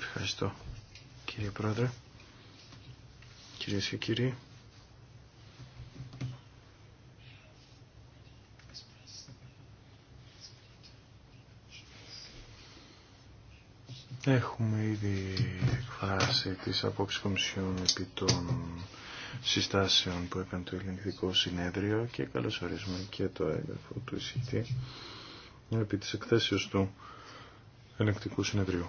Ευχαριστώ, κύριε Πρόεδρε. Κυρίες και κύριοι. Έχουμε ήδη εκφράσει τις απόψεις Κομισιόν επί των συστάσεων που έκανε το Ελληνικό Συνέδριο και καλωσορίζουμε και το έγγραφο του εισηγητή επί της εκθέσεως του Ελληνικτικού Συνεδρίου.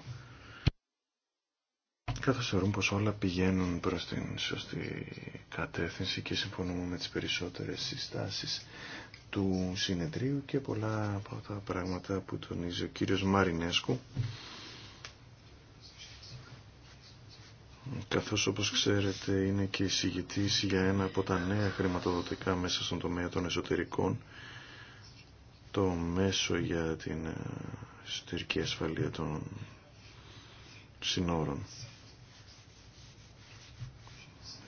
Καθώς θεωρούμε πως όλα πηγαίνουν προς την σωστή κατεύθυνση και συμφωνούμε με τις περισσότερες συστάσεις του συνεδρίου και πολλά από τα πράγματα που τονίζει ο κύριος Μαρινέσκου καθώς όπως ξέρετε είναι και εισηγητής για ένα από τα νέα χρηματοδοτικά μέσα στον τομέα των εσωτερικών, το μέσο για την ε, εσωτερική ασφαλεία των συνόρων.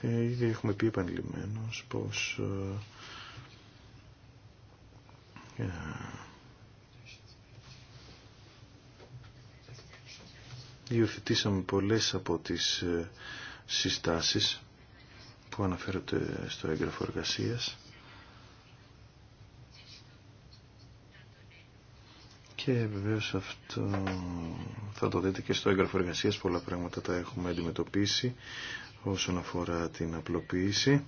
Ε, ήδη έχουμε πει επανειλημμένως πως... Ε, ε, Υιοθετήσαμε πολλές από τις ε, συστάσεις που αναφέρονται στο έγγραφο εργασίας και βεβαίως αυτό θα το δείτε και στο έγγραφο εργασίας πολλά πράγματα τα έχουμε αντιμετωπίσει όσον αφορά την απλοποίηση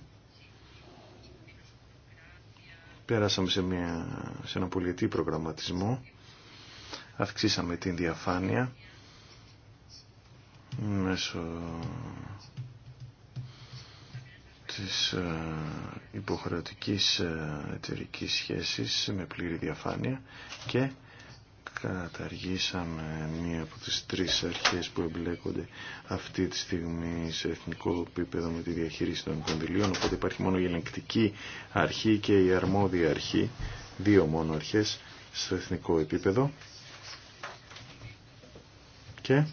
πέρασαμε σε, μια, σε ένα πολιετή προγραμματισμό αυξήσαμε την διαφάνεια μέσω της ε, υποχρεωτικής ε, εταιρική σχέσης με πλήρη διαφάνεια και καταργήσαμε μία από τις τρεις αρχές που εμπλέκονται αυτή τη στιγμή σε εθνικό επίπεδο με τη διαχείριση των κονδυλίων οπότε υπάρχει μόνο η ελεγκτική αρχή και η αρμόδια αρχή δύο μόνο αρχές στο εθνικό επίπεδο και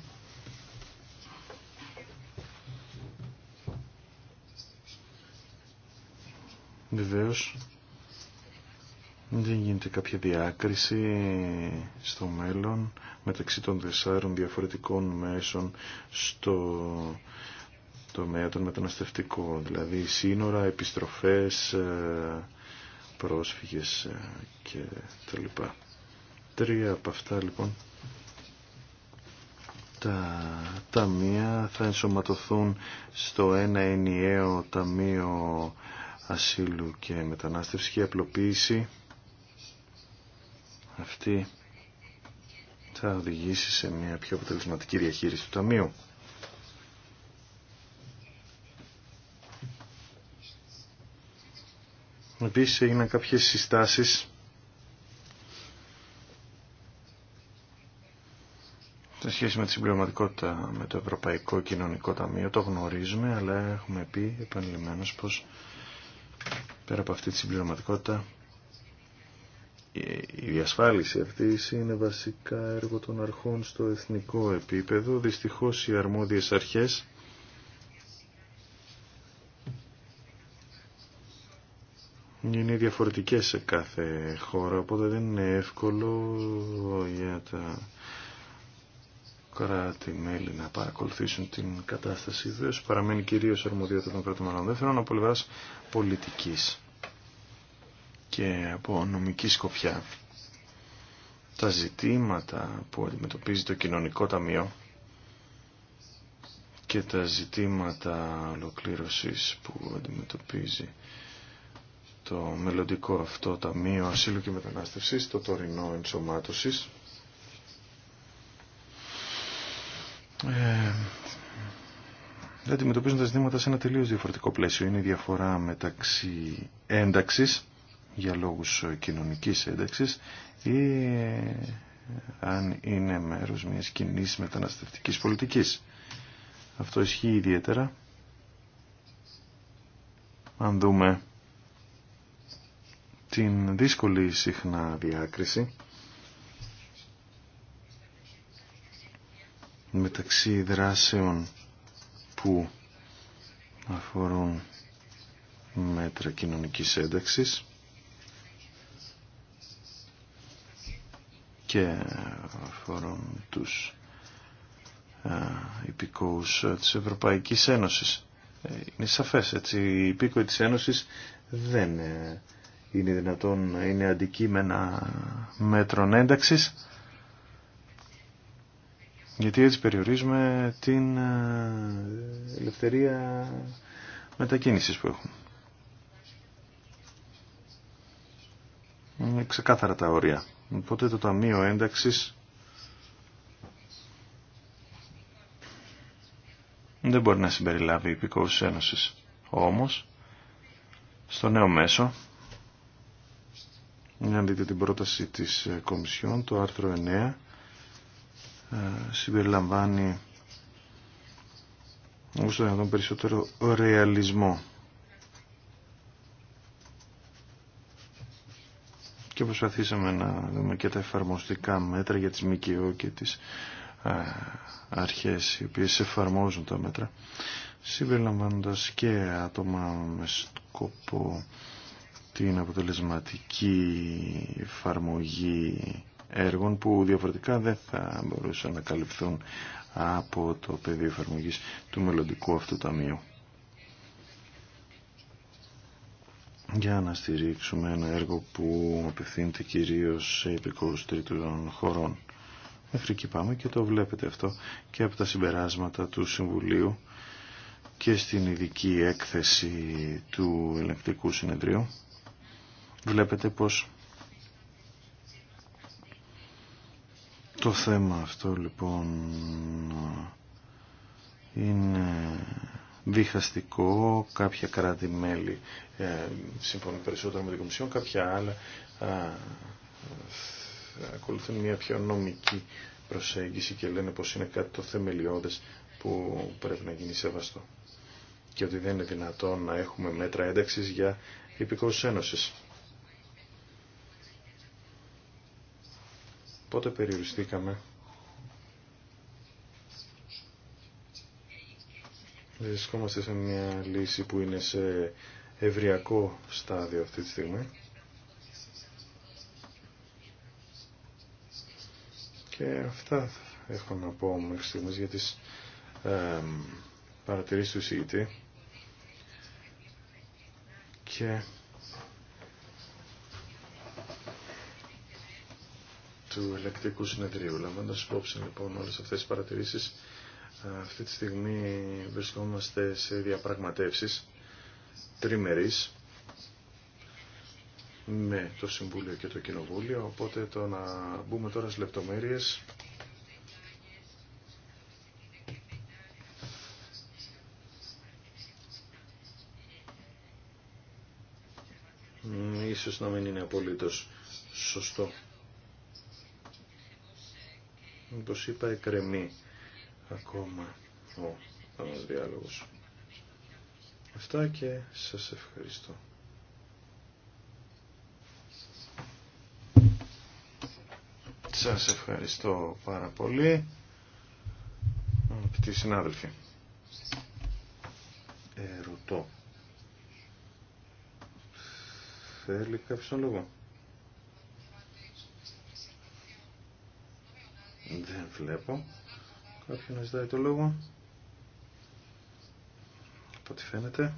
Βεβαίω, δεν γίνεται κάποια διάκριση στο μέλλον μεταξύ των τεσσάρων διαφορετικών μέσων στο τομέα των μεταναστευτικών, δηλαδή σύνορα, επιστροφές, ε, πρόσφυγες ε, και τα λοιπά. Τρία από αυτά λοιπόν τα ταμεία θα ενσωματωθούν στο ένα ενιαίο ταμείο ασύλου και μετανάστευση και απλοποίηση αυτή θα οδηγήσει σε μια πιο αποτελεσματική διαχείριση του Ταμείου. Επίσης έγιναν κάποιες συστάσεις σε σχέση με τη συμπληρωματικότητα με το Ευρωπαϊκό Κοινωνικό Ταμείο. Το γνωρίζουμε, αλλά έχουμε πει επανειλημμένως πως Πέρα από αυτή τη συμπληρωματικότητα, η διασφάλιση αυτή είναι βασικά έργο των αρχών στο εθνικό επίπεδο. Δυστυχώς οι αρμόδιες αρχές είναι διαφορετικές σε κάθε χώρα, οπότε δεν είναι εύκολο για τα κράτη-μέλη να παρακολουθήσουν την κατάσταση. ιδέως παραμένει κυρίως αρμοδιότητα των κρατών δεύτερων θέλω να πολιτική και από νομική σκοπιά. Τα ζητήματα που αντιμετωπίζει το κοινωνικό ταμείο και τα ζητήματα ολοκλήρωσης που αντιμετωπίζει το μελλοντικό αυτό ταμείο ασύλου και μετανάστευσης, το τωρινό ενσωμάτωσης, ε, δεν αντιμετωπίζουν τα ζητήματα σε ένα τελείως διαφορετικό πλαίσιο. Είναι η διαφορά μεταξύ ένταξης για λόγους κοινωνικής ένταξης ή αν είναι μέρος μιας κοινή μεταναστευτικής πολιτικής. Αυτό ισχύει ιδιαίτερα. Αν δούμε την δύσκολη συχνά διάκριση μεταξύ δράσεων που αφορούν μέτρα κοινωνικής ένταξης και αφορούν τους υπηκόους της Ευρωπαϊκής Ένωσης. Ε, είναι σαφές, έτσι, οι υπήκοοι της Ένωσης δεν ε, είναι δυνατόν να είναι αντικείμενα μέτρων ένταξης γιατί έτσι περιορίζουμε την ε, ελευθερία μετακίνησης που έχουμε. Είναι ξεκάθαρα τα όρια. Οπότε το Ταμείο Ένταξης δεν μπορεί να συμπεριλάβει υπηκόους Ένωσης. Όμως, στο νέο μέσο, αν δείτε την πρόταση της Κομισιόν, το άρθρο 9, ε, συμπεριλαμβάνει όσο το δυνατόν περισσότερο ρεαλισμό. Και προσπαθήσαμε να δούμε και τα εφαρμοστικά μέτρα για τις ΜΚΟ και τις ε, αρχές οι οποίες εφαρμόζουν τα μέτρα συμπεριλαμβάνοντας και άτομα με σκοπό την αποτελεσματική εφαρμογή έργων που διαφορετικά δεν θα μπορούσαν να καλυφθούν από το πεδίο εφαρμογής του μελλοντικού αυτού ταμείου. για να στηρίξουμε ένα έργο που απευθύνεται κυρίως σε υπηκόρους τρίτων χωρών. Μέχρι εκεί πάμε και το βλέπετε αυτό και από τα συμπεράσματα του Συμβουλίου και στην ειδική έκθεση του ελεκτικού συνεδρίου. Βλέπετε πως Το θέμα αυτό λοιπόν είναι διχαστικό, κάποια κράτη-μέλη ε, συμφωνούν περισσότερο με την Κομισιόν, κάποια άλλα α, ε, ακολουθούν μια πιο νομική προσέγγιση και λένε πως είναι κάτι το θεμελιώδες που πρέπει να γίνει σεβαστό και ότι δεν είναι δυνατόν να έχουμε μέτρα ένταξης για υπηκόσους ένωσης. Πότε περιοριστήκαμε Βρισκόμαστε σε μια λύση που είναι σε ευριακό στάδιο αυτή τη στιγμή. Και αυτά έχω να πω μέχρι στιγμής για τις ε, παρατηρήσεις του εισηγητή. Και του ελεκτικού συνεδρίου. Λαμβάνοντα υπόψη λοιπόν όλες αυτές τις παρατηρήσεις, αυτή τη στιγμή βρισκόμαστε σε διαπραγματεύσεις τριμερεί με το Συμβούλιο και το Κοινοβούλιο, οπότε το να μπούμε τώρα σε λεπτομέρειες ίσως να μην είναι απολύτως σωστό όπως είπα εκρεμεί ακόμα ο, ο διάλογος. Αυτά και σας ευχαριστώ. Σας ευχαριστώ πάρα πολύ, αγαπητοί συνάδελφοι. Ερωτώ. Θέλει κάποιον λόγο. Δεν βλέπω. Κάποιον να ζητάει το λόγο. Από ό,τι φαίνεται.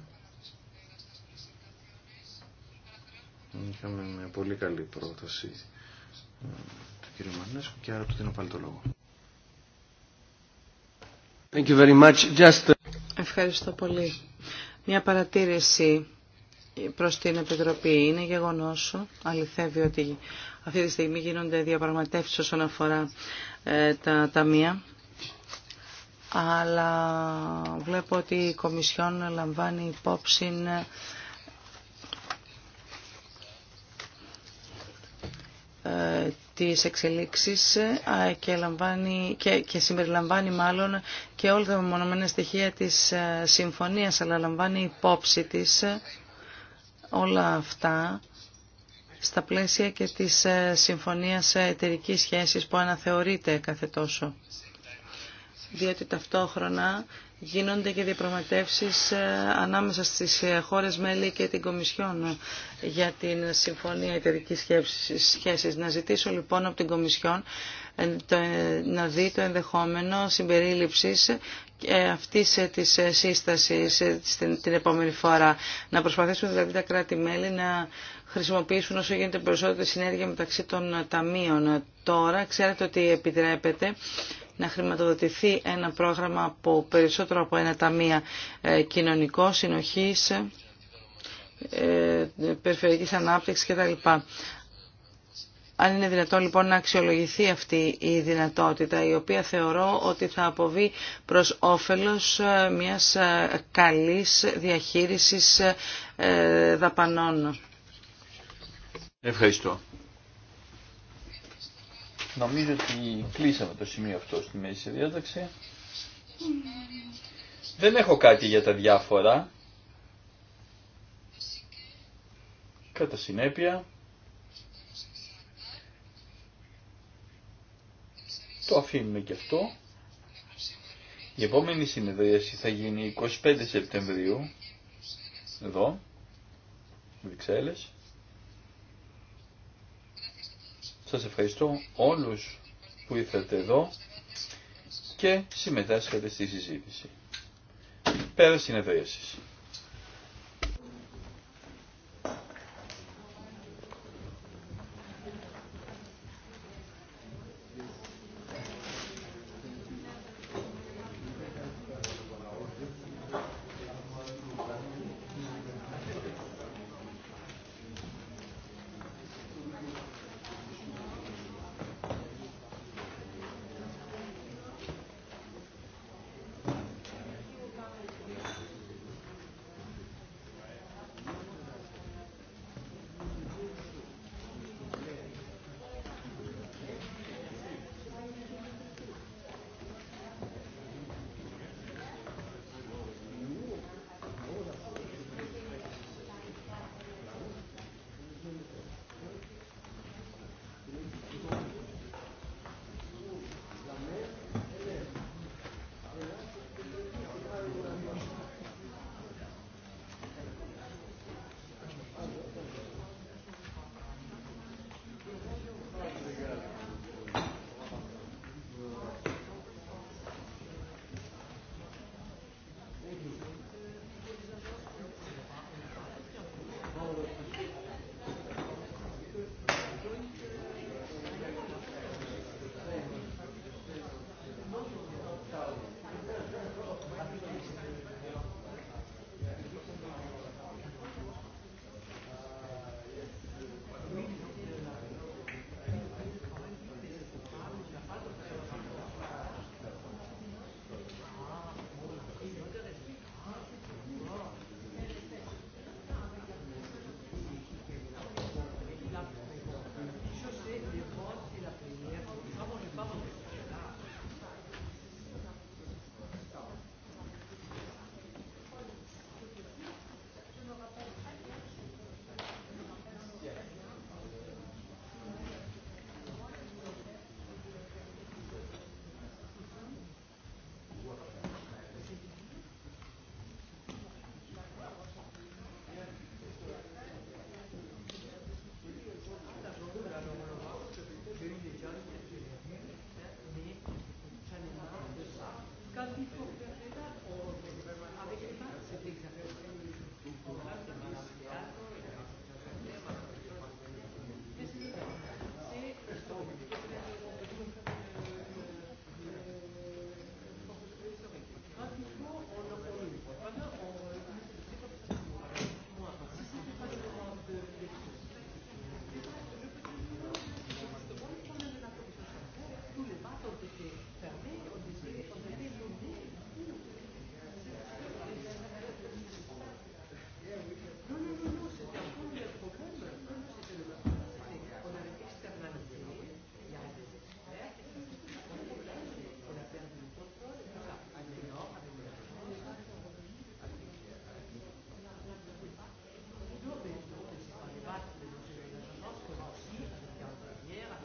Είχαμε μια πολύ καλή πρόταση ε, του κ. Μανέσκου και άρα του δίνω πάλι το λόγο. Thank you very much. Just... Uh, Ευχαριστώ πολύ. Μια παρατήρηση προς την Επιτροπή. Είναι γεγονός, αληθεύει ότι αυτή τη στιγμή γίνονται διαπραγματεύσεις όσον αφορά ε, τα ταμεία αλλά βλέπω ότι η Κομισιόν λαμβάνει υπόψη ε, τις εξελίξεις ε, και, λαμβάνει, και, και συμπεριλαμβάνει μάλλον και όλα τα μεμονωμένα στοιχεία της συμφωνίας αλλά λαμβάνει υπόψη της όλα αυτά στα πλαίσια και της ε, Συμφωνίας Εταιρικής Σχέσης που αναθεωρείται κάθε τόσο. Διότι ταυτόχρονα γίνονται και διαπραγματεύσεις ε, ανάμεσα στις χώρες μέλη και την Κομισιόν για την Συμφωνία Εταιρικής Σχέσης. Να ζητήσω λοιπόν από την Κομισιόν ε, ε, να δει το ενδεχόμενο συμπερίληψης αυτής της σύστασης την επόμενη φορά. Να προσπαθήσουμε δηλαδή τα κράτη-μέλη να χρησιμοποιήσουν όσο γίνεται περισσότερη συνέργεια μεταξύ των ταμείων. Τώρα ξέρετε ότι επιτρέπεται να χρηματοδοτηθεί ένα πρόγραμμα από περισσότερο από ένα ταμεία ε, κοινωνικό, συνοχής, ε, περιφερειακή ανάπτυξης κτλ. Αν είναι δυνατόν λοιπόν να αξιολογηθεί αυτή η δυνατότητα, η οποία θεωρώ ότι θα αποβεί προς όφελος ε, μιας καλής διαχείρισης δαπανών. Ευχαριστώ. Νομίζω ότι κλείσαμε το σημείο αυτό στη μέση διάταξη. Δεν έχω κάτι για τα διάφορα. Κατά συνέπεια, το αφήνουμε και αυτό. Η επόμενη συνεδρίαση θα γίνει 25 Σεπτεμβρίου, εδώ, Βρυξέλλες. Σας ευχαριστώ όλους που ήρθατε εδώ και συμμετάσχετε στη συζήτηση. Πέρα συνεδρίασης.